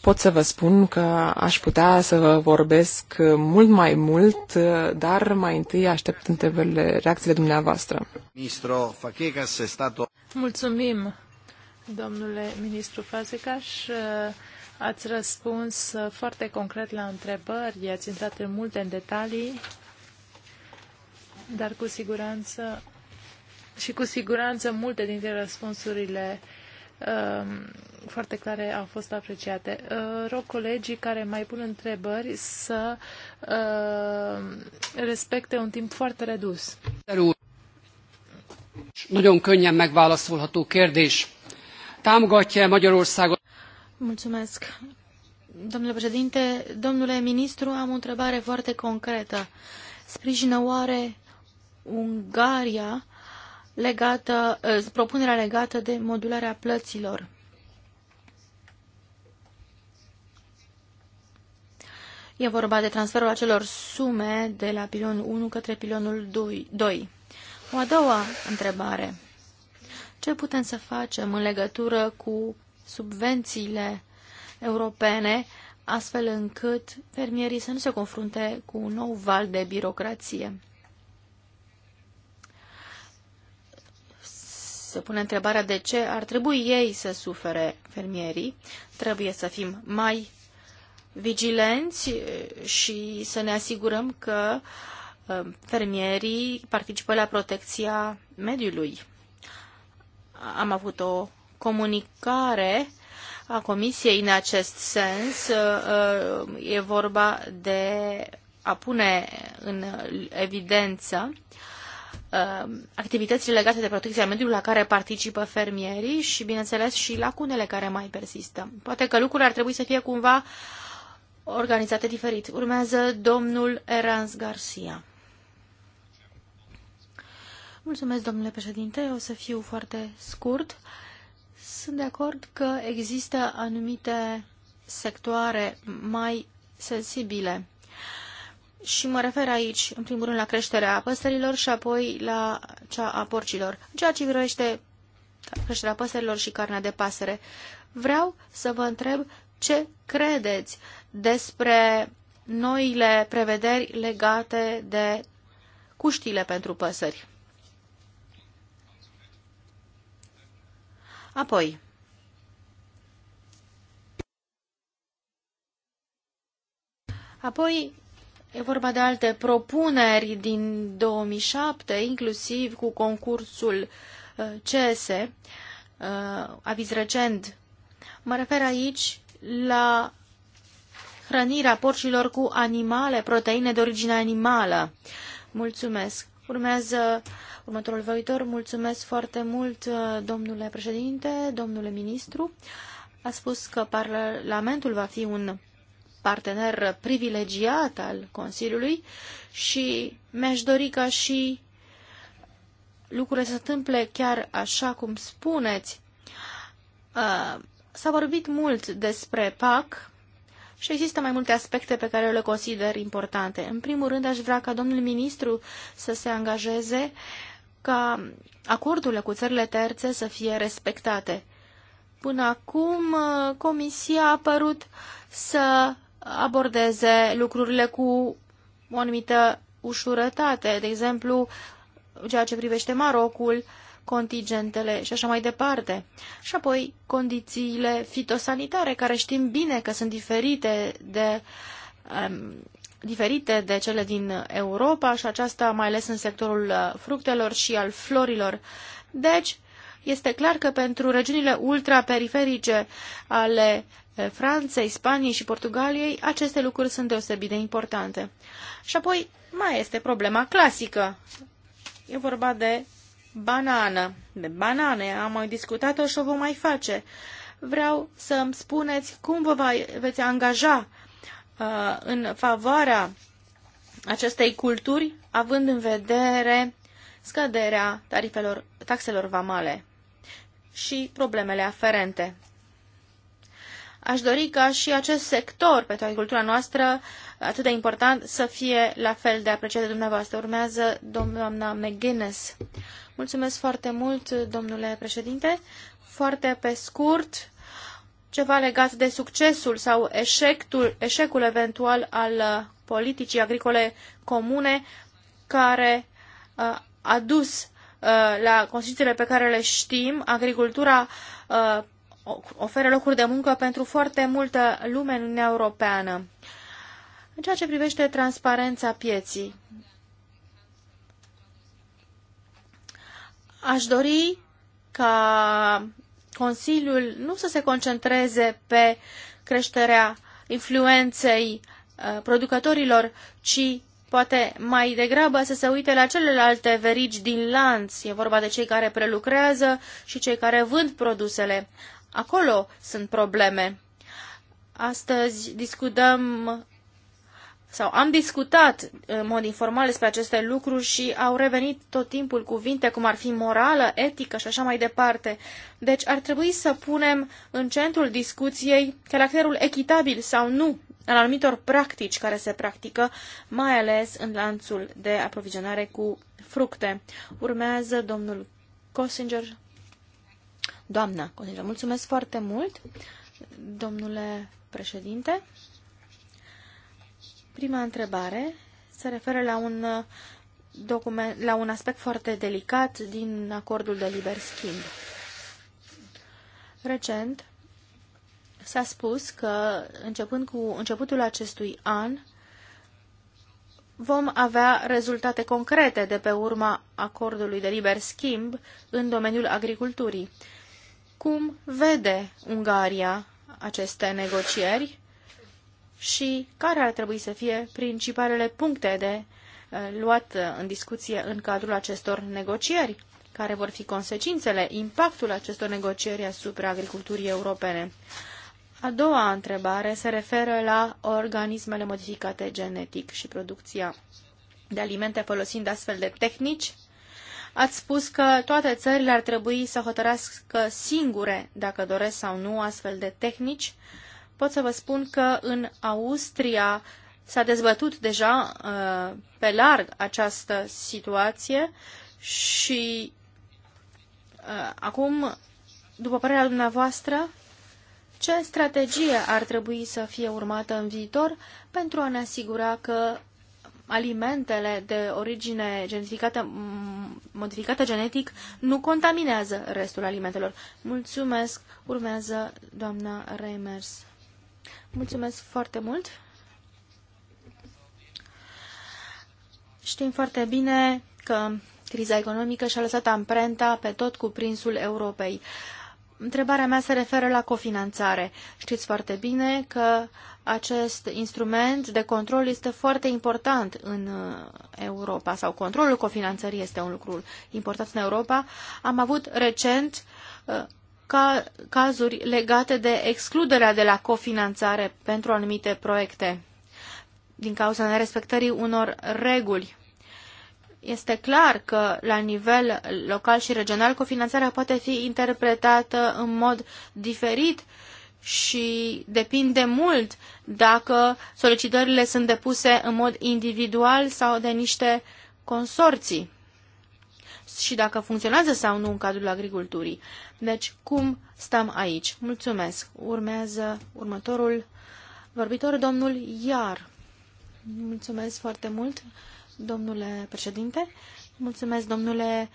pot să vă spun că aș putea să vă vorbesc mult mai mult, dar mai întâi aștept întrebările, reacțiile dumneavoastră. Ministro Fachecas, stato... Mulțumim, domnule ministru Fazekas. Ați răspuns foarte concret la întrebări, ați intrat în multe în detalii, dar cu siguranță și cu siguranță multe dintre răspunsurile Um, foarte clare au fost apreciate. Uh, rog colegii care mai pun întrebări să uh, respecte un timp foarte redus. Nagyon könnyen megválaszolható kérdés. Támogatja Magyarországot? Mulțumesc. Domnule președinte, domnule ministru, am o întrebare foarte concretă. Sprijină oare Ungaria legată, eh, propunerea legată de modularea plăților. E vorba de transferul acelor sume de la pilonul 1 către pilonul 2. O a doua întrebare. Ce putem să facem în legătură cu subvențiile europene, astfel încât fermierii să nu se confrunte cu un nou val de birocrație? se pune întrebarea de ce ar trebui ei să sufere fermierii. Trebuie să fim mai vigilenți eh, și să ne asigurăm că eh, fermierii participă la protecția mediului. Am avut o comunicare a Comisiei în acest sens. Eh, e vorba de a pune în evidență uh, Um, activitățile legate de protecția mediului la care participă fermierii și, bineînțeles, și lacunele care mai persistă. Poate că lucrurile ar trebui să fie cumva organizate diferit. Urmează domnul Erans Garcia. Mulțumesc, domnule președinte. O să fiu foarte scurt. Sunt de acord că există anumite sectoare mai sensibile și mă refer aici, în primul rând, la creșterea păsărilor și apoi la cea a porcilor, ceea ce vrește creșterea păsărilor și carnea de pasăre. Vreau să vă întreb ce credeți despre noile prevederi legate de cuștile pentru păsări. Apoi, apoi E vorba de alte propuneri din 2007, inclusiv cu concursul uh, CS, uh, aviz recent. Mă refer aici la hrănirea porcilor cu animale, proteine de origine animală. Mulțumesc. Urmează următorul văitor. Mulțumesc foarte mult, uh, domnule președinte, domnule ministru. A spus că Parlamentul va fi un partener privilegiat al Consiliului și mi-aș dori ca și lucrurile să se întâmple chiar așa cum spuneți. Uh, s-a vorbit mult despre PAC și există mai multe aspecte pe care eu le consider importante. În primul rând, aș vrea ca domnul ministru să se angajeze ca acordurile cu țările terțe să fie respectate. Până acum, uh, Comisia a părut să abordeze lucrurile cu o anumită ușurătate, de exemplu, ceea ce privește Marocul, contingentele și așa mai departe. Și apoi condițiile fitosanitare, care știm bine că sunt diferite de, um, diferite de cele din Europa și aceasta mai ales în sectorul uh, fructelor și al florilor. Deci, este clar că pentru regiunile ultraperiferice ale eh, Franței, Spaniei și Portugaliei, aceste lucruri sunt deosebit de importante. Și apoi mai este problema clasică. E vorba de banană. De banane am mai discutat-o și o vom mai face. Vreau să-mi spuneți cum vă veți angaja uh, în favoarea acestei culturi, având în vedere scăderea tarifelor, taxelor vamale și problemele aferente. Aș dori ca și acest sector pentru agricultura noastră, atât de important, să fie la fel de apreciat de dumneavoastră. Urmează doamna McGuinness. Mulțumesc foarte mult, domnule președinte. Foarte pe scurt, ceva legat de succesul sau eșecul, eșecul eventual al uh, politicii agricole comune care uh, a dus Uh, la condițiile pe care le știm, agricultura uh, oferă locuri de muncă pentru foarte multă lume în Uniunea Europeană. În ceea ce privește transparența pieții, aș dori ca Consiliul nu să se concentreze pe creșterea influenței uh, producătorilor, ci poate mai degrabă să se uite la celelalte verigi din lanț. E vorba de cei care prelucrează și cei care vând produsele. Acolo sunt probleme. Astăzi discutăm sau am discutat în mod informal despre aceste lucruri și au revenit tot timpul cuvinte cum ar fi morală, etică și așa mai departe. Deci ar trebui să punem în centrul discuției caracterul echitabil sau nu al anumitor practici care se practică, mai ales în lanțul de aprovizionare cu fructe. Urmează domnul Cosinger. Doamna Cosinger, mulțumesc foarte mult, domnule președinte. Prima întrebare se referă la un, document, la un aspect foarte delicat din acordul de liber schimb. Recent, s-a spus că începând cu începutul acestui an vom avea rezultate concrete de pe urma acordului de liber schimb în domeniul agriculturii. Cum vede Ungaria aceste negocieri și care ar trebui să fie principalele puncte de eh, luat în discuție în cadrul acestor negocieri? Care vor fi consecințele, impactul acestor negocieri asupra agriculturii europene? A doua întrebare se referă la organismele modificate genetic și producția de alimente folosind astfel de tehnici. Ați spus că toate țările ar trebui să hotărească singure dacă doresc sau nu astfel de tehnici. Pot să vă spun că în Austria s-a dezbătut deja uh, pe larg această situație și uh, acum, după părerea dumneavoastră, ce strategie ar trebui să fie urmată în viitor pentru a ne asigura că alimentele de origine genetificată, modificată genetic nu contaminează restul alimentelor? Mulțumesc! Urmează doamna Reimers. Mulțumesc foarte mult! Știm foarte bine că criza economică și-a lăsat amprenta pe tot cuprinsul Europei. Uh, Întrebarea mea se referă la cofinanțare. Știți foarte bine că acest instrument de control este foarte important în uh, Europa sau controlul cofinanțării este un lucru important în Europa. Am avut recent uh, ca, cazuri legate de excluderea de la cofinanțare pentru anumite proiecte din cauza nerespectării unor reguli este clar că la nivel local și regional cofinanțarea poate fi interpretată în mod diferit și depinde mult dacă solicitările sunt depuse în mod individual sau de niște consorții și dacă funcționează sau nu în cadrul agriculturii. Deci, cum stăm aici? Mulțumesc! Urmează următorul vorbitor, domnul Iar. Mulțumesc foarte mult! domnule președinte. Mulțumesc, domnule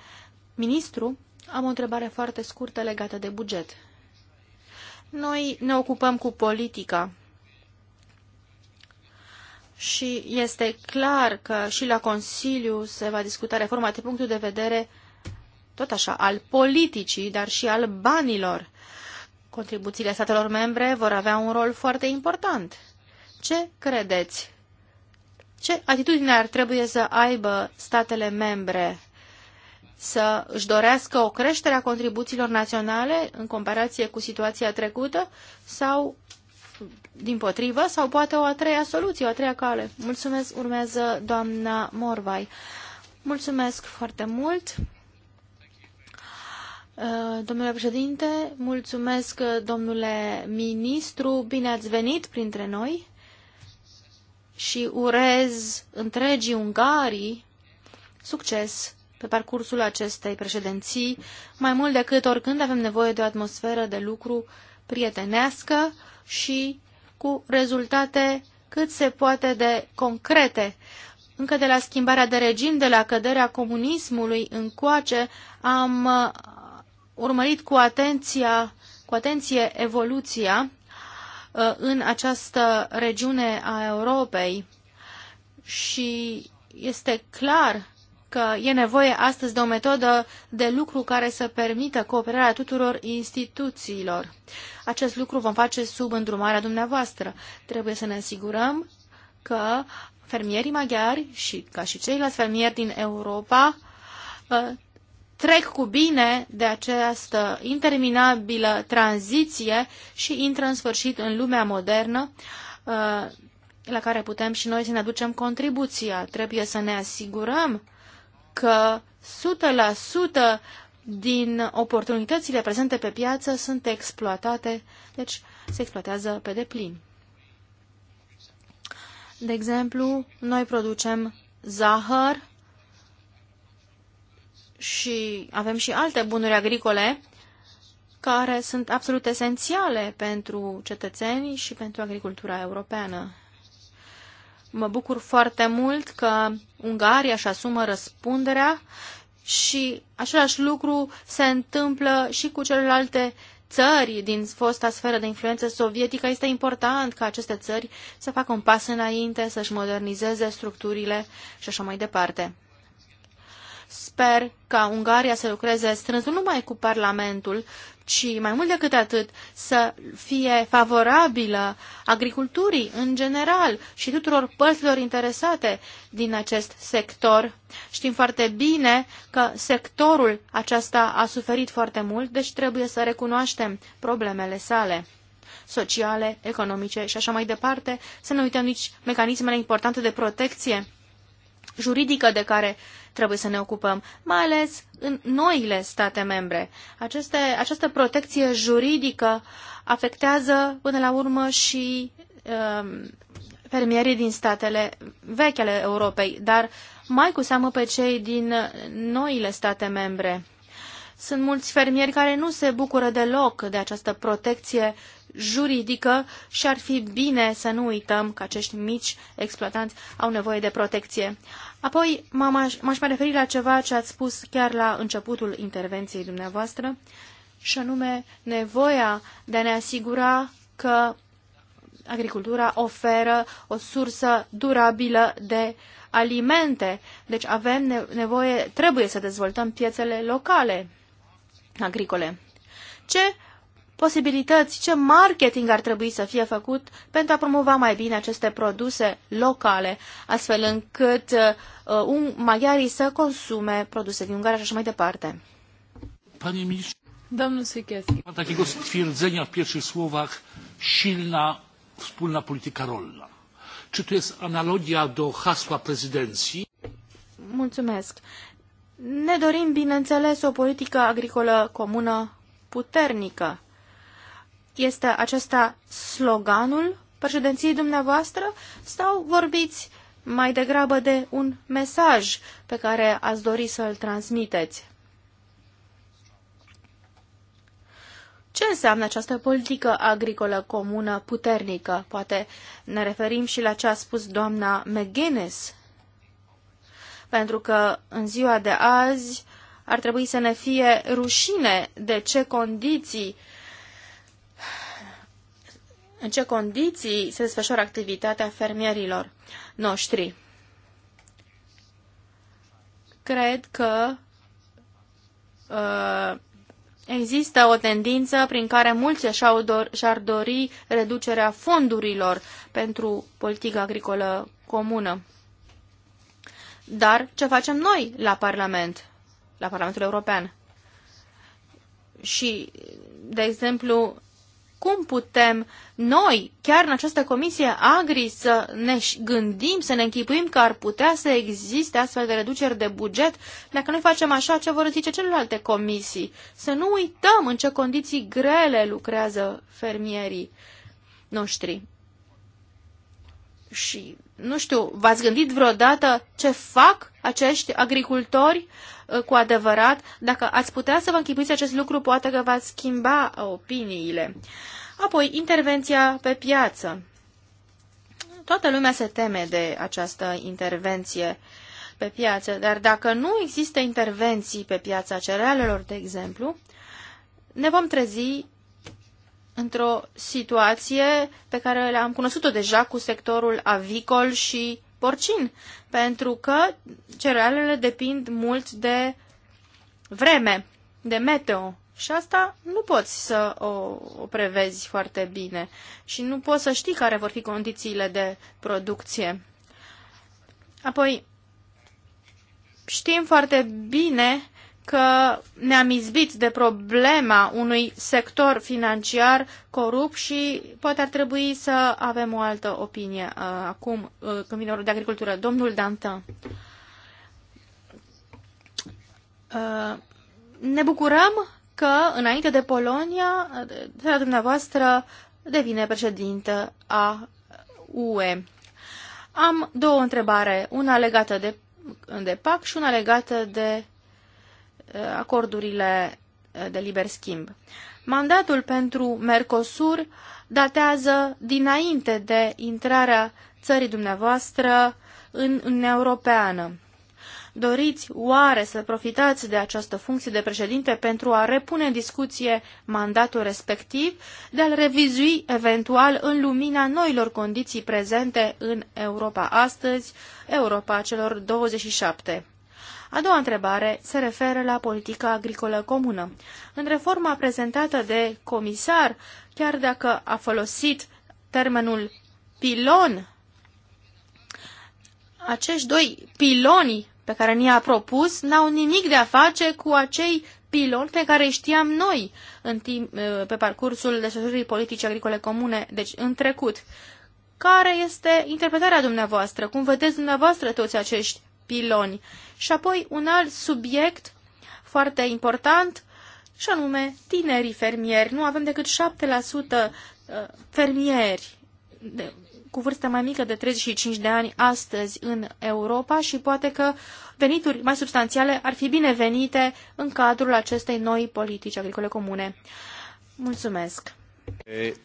ministru. Am o întrebare foarte scurtă legată de buget. Noi ne ocupăm cu politica și este clar că și la Consiliu se va discuta reforma de punctul de vedere tot așa, al politicii, dar și al banilor. Contribuțiile statelor membre vor avea un rol foarte important. Ce credeți? Ce atitudine ar trebui să aibă statele membre? Să își dorească o creștere a contribuțiilor naționale în comparație cu situația trecută sau din potrivă sau poate o a treia soluție, o a treia cale. Mulțumesc, urmează doamna Morvai. Mulțumesc foarte mult. Uh, domnule președinte, mulțumesc, domnule ministru, bine ați venit printre noi și urez întregii Ungarii succes pe parcursul acestei președinții. Mai mult decât oricând avem nevoie de o atmosferă de lucru prietenească și cu rezultate cât se poate de concrete. Încă de la schimbarea de regim, de la căderea comunismului încoace, am uh, urmărit cu, atenția, cu atenție evoluția Uh, în această regiune a Europei și este clar că e nevoie astăzi de o metodă de lucru care să permită cooperarea tuturor instituțiilor. Acest lucru vom face sub îndrumarea dumneavoastră. Trebuie să ne asigurăm că fermierii maghiari și ca și ceilalți fermieri din Europa uh, trec cu bine de această interminabilă tranziție și intră în sfârșit în lumea modernă uh, la care putem și noi să ne aducem contribuția. Trebuie să ne asigurăm că 100% din oportunitățile prezente pe piață sunt exploatate, deci se exploatează pe deplin. De exemplu, noi producem zahăr, și avem și alte bunuri agricole care sunt absolut esențiale pentru cetățeni și pentru agricultura europeană. Mă bucur foarte mult că Ungaria își asumă răspunderea și același lucru se întâmplă și cu celelalte țări din fosta sferă de influență sovietică. Este important ca aceste țări să facă un pas înainte, să-și modernizeze structurile și așa mai departe. Sper ca Ungaria să lucreze strâns nu numai cu Parlamentul, ci mai mult decât atât să fie favorabilă agriculturii în general și tuturor părților interesate din acest sector. Știm foarte bine că sectorul acesta a suferit foarte mult, deci trebuie să recunoaștem problemele sale sociale, economice și așa mai departe, să nu uităm nici mecanismele importante de protecție juridică de care uh, trebuie să ne ocupăm, mai ales în noile state membre. Aceste, această protecție juridică afectează până la urmă și um, fermierii din statele vechi ale Europei, dar mai cu seamă pe cei din noile state membre. Sunt mulți fermieri care nu se bucură deloc de această protecție juridică și ar fi bine să nu uităm că acești mici exploatanți au nevoie de protecție. Apoi m-aș mai referi la ceva ce ați spus chiar la începutul intervenției dumneavoastră, și anume nevoia de a ne asigura că agricultura oferă o sursă durabilă de alimente. Deci avem nevoie, trebuie să dezvoltăm piețele locale agricole. Ce posibilități, ce marketing ar trebui să fie făcut pentru a promova mai bine aceste produse locale, astfel încât uh, uh un, maghiarii să consume produse din Ungaria și așa mai departe. Panie ministrze, Domnul Sikierski. Pan takiego stwierdzenia w pierwszych słowach silna wspólna polityka rolna. Czy to jest analogia do hasła prezydencji? Mulțumesc. Ne dorim, bineînțeles, o politică agricolă comună puternică. Este acesta sloganul președinției dumneavoastră sau vorbiți mai degrabă de un mesaj pe care ați dori să-l transmiteți? Ce înseamnă această politică agricolă comună puternică? Poate ne referim și la ce a spus doamna McGuinness. Pentru că în ziua de azi ar trebui să ne fie rușine de ce condiții uh, în ce condiții se desfășoară activitatea fermierilor noștri. Cred că uh, Există o tendință prin care mulți și-ar dori reducerea fondurilor pentru politica agricolă comună. Dar ce facem noi la Parlament, la Parlamentul European? Și, de exemplu, cum putem noi, chiar în această comisie agri, să ne gândim, să ne închipuim că ar putea să existe astfel de reduceri de buget? Dacă noi facem așa, ce vor zice celelalte comisii? Să nu uităm în ce condiții grele lucrează fermierii noștri. Și, nu știu, v-ați gândit vreodată ce fac acești agricultori uh, cu adevărat. Dacă ați putea să vă închipuiți acest lucru, poate că v-ați schimba uh, opiniile. Apoi, intervenția pe piață. Toată lumea se teme de această intervenție pe piață, dar dacă nu există intervenții pe piața cerealelor, de exemplu, ne vom trezi într-o situație pe care le-am cunoscut-o deja cu sectorul avicol și porcin, pentru că cerealele depind mult de vreme, de meteo. Și asta nu poți să o, o prevezi foarte bine și nu poți să știi care vor fi condițiile de producție. Apoi, știm foarte bine că ne-am izbit de problema unui sector financiar corupt și poate ar trebui să avem o altă opinie uh, acum uh, când vine de agricultură. Domnul Dantă, uh, ne bucurăm că înainte de Polonia, țara dumneavoastră devine președintă a UE. Am două întrebare, una legată de, de PAC și una legată de acordurile eh, de liber schimb. Mandatul pentru Mercosur datează dinainte de intrarea țării dumneavoastră în Uniunea Europeană. Doriți oare să profitați de această funcție de președinte pentru a repune în discuție mandatul respectiv, de a-l revizui eventual în lumina noilor condiții prezente în Europa astăzi, Europa celor 27? A doua întrebare se referă la politica agricolă comună. În reforma prezentată de comisar, chiar dacă a folosit termenul pilon, acești doi piloni pe care ni-a propus n-au nimic de a face cu acei piloni pe care știam noi în timp, eh, pe parcursul desfășurării politice agricole comune, deci în trecut. Care este interpretarea dumneavoastră? Cum vedeți dumneavoastră toți acești piloni. Și apoi un alt subiect foarte important, și anume tinerii fermieri. Nu avem decât 7% uh, fermieri de, cu vârstă mai mică de 35 de ani astăzi în Europa și poate că venituri mai substanțiale ar fi binevenite în cadrul acestei noi politici agricole comune. Mulțumesc!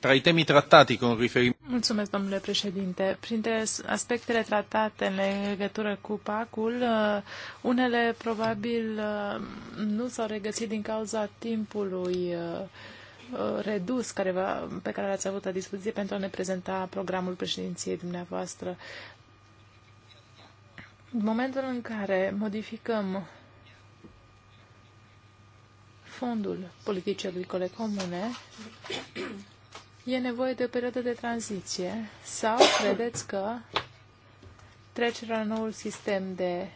Tra i temi trattati con riferimento... Mulțumesc, domnule președinte. Printre aspectele tratate în legătură cu PAC-ul, uh, unele probabil uh, nu s-au regăsit din cauza timpului uh, redus care va, pe care l-ați avut la dispoziție pentru a ne prezenta programul președinției dumneavoastră. În momentul în care modificăm fondul politicii agricole comune, e nevoie de o perioadă de tranziție sau credeți că trecerea la noul sistem de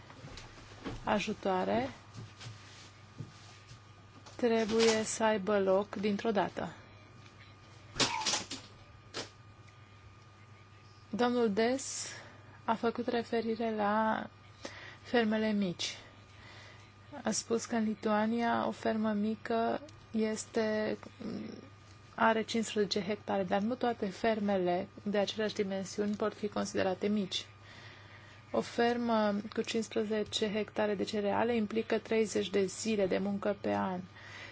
ajutoare trebuie să aibă loc dintr-o dată? Domnul Des a făcut referire la fermele mici a spus că în Lituania o fermă mică este, are 15 hectare, dar nu toate fermele de aceleași dimensiuni pot fi considerate mici. O fermă cu 15 hectare de deci cereale implică 30 de zile de muncă pe an.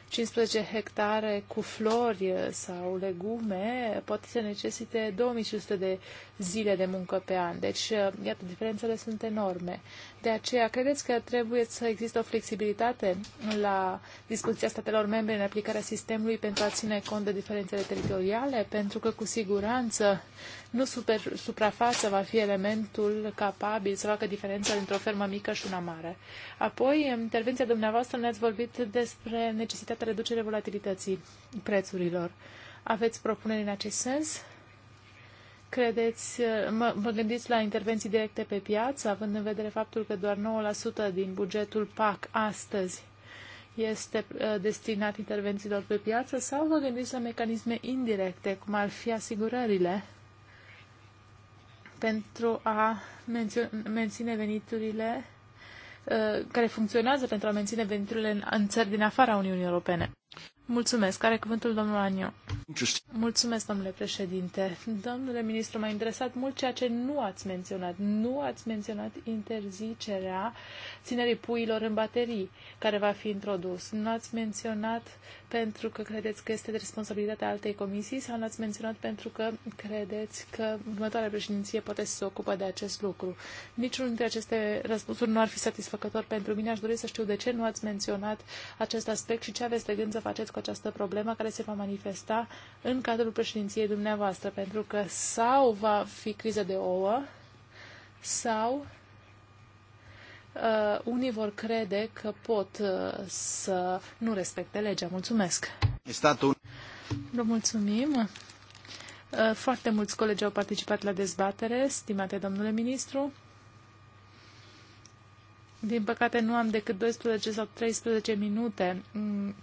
15 hectare cu flori sau legume poate să necesite 2500 de zile de muncă pe an. Deci, iată, diferențele sunt enorme. De aceea, credeți că trebuie să existe o flexibilitate la dispoziția statelor membre în aplicarea sistemului pentru a ține cont de diferențele teritoriale? Pentru că, cu siguranță, nu super, suprafața va fi elementul capabil să facă diferența între o fermă mică și una mare. Apoi, în intervenția dumneavoastră ne-ați vorbit despre necesitatea reducerii volatilității prețurilor. Aveți propuneri în acest sens? credeți, uh, mă, mă gândiți la intervenții directe pe piață, având în vedere faptul că doar 9% din bugetul PAC astăzi este uh, destinat intervențiilor pe piață sau vă gândiți la mecanisme indirecte, cum ar fi asigurările, pentru a menține veniturile uh, care funcționează pentru a menține veniturile în, în țări din afara Uniunii Europene. Mulțumesc. Are cuvântul domnul Aniu. Mulțumesc, domnule președinte. Domnule ministru, m-a interesat mult ceea ce nu ați menționat. Nu ați menționat interzicerea ținerii puilor în baterii, care va fi introdus. Nu ați menționat pentru că credeți că este de responsabilitatea altei comisii sau l-ați menționat pentru că credeți că următoarea președinție poate să se ocupe de acest lucru. Niciunul dintre aceste răspunsuri nu ar fi satisfăcător pentru mine. Aș dori să știu de ce nu ați menționat acest aspect și ce aveți de gând să faceți cu această problemă care se va manifesta în cadrul președinției dumneavoastră, pentru că sau va fi criză de ouă sau uh, unii vor crede că pot uh, să nu respecte legea. Mulțumesc! Statul. Vă mulțumim! Uh, foarte mulți colegi au participat la dezbatere, stimate domnule ministru. Din păcate nu am decât 12 sau 13 minute mm,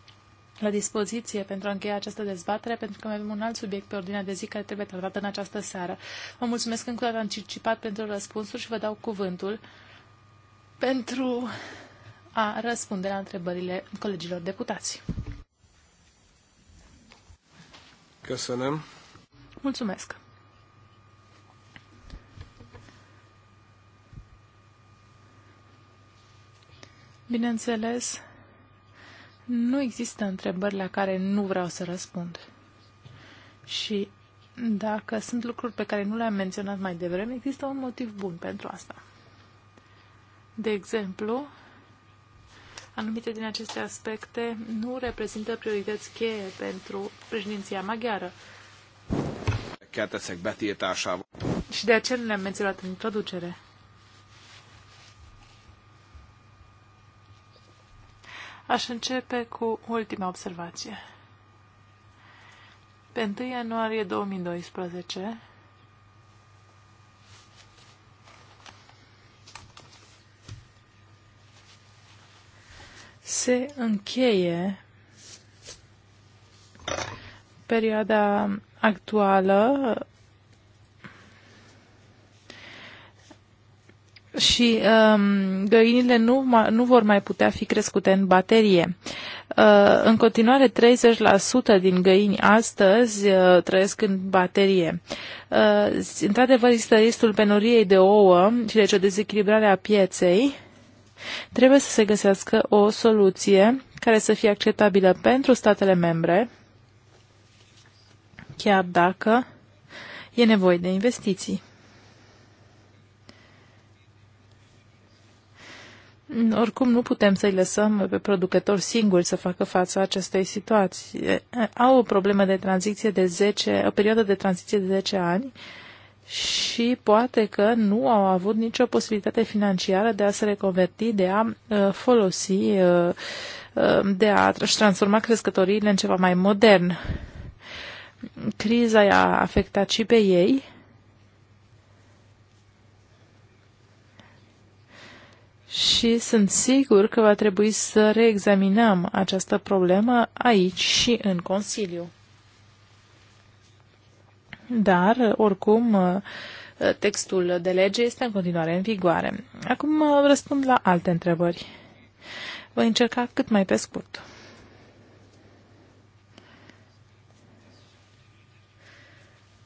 la dispoziție pentru a încheia această dezbatere, pentru că mai avem un alt subiect pe ordinea de zi care trebuie tratat în această seară. Vă mulțumesc încă o dată anticipat pentru răspunsuri și vă dau cuvântul pentru a răspunde la întrebările colegilor deputați. Căsănăm. Mulțumesc. Bineînțeles, nu există întrebări la care nu vreau să răspund. Și dacă sunt lucruri pe care nu le-am menționat mai devreme, există un motiv bun pentru asta. De exemplu, anumite din aceste aspecte nu reprezintă priorități cheie pentru președinția maghiară. Și de aceea nu le-am menționat în introducere. Aș începe cu ultima observație. Pe 1 ianuarie 2012, se încheie perioada actuală și um, găinile nu, nu vor mai putea fi crescute în baterie. Uh, în continuare, 30% din găini astăzi uh, trăiesc în baterie. Uh, într-adevăr, există riscul penuriei de ouă și deci o dezechilibrare a pieței Trebuie să se găsească o soluție care să fie acceptabilă pentru statele membre, chiar dacă e nevoie de investiții. Oricum nu putem să-i lăsăm pe producători singuri să facă față acestei situații. Au o problemă de tranziție de 10, o perioadă de tranziție de 10 ani și poate că nu au avut nicio posibilitate financiară de a se reconverti, de a uh, folosi, uh, uh, de a transforma crescătoriile în ceva mai modern. Criza i-a afectat și pe ei. Și sunt sigur că va trebui să reexaminăm această problemă aici și în Consiliu dar, oricum, textul de lege este în continuare în vigoare. Acum răspund la alte întrebări. Voi încerca cât mai pe scurt.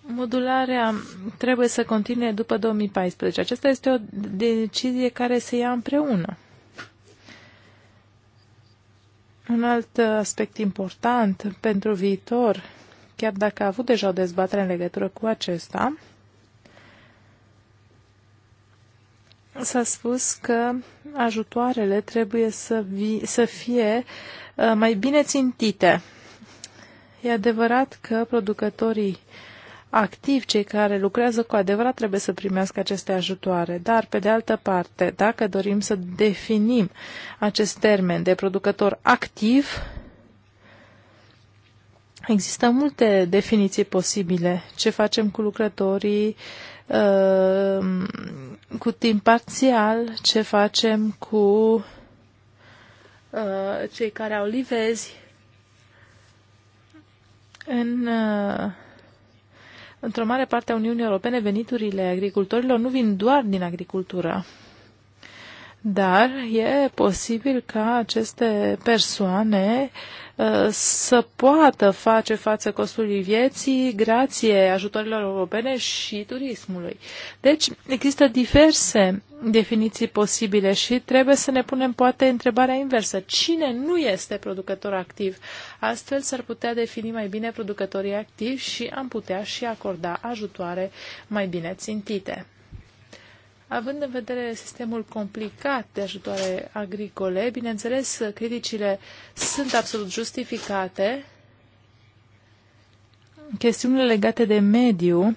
Modularea trebuie să continue după 2014. Aceasta este o decizie care se ia împreună. Un alt aspect important pentru viitor chiar dacă a avut deja o dezbatere în legătură cu acesta, s-a spus că ajutoarele trebuie să, vi- să fie uh, mai bine țintite. E adevărat că producătorii activi, cei care lucrează cu adevărat, trebuie să primească aceste ajutoare. Dar, pe de altă parte, dacă dorim să definim acest termen de producător activ, Există multe definiții posibile. Ce facem cu lucrătorii uh, cu timp parțial, ce facem cu uh, cei care au livezi. În, uh, într-o mare parte a Uniunii Europene, veniturile agricultorilor nu vin doar din agricultură dar e posibil ca aceste persoane uh, să poată face față costului vieții grație ajutorilor europene și turismului. Deci există diverse definiții posibile și trebuie să ne punem poate întrebarea inversă. Cine nu este producător activ? Astfel s-ar putea defini mai bine producătorii activi și am putea și acorda ajutoare mai bine țintite. Având în vedere sistemul complicat de ajutoare agricole, bineînțeles, criticile sunt absolut justificate. Chestiunile legate de mediu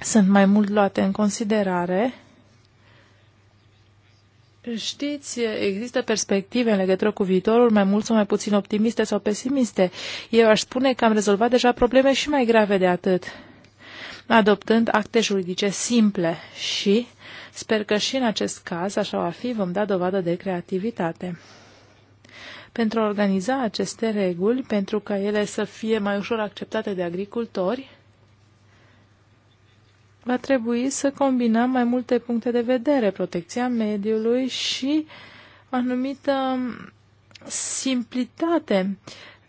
sunt mai mult luate în considerare. Știți, există perspective în legătură cu viitorul, mai mult sau mai puțin optimiste sau pesimiste. Eu aș spune că am rezolvat deja probleme și mai grave de atât, adoptând acte juridice simple și Sper că și în acest caz, așa va fi, vom da dovadă de creativitate pentru a organiza aceste reguli, pentru ca ele să fie mai ușor acceptate de agricultori, va trebui să combinăm mai multe puncte de vedere, protecția mediului și o anumită simplitate,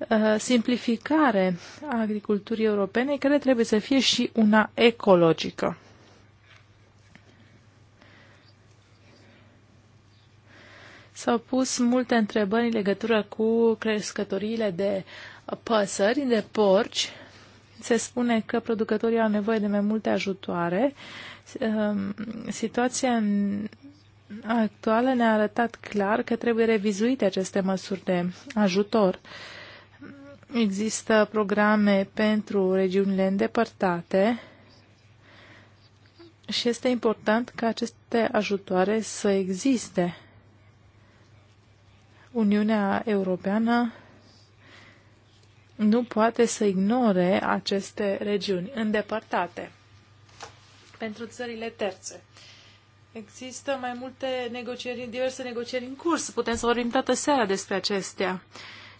uh, simplificare a agriculturii europene, care trebuie să fie și una ecologică. S-au pus multe întrebări în legătură cu crescătoriile de păsări, de porci. Se spune că producătorii au nevoie de mai multe ajutoare. Ehm, situația actuală ne-a arătat clar că trebuie revizuite aceste măsuri de ajutor. Există programe pentru regiunile îndepărtate și este important ca aceste ajutoare să existe. Uniunea Europeană nu poate să ignore aceste regiuni îndepărtate pentru țările terțe. Există mai multe negocieri, diverse negocieri în curs. Putem să vorbim toată seara despre acestea.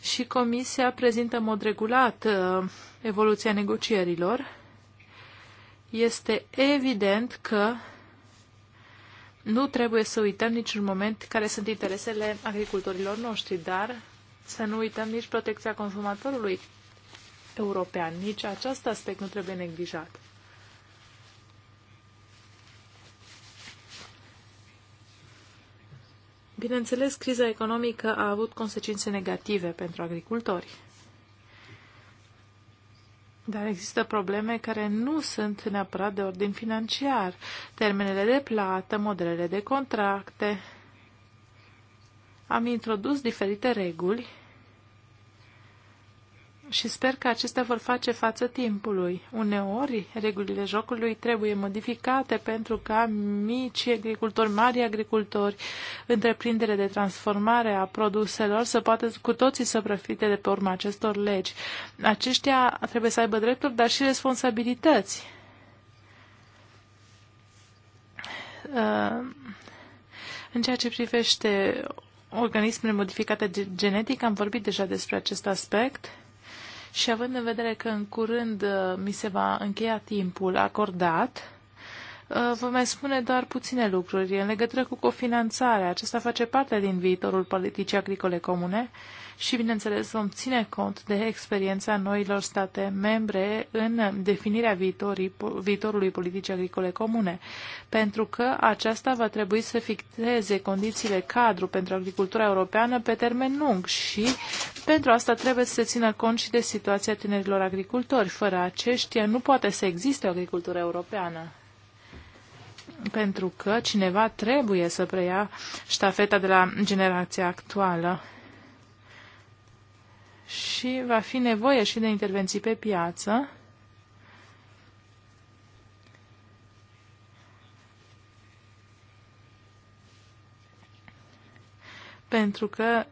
Și Comisia prezintă în mod regulat uh, evoluția negocierilor. Este evident că nu trebuie să uităm niciun moment care sunt interesele agricultorilor noștri, dar să nu uităm nici protecția consumatorului european. Nici acest aspect nu trebuie neglijat. Bineînțeles, criza economică a avut consecințe negative pentru agricultori. Dar există probleme care nu sunt neapărat de ordin financiar. Termenele de plată, modelele de contracte. Am introdus diferite reguli și sper că acestea vor face față timpului. Uneori, regulile jocului trebuie modificate pentru ca mici agricultori, mari agricultori, întreprindere de transformare a produselor să poată cu toții să profite de pe urma acestor legi. Aceștia trebuie să aibă drepturi, dar și responsabilități. Uh, în ceea ce privește organismele modificate genetic, am vorbit deja despre acest aspect și având în vedere că în curând uh, mi se va încheia timpul acordat, uh, vă mai spune doar puține lucruri. În legătură cu cofinanțarea, acesta face parte din viitorul politicii agricole comune și, bineînțeles, vom ține cont de experiența noilor state membre în definirea viitorii, viitorului politicii agricole comune, pentru că aceasta va trebui să ficteze condițiile cadru pentru agricultura europeană pe termen lung și pentru asta trebuie să se țină cont și de situația tinerilor agricultori. Fără aceștia nu poate să existe o agricultură europeană pentru că cineva trebuie să preia ștafeta de la generația actuală și va fi nevoie și de intervenții pe piață. Pentru că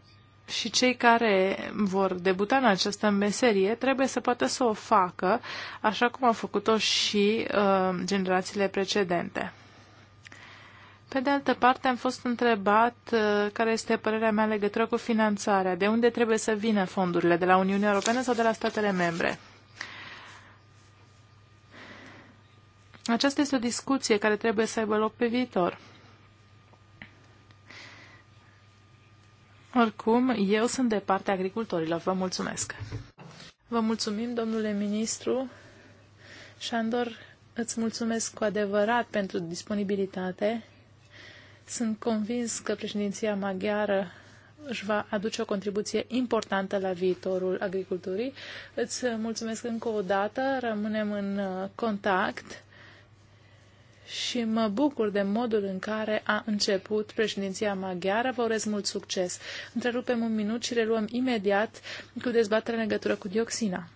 și cei care vor debuta în această meserie trebuie să poată să o facă așa cum au făcut-o și uh, generațiile precedente. Pe de altă parte, am fost întrebat uh, care este părerea mea legătură cu finanțarea, de unde trebuie să vină fondurile, de la Uniunea Europeană sau de la statele membre. Aceasta este o discuție care trebuie să aibă loc pe viitor. Oricum, eu sunt de partea agricultorilor. Vă mulțumesc. Vă mulțumim, domnule ministru. Șandor, îți mulțumesc cu adevărat pentru disponibilitate sunt convins că președinția maghiară își va aduce o contribuție importantă la viitorul agriculturii. Îți mulțumesc încă o dată, rămânem în uh, contact și mă bucur de modul în care a început președinția maghiară. Vă urez mult succes. Întrerupem un minut și reluăm imediat cu dezbaterea legătură cu dioxina.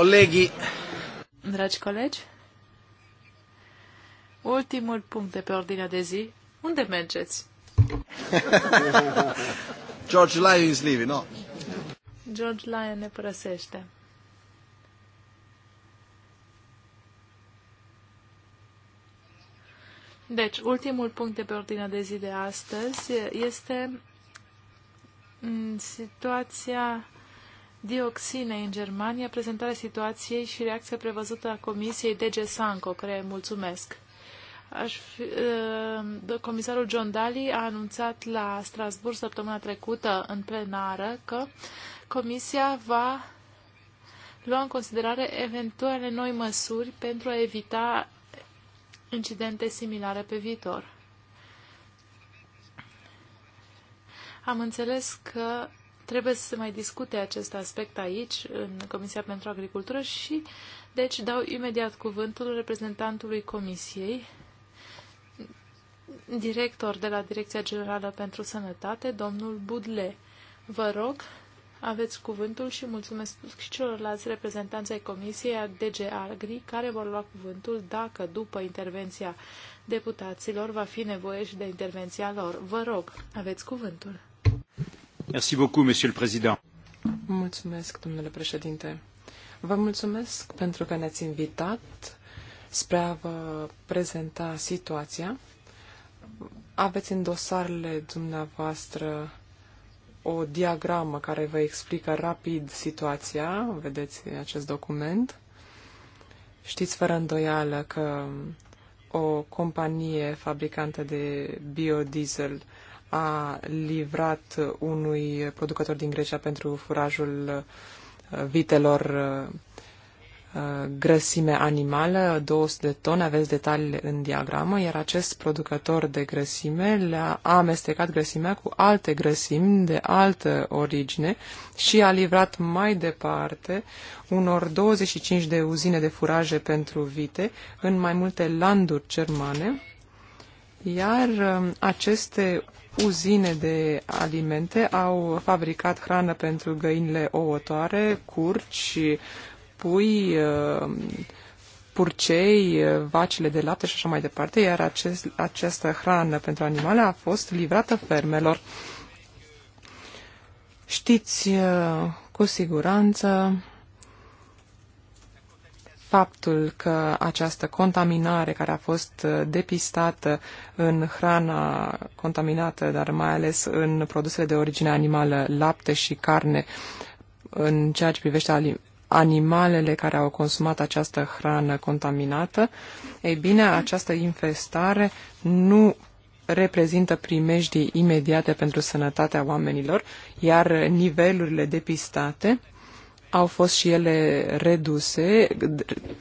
Colegii. Dragi colegi, ultimul punct de pe ordinea de zi. Unde mergeți? George Lyon is leaving, no? George Lyon ne părăsește. Deci, ultimul punct de pe ordinea de zi de astăzi este mm, situația dioxine în Germania, prezentarea situației și reacția prevăzută a Comisiei DG Sanco, care mulțumesc. Aș fi, uh, comisarul John Daly a anunțat la Strasburg săptămâna trecută în plenară că Comisia va lua în considerare eventuale noi măsuri pentru a evita incidente similare pe viitor. Am înțeles că Trebuie să mai discute acest aspect aici, în Comisia pentru Agricultură și, deci, dau imediat cuvântul reprezentantului Comisiei, director de la Direcția Generală pentru Sănătate, domnul Budle. Vă rog, aveți cuvântul și mulțumesc și celorlalți reprezentanți ai Comisiei a DG Agri care vor lua cuvântul dacă, după intervenția deputaților, va fi nevoie și de intervenția lor. Vă rog, aveți cuvântul. Mulțumesc, domnule președinte. Vă mulțumesc pentru că ne-ați invitat spre a vă prezenta situația. Aveți în dosarele dumneavoastră o diagramă care vă explică rapid situația, vedeți acest document. Știți fără îndoială că o companie fabricantă de biodiesel a livrat unui producător din Grecia pentru furajul uh, vitelor uh, uh, grăsime animală, 200 de tone, aveți detaliile în diagramă, iar acest producător de grăsime le-a amestecat grăsimea cu alte grăsimi de altă origine și a livrat mai departe unor 25 de uzine de furaje pentru vite în mai multe landuri germane, iar um, aceste uzine de alimente au fabricat hrană pentru găinile ouătoare, curci, pui, uh, purcei, uh, vacile de lapte și așa mai departe, iar acest, această hrană pentru animale a fost livrată fermelor. Știți uh, cu siguranță faptul că această contaminare care a fost uh, depistată în hrana contaminată, dar mai ales în produsele de origine animală, lapte și carne, în ceea ce privește animalele care au consumat această hrană contaminată, ei bine, această infestare nu reprezintă primejdii imediate pentru sănătatea oamenilor, iar nivelurile depistate au fost și ele reduse,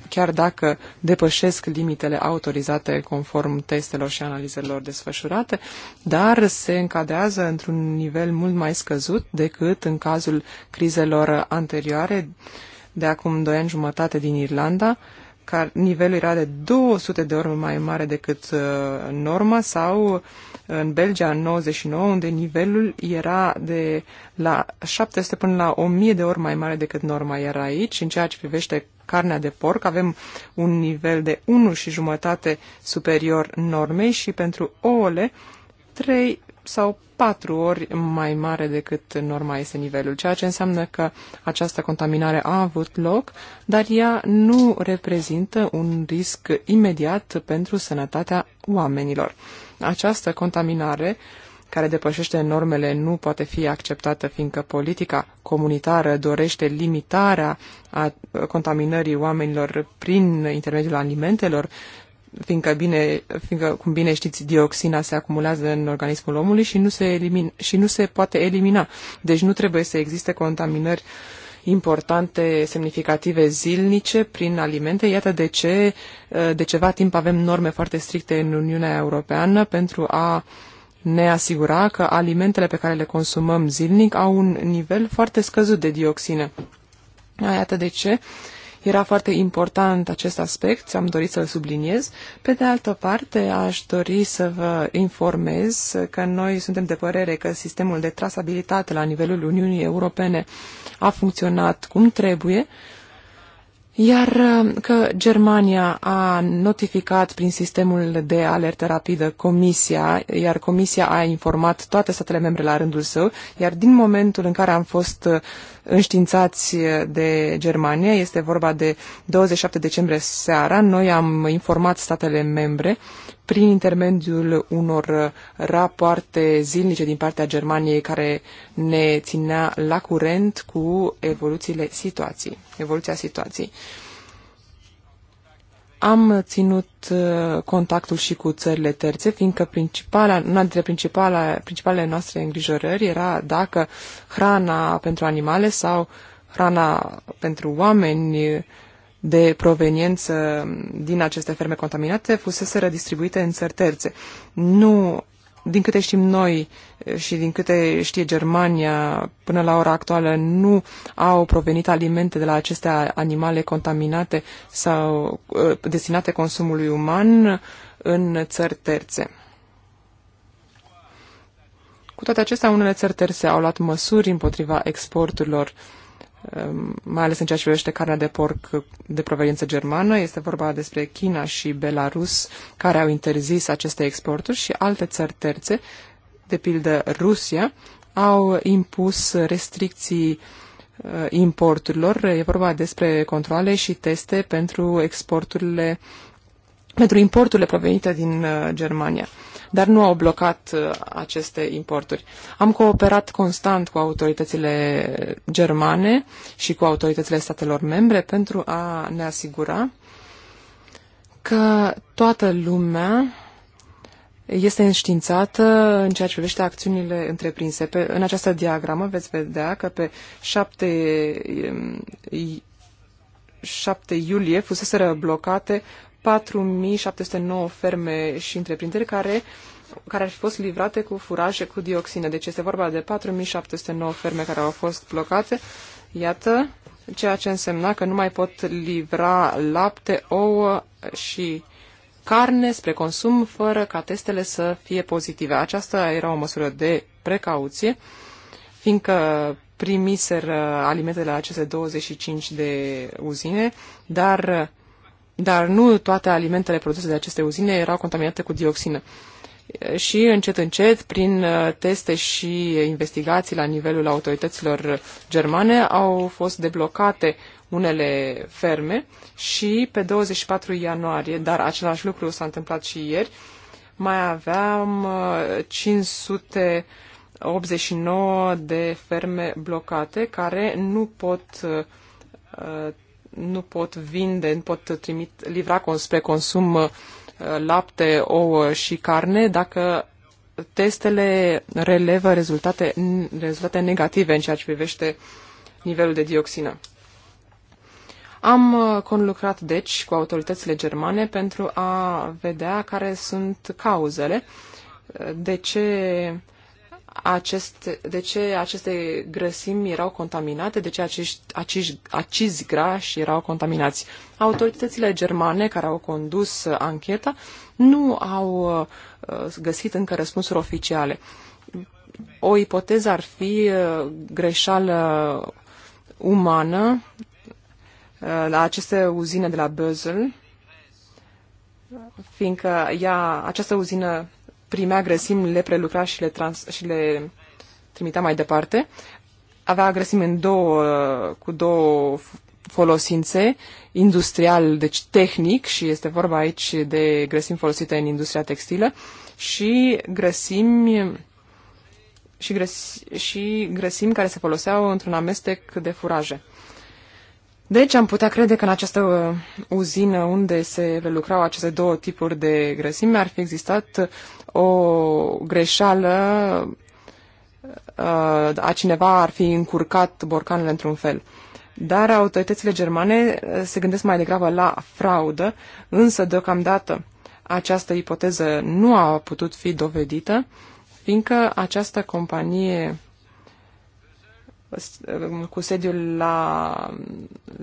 chiar dacă depășesc limitele autorizate conform testelor și analizelor desfășurate, dar se încadrează într-un nivel mult mai scăzut decât în cazul crizelor anterioare de acum doi ani jumătate din Irlanda, care nivelul era de 200 de ori mai mare decât uh, norma sau uh, în Belgia în 99, unde nivelul era de la 700 până la 1000 de ori mai mare decât norma. Iar aici, în ceea ce privește carnea de porc, avem un nivel de 1 și jumătate superior normei și pentru ouăle 3 sau patru ori mai mare decât norma este nivelul, ceea ce înseamnă că această contaminare a avut loc, dar ea nu reprezintă un risc imediat pentru sănătatea oamenilor. Această contaminare care depășește normele nu poate fi acceptată fiindcă politica comunitară dorește limitarea a contaminării oamenilor prin intermediul alimentelor fiindcă, bine, fiindcă, cum bine știți, dioxina se acumulează în organismul omului și nu se, elimin, și nu se poate elimina. Deci nu trebuie să existe contaminări importante, semnificative, zilnice prin alimente. Iată de ce eh, de ceva timp avem norme foarte stricte în Uniunea Europeană pentru a ne asigura că alimentele pe care le consumăm zilnic au un nivel foarte scăzut de dioxină. Iată de ce uh, era foarte important acest aspect, am dorit să-l subliniez. Pe de altă parte, aș dori să vă informez că noi suntem de părere că sistemul de trasabilitate la nivelul Uniunii Europene a funcționat cum trebuie, iar uh, că Germania a notificat prin sistemul de alertă rapidă Comisia, iar Comisia a informat toate statele membre la rândul său, iar din momentul în care am fost uh, înștiințați uh, de Germania, este vorba de 27 decembrie seara, noi am informat statele membre prin intermediul unor uh, rapoarte zilnice din partea Germaniei care ne ținea la curent cu evoluțiile situației, evoluția situației. Am ținut uh, contactul și cu țările terțe, fiindcă principala, una dintre principala, principalele noastre îngrijorări era dacă hrana pentru animale sau hrana pentru oameni de proveniență din aceste ferme contaminate fusese distribuite în țări terțe. Nu, din câte știm noi și din câte știe Germania până la ora actuală, nu au provenit alimente de la aceste animale contaminate sau ă, destinate consumului uman în țări terțe. Cu toate acestea, unele țări terțe au luat măsuri împotriva exporturilor uh, Ehm, mai ales în ceea ce privește carnea de porc de proveniență germană. Este vorba despre China și Belarus, care au interzis aceste exporturi și alte țări terțe, de pildă Rusia, au impus restricții eh, importurilor. E vorba despre controle și teste pentru exporturile, pentru importurile provenite din eh, Germania dar nu au blocat uh, aceste importuri. Am cooperat constant cu autoritățile germane și cu autoritățile statelor membre pentru a ne asigura că toată lumea este înștiințată în ceea ce privește acțiunile întreprinse. Pe, în această diagramă veți vedea că pe 7, 7 um, iulie fuseseră blocate 4709 ferme și întreprinderi care, care ar fi fost livrate cu furaje cu dioxină. Deci este vorba de 4709 ferme care au fost blocate. Iată, ceea ce însemna că nu mai pot livra lapte, ouă și carne spre consum fără ca testele să fie pozitive. Aceasta era o măsură de precauție, fiindcă primiser alimentele la aceste 25 de uzine, dar dar nu toate alimentele produse de aceste uzine erau contaminate cu dioxină. Și încet, încet, prin uh, teste și investigații la nivelul autorităților germane, au fost deblocate unele ferme și pe 24 ianuarie, dar același lucru s-a întâmplat și ieri, mai aveam 500 uh, 89 de ferme blocate care nu pot uh, nu pot vinde, nu pot trimit, livra spre consum uh, lapte, ouă și carne dacă testele relevă rezultate, rezultate negative în ceea ce privește nivelul de dioxină. Am uh, conlucrat, deci, cu autoritățile germane pentru a vedea care sunt cauzele, uh, de ce acest, de ce aceste grăsimi erau contaminate, de ce acești acizi, acizi grași erau contaminați. Autoritățile germane care au condus ancheta nu au uh, găsit încă răspunsuri oficiale. O ipoteză ar fi uh, greșeală umană uh, la aceste uzine de la Bözel, fiindcă ea, această uzină primea grăsimi, le prelucra și le, trans, și le trimitea mai departe. Avea grăsimi în două, cu două folosințe, industrial, deci tehnic, și este vorba aici de grăsimi folosite în industria textilă, și grăsimi și, grăs, și grăsimi care se foloseau într-un amestec de furaje. Deci am putea crede că în această uh, uzină unde se lucrau aceste două tipuri de grăsime ar fi existat uh, o greșeală, uh, a cineva ar fi încurcat borcanele într-un fel. Dar autoritățile germane se gândesc mai degrabă la fraudă, însă deocamdată această ipoteză nu a putut fi dovedită, fiindcă această companie cu sediul la,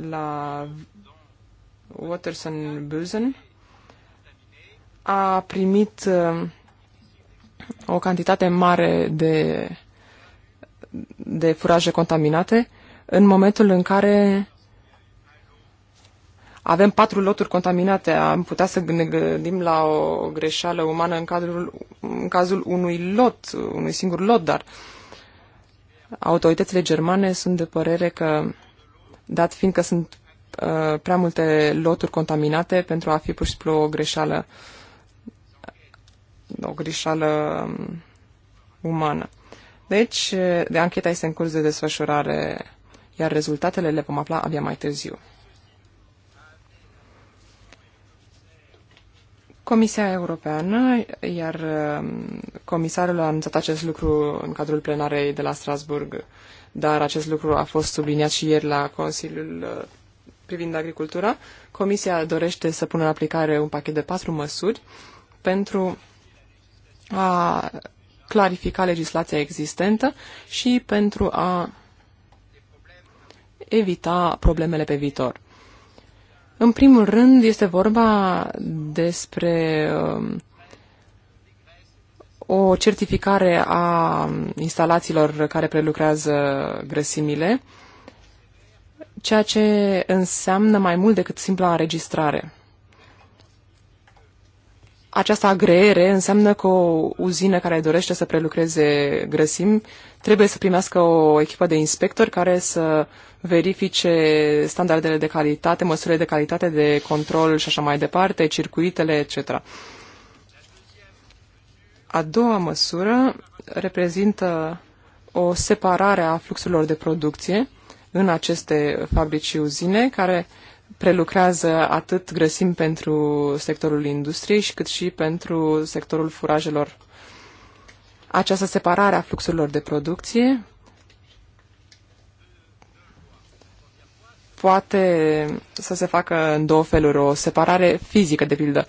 la Waterson-Busen a primit uh, o cantitate mare de, de furaje contaminate în momentul în care avem patru loturi contaminate. Am putea să ne gândim la o greșeală umană în, cadrul, în cazul unui lot, unui singur lot, dar uh, Autoritățile germane sunt de părere că, dat fiind că sunt uh, prea multe loturi contaminate pentru a fi pur și simplu o greșeală, o greșeală um, umană. Deci, de ancheta este în curs de desfășurare, iar rezultatele le vom afla abia mai târziu. Comisia Europeană, iar um, comisarul a anunțat acest lucru în cadrul plenarei de la Strasburg, dar acest lucru a fost subliniat și ieri la Consiliul uh, privind agricultura. Comisia dorește să pună în aplicare un pachet de patru măsuri pentru a clarifica legislația existentă și pentru a evita problemele pe viitor. În primul rând, este vorba despre um, o certificare a instalațiilor care prelucrează grăsimile, ceea ce înseamnă mai mult decât simpla înregistrare. Această agreere înseamnă că o uzină care dorește să prelucreze grăsimi trebuie să primească o echipă de inspectori care să verifice standardele de calitate, măsurile de calitate de control și așa mai departe, circuitele, etc. A doua măsură reprezintă o separare a fluxurilor de producție în aceste fabrici și uzine, care uh, prelucrează atât grăsim pentru sectorul industriei și cât și pentru sectorul furajelor. Această separare a fluxurilor de producție poate să se facă în două feluri, o separare fizică, de pildă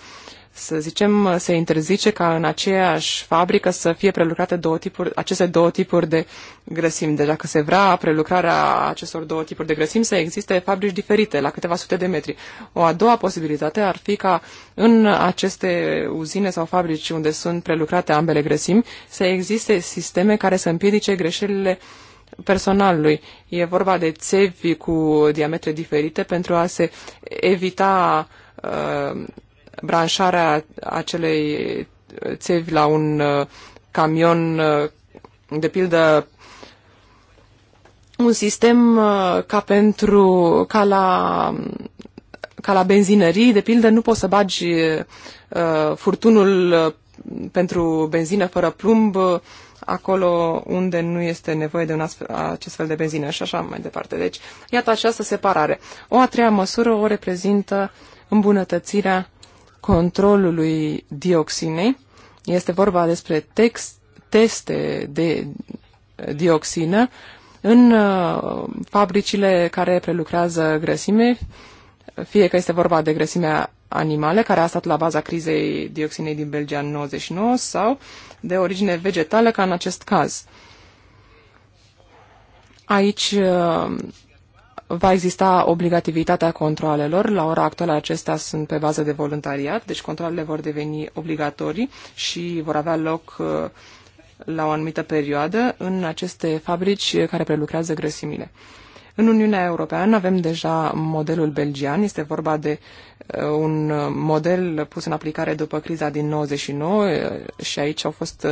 să zicem, se interzice ca în aceeași fabrică să fie prelucrate două tipuri, aceste două tipuri de grăsimi. Deci dacă se vrea prelucrarea acestor două tipuri de grăsimi, să existe fabrici diferite, la câteva sute de metri. O a doua posibilitate ar fi ca în aceste uzine sau fabrici unde sunt prelucrate ambele grăsimi, să existe sisteme care să împiedice greșelile personalului. E vorba de țevi cu diametre diferite pentru a se evita uh, branșarea acelei țevi la un uh, camion, uh, de pildă, un sistem uh, ca pentru, ca la, ca la benzinării, de pildă, nu poți să bagi furtunul pentru benzină fără plumb acolo unde nu este nevoie de un astfel, acest fel de benzină și așa mai departe. Deci, iată această separare. O a treia măsură o reprezintă îmbunătățirea controlului dioxinei. Este vorba despre text, teste de dioxină în uh, fabricile care prelucrează grăsime, fie că este vorba de grăsimea animale, care a stat la baza crizei dioxinei din Belgia în 99, sau de origine vegetală, ca în acest caz. Aici uh, va exista obligativitatea controalelor. La ora actuală acestea sunt pe bază de voluntariat, deci controlele vor deveni obligatorii și vor avea loc uh, la o anumită perioadă în aceste fabrici care prelucrează grăsimile. În Uniunea Europeană avem deja modelul belgian, este vorba de uh, un uh, model pus în aplicare după criza din 99 uh, și aici au fost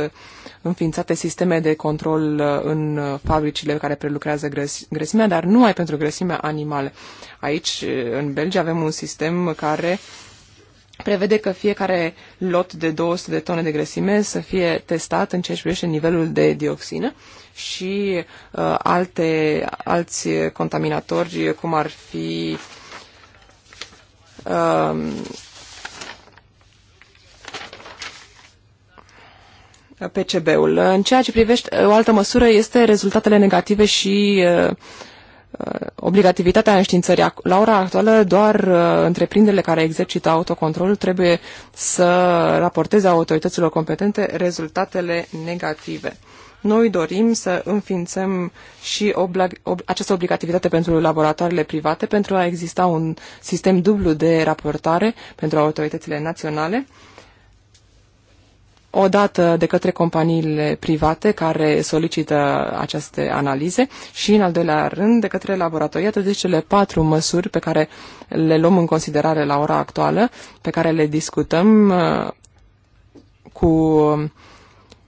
înființate sisteme de control în fabricile care prelucrează grăsimea, dar numai pentru grăsimea animale. Aici, în Belgia, avem un sistem care prevede că fiecare lot de 200 de tone de grăsime să fie testat în ce privește nivelul de dioxină și uh, alte, alți contaminatori, cum ar fi uh, um, PCB-ul. În ceea ce privește, o altă măsură este rezultatele negative și uh, uh obligativitatea înștiințării. La ora actuală, doar uh, întreprinderile care exercită autocontrolul trebuie să raporteze autorităților competente rezultatele negative. Noi dorim să înființăm și ob- această obligativitate pentru laboratoarele private pentru a exista un sistem dublu de raportare pentru autoritățile naționale o dată de către companiile private care solicită aceste analize și, în al doilea rând, de către laboratorii. Iată deci cele patru măsuri pe care le luăm în considerare la ora actuală, pe care le discutăm uh, cu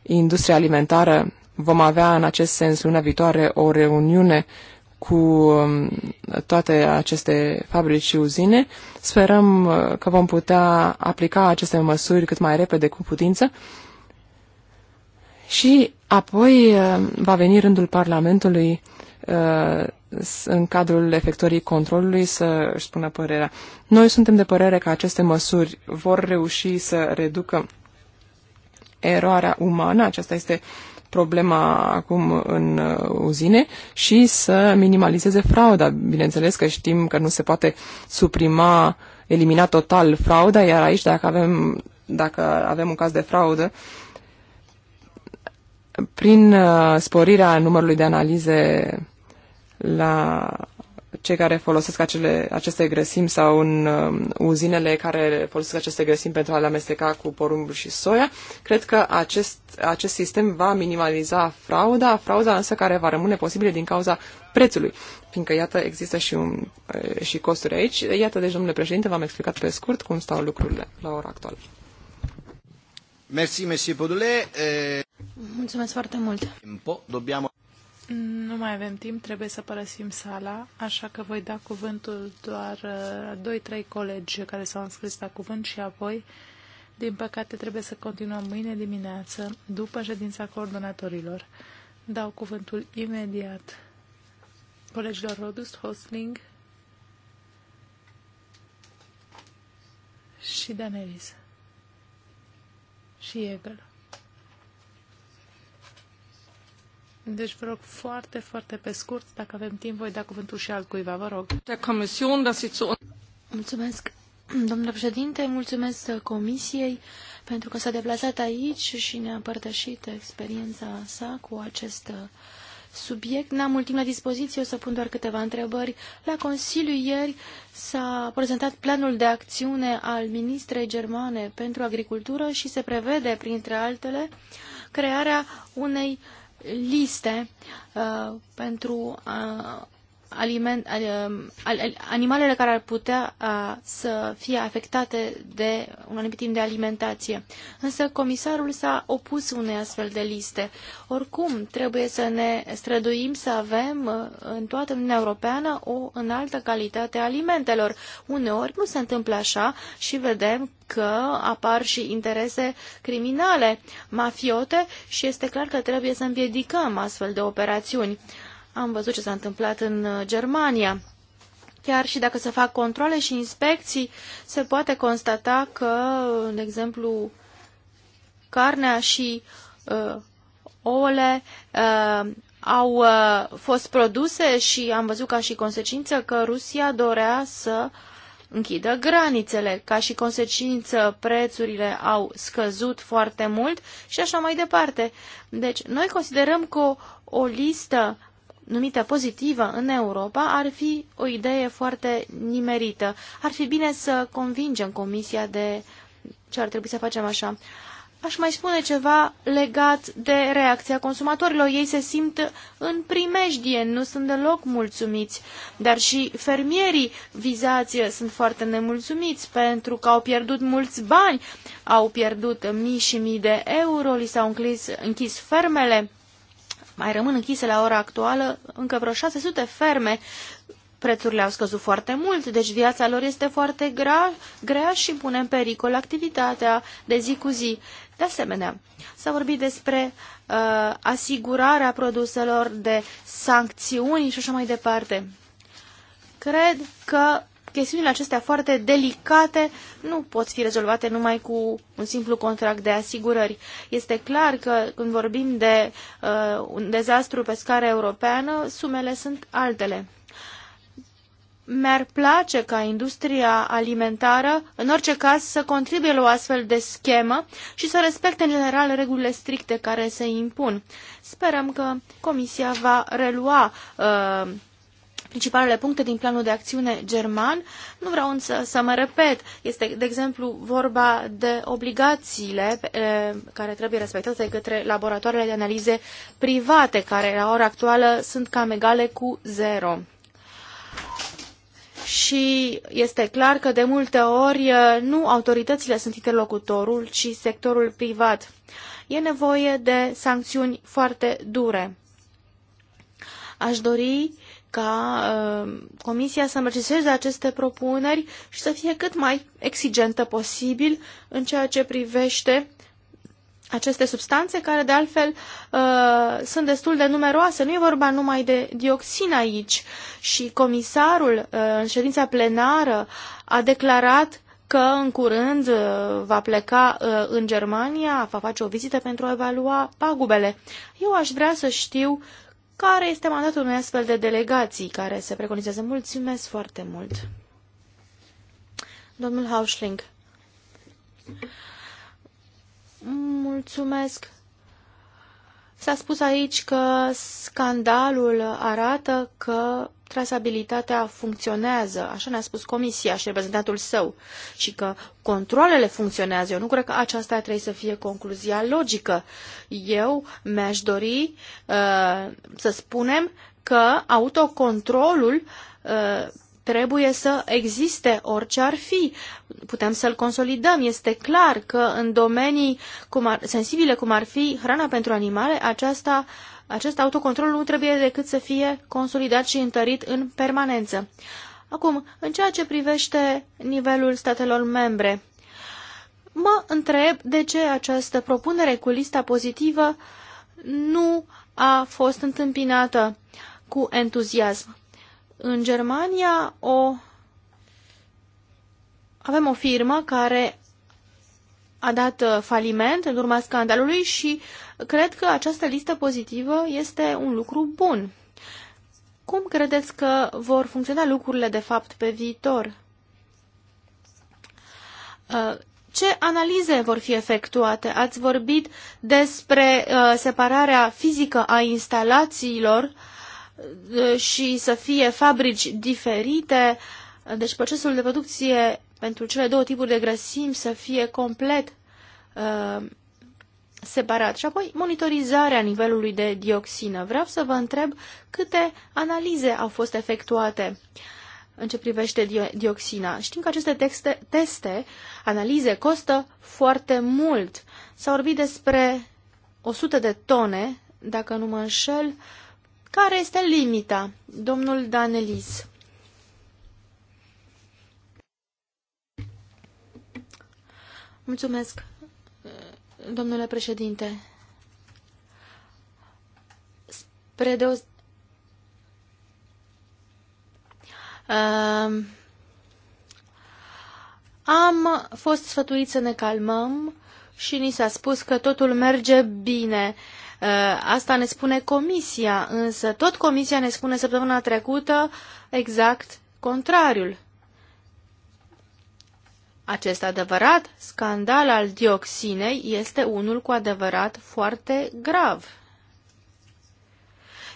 industria alimentară vom avea în acest sens luna viitoare o reuniune cu um, toate aceste fabrici și uzine. Sperăm uh, că vom putea aplica aceste măsuri cât mai repede cu putință. Și apoi uh, va veni rândul Parlamentului uh, în cadrul efectorii controlului să își spună părerea. Noi suntem de părere că aceste măsuri vor reuși să reducă eroarea umană, aceasta este uh, problema acum în uh, uzine și să minimalizeze frauda. Bineînțeles că știm că nu se poate suprima, elimina total frauda, iar aici dacă avem, dacă avem un caz de fraudă, prin uh, sporirea numărului de analize la cei care folosesc acele, aceste grăsimi sau în um, uzinele care folosesc aceste grăsimi pentru a le amesteca cu porumbul și soia, cred că acest, acest sistem va minimaliza frauda, frauda însă care va rămâne posibilă din cauza prețului, fiindcă iată există și, un, și costuri aici. Iată deci, domnule președinte, v-am explicat pe scurt cum stau lucrurile la ora actuală. Mersi, Messie Podule. Mulțumesc foarte mult. Dobbiamo... Nu mai avem timp, trebuie să părăsim sala, așa că voi da cuvântul doar 2-3 uh, colegi care s-au înscris la cuvânt și apoi, din păcate, trebuie să continuăm mâine dimineață, după ședința coordonatorilor. Dau cuvântul imediat colegilor Rodust, Hostling și Danelis și Egel. Deci vă rog foarte, foarte pe scurt, dacă avem timp, voi da cuvântul și altcuiva, vă rog. Mulțumesc, domnule președinte, mulțumesc comisiei pentru că s-a deplasat aici și ne-a împărtășit experiența sa cu acest uh, subiect. N-am mult timp la dispoziție, o să pun doar câteva întrebări. La Consiliu ieri s-a prezentat planul de acțiune al ministrei germane pentru agricultură și se prevede, printre altele, crearea unei uh, liste uh, pentru uh, aliment, um, al, al, animalele care ar putea a, uh, să fie afectate de un anumit timp de alimentație. Însă comisarul s-a opus unei astfel de liste. Oricum, trebuie să ne străduim să avem uh, în toată Uniunea Europeană o înaltă calitate a alimentelor. Uneori nu se întâmplă așa și vedem că apar și interese criminale, mafiote și este clar că trebuie să împiedicăm astfel de operațiuni. Am văzut ce s-a întâmplat în uh, Germania. Chiar și dacă se fac controle și inspecții, se poate constata că, uh, de exemplu, carnea și uh, ouăle uh, au uh, fost produse și am văzut ca și consecință că Rusia dorea să închidă granițele. Ca și consecință, prețurile au scăzut foarte mult și așa mai departe. Deci, noi considerăm că o, o listă numită pozitivă în Europa ar fi o idee foarte nimerită. Ar fi bine să convingem Comisia de ce ar trebui să facem așa. Aș mai spune ceva legat de reacția consumatorilor. Ei se simt în primejdie, nu sunt deloc mulțumiți, dar și fermierii vizați sunt foarte nemulțumiți pentru că au pierdut mulți bani, au pierdut mii și mii de euro, li s-au închis, închis fermele. Mai rămân închise la ora actuală încă vreo 600 ferme. Prețurile au scăzut foarte mult, deci viața lor este foarte grea, grea și pune în pericol activitatea de zi cu zi. De asemenea, s-a vorbit despre uh, asigurarea produselor de sancțiuni și așa mai departe. Cred că chestiunile acestea foarte delicate nu pot fi rezolvate numai cu un simplu contract de asigurări. Este clar că când vorbim de uh, un dezastru pe scară europeană, sumele sunt altele. Mi-ar place ca industria alimentară, în orice caz, să contribuie la o astfel de schemă și să respecte în general regulile stricte care se impun. Sperăm că Comisia va relua uh, principalele puncte din planul de acțiune german. Nu vreau însă să mă repet. Este, de exemplu, vorba de obligațiile eh, care trebuie respectate de către laboratoarele de analize private, care la ora actuală sunt cam egale cu zero. Și este clar că de multe ori eh, nu autoritățile sunt interlocutorul, ci sectorul privat. E nevoie de sancțiuni foarte dure. Aș dori ca ă, Comisia să mărciseze aceste propuneri și să fie cât mai exigentă posibil în ceea ce privește aceste substanțe care de altfel uh, sunt destul de numeroase. Nu e vorba numai de dioxin aici și comisarul uh, în ședința plenară a declarat că în curând uh, va pleca uh, în Germania, va face o vizită pentru a evalua pagubele. Eu aș vrea să știu uh, care este mandatul unei astfel de delegații care se preconizează? Mulțumesc foarte mult! Domnul Hauschling. Mulțumesc! S-a spus aici că scandalul arată că trasabilitatea funcționează, așa ne-a spus comisia și reprezentantul său, și că controlele funcționează. Eu nu cred că aceasta trebuie să fie concluzia logică. Eu mi-aș dori uh, să spunem că autocontrolul uh, trebuie să existe orice ar fi. Putem să-l consolidăm. Este clar că în domenii cum ar, sensibile cum ar fi hrana pentru animale, aceasta uh, acest autocontrol nu trebuie decât să fie consolidat și întărit în permanență. Acum, în ceea ce privește nivelul statelor membre, mă întreb de ce această propunere cu lista pozitivă nu a fost întâmpinată cu entuziasm. În Germania o... avem o firmă care a dat uh, faliment în urma scandalului și uh, Cred că această listă pozitivă este un lucru bun. Cum credeți că vor funcționa lucrurile de fapt pe viitor? Uh, ce analize vor fi efectuate? Ați vorbit despre uh, separarea fizică a instalațiilor uh, și să fie fabrici diferite, deci procesul de producție pentru cele două tipuri de grăsimi să fie complet separat. Și apoi monitorizarea nivelului de dioxină. Vreau să vă întreb câte analize au fost efectuate în ce privește dioxina. Știm că aceste texte, teste, analize, costă foarte mult. S-a vorbit despre 100 de tone, dacă nu mă înșel. Care este limita, domnul Danelis? Mulțumesc, Domnule președinte, spre o... Uh, am fost sfătuit să ne calmăm și ni s-a spus că totul merge bine. Uh, asta ne spune comisia, însă tot comisia ne spune săptămâna trecută exact contrariul. Acest adevărat scandal al dioxinei este unul cu adevărat foarte grav.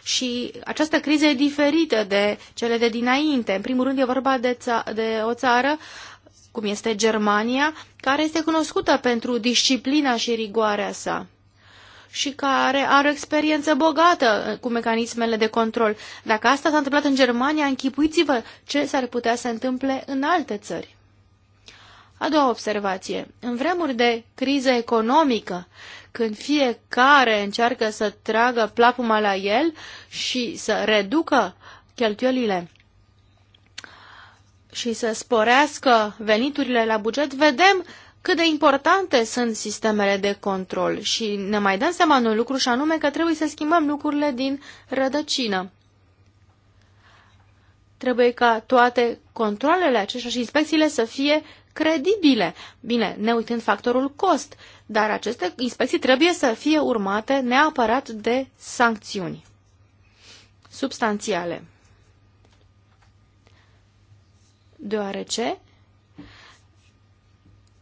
Și această criză e diferită de cele de dinainte. În primul rând e vorba de, ța- de o țară, cum este Germania, care este cunoscută pentru disciplina și rigoarea sa și care are o experiență bogată cu mecanismele de control. Dacă asta s-a întâmplat în Germania, închipuiți-vă ce s-ar putea să întâmple în alte țări. A doua observație. În vremuri de criză economică, când fiecare încearcă să tragă plapuma la el și să reducă cheltuielile și să sporească veniturile la buget, vedem cât de importante sunt sistemele de control și ne mai dăm seama un lucru și anume că trebuie să schimbăm lucrurile din rădăcină. Trebuie ca toate controlele acestea și inspecțiile să fie credibile. Bine, ne uitând factorul cost, dar aceste inspecții trebuie să fie urmate neapărat de sancțiuni substanțiale. Deoarece,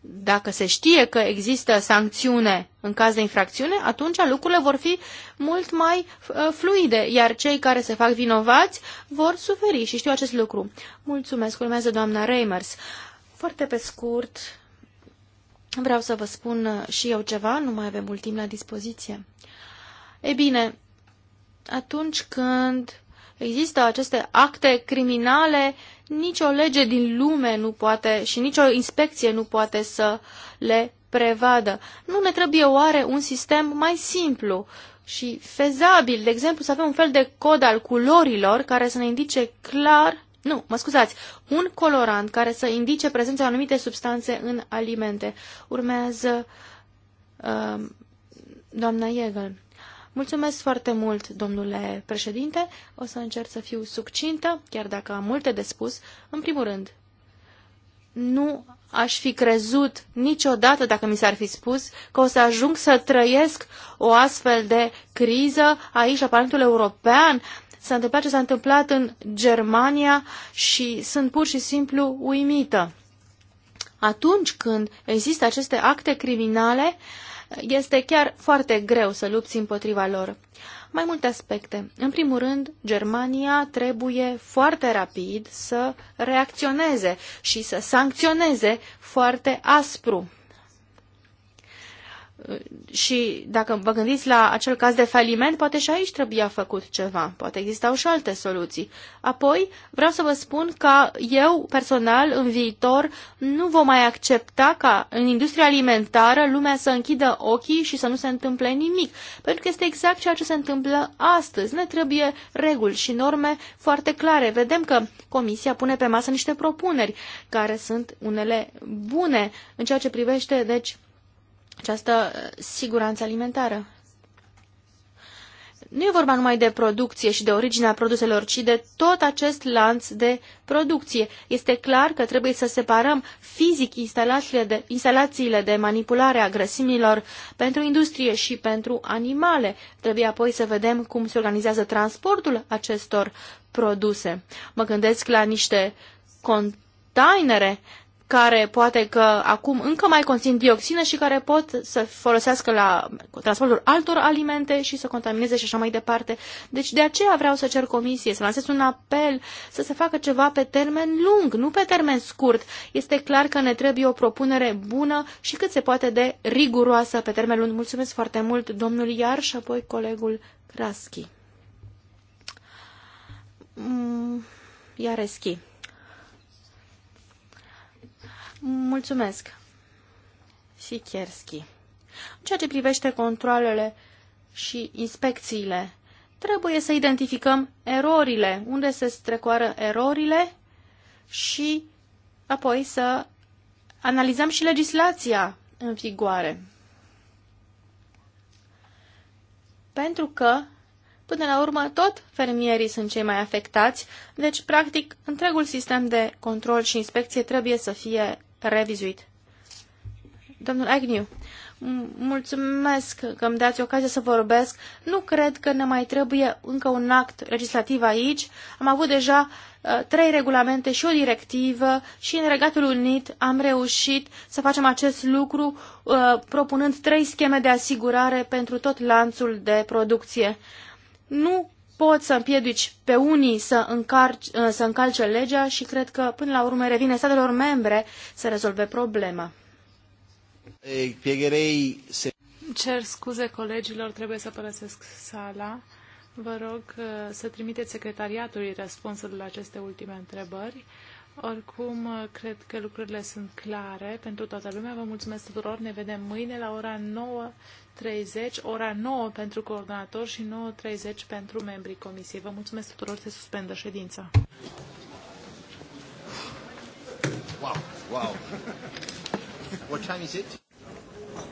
dacă se știe că există sancțiune în caz de infracțiune, atunci lucrurile vor fi mult mai uh, fluide, iar cei care se fac vinovați vor suferi și știu acest lucru. Mulțumesc, urmează doamna Reimers. Foarte pe scurt, vreau să vă spun și eu ceva, nu mai avem mult timp la dispoziție. Ei bine, atunci când există aceste acte criminale, nicio lege din lume nu poate și nicio inspecție nu poate să le prevadă. Nu ne trebuie oare un sistem mai simplu și fezabil, de exemplu, să avem un fel de cod al culorilor care să ne indice clar nu, mă scuzați, un colorant care să indice prezența anumite substanțe în alimente. Urmează uh, doamna Iegel. Mulțumesc foarte mult, domnule președinte. O să încerc să fiu succintă, chiar dacă am multe de spus. În primul rând, nu aș fi crezut niciodată, dacă mi s-ar fi spus, că o să ajung să trăiesc o astfel de criză aici, la Parlamentul European, S-a întâmplat ce s-a întâmplat în Germania și sunt pur și simplu uimită. Atunci când există aceste acte criminale, este chiar foarte greu să lupți împotriva lor. Mai multe aspecte. În primul rând, Germania trebuie foarte rapid să reacționeze și să sancționeze foarte aspru și dacă vă gândiți la acel caz de faliment, poate și aici trebuia făcut ceva, poate existau și alte soluții. Apoi, vreau să vă spun că eu, personal, în viitor, nu vom mai accepta ca în industria alimentară lumea să închidă ochii și să nu se întâmple nimic, pentru că este exact ceea ce se întâmplă astăzi. Ne trebuie reguli și norme foarte clare. Vedem că Comisia pune pe masă niște propuneri, care sunt unele bune în ceea ce privește, deci, această uh, siguranță alimentară. Nu e vorba numai de producție și de originea produselor, ci de tot acest lanț de producție. Este clar că trebuie să separăm fizic instalațiile de, instalațiile de manipulare a grăsimilor pentru industrie și pentru animale. Trebuie apoi să vedem cum se organizează transportul acestor produse. Mă gândesc la niște containere care poate că acum încă mai conțin dioxină și care pot să folosească la transportul altor alimente și să contamineze și așa mai departe. Deci de aceea vreau să cer comisie, să lansez un apel, să se facă ceva pe termen lung, nu pe termen scurt. Este clar că ne trebuie o propunere bună și cât se poate de riguroasă pe termen lung. Mulțumesc foarte mult, domnul Iar și apoi colegul Raschi. Mm, Iareschi. Mulțumesc. Sikierski. În ceea ce privește controlele și inspecțiile, trebuie să identificăm erorile, unde se strecoară erorile și apoi să analizăm și legislația în vigoare. Pentru că, până la urmă, tot fermierii sunt cei mai afectați, deci, practic, întregul sistem de control și inspecție trebuie să fie revizuit. Domnul Agnew, mulțumesc că îmi dați ocazia să vorbesc. Nu cred că ne mai trebuie încă un act legislativ aici. Am avut deja uh, trei regulamente și o directivă și în Regatul Unit am reușit să facem acest lucru uh, propunând trei scheme de asigurare pentru tot lanțul de producție. Nu poți să împiedici pe unii să, încarci, uh, să încalce legea și cred că până la urmă revine statelor membre să rezolve problema. Cer scuze colegilor, trebuie să părăsesc sala. Vă rog uh, să trimiteți secretariatului răspunsul la aceste ultime întrebări. Oricum, cred că lucrurile sunt clare pentru toată lumea. Vă mulțumesc tuturor. Ne vedem mâine la ora 9.30, ora 9 pentru coordonator și 9.30 pentru membrii comisiei. Vă mulțumesc tuturor. Se suspendă ședința. Wow, wow. What time is it?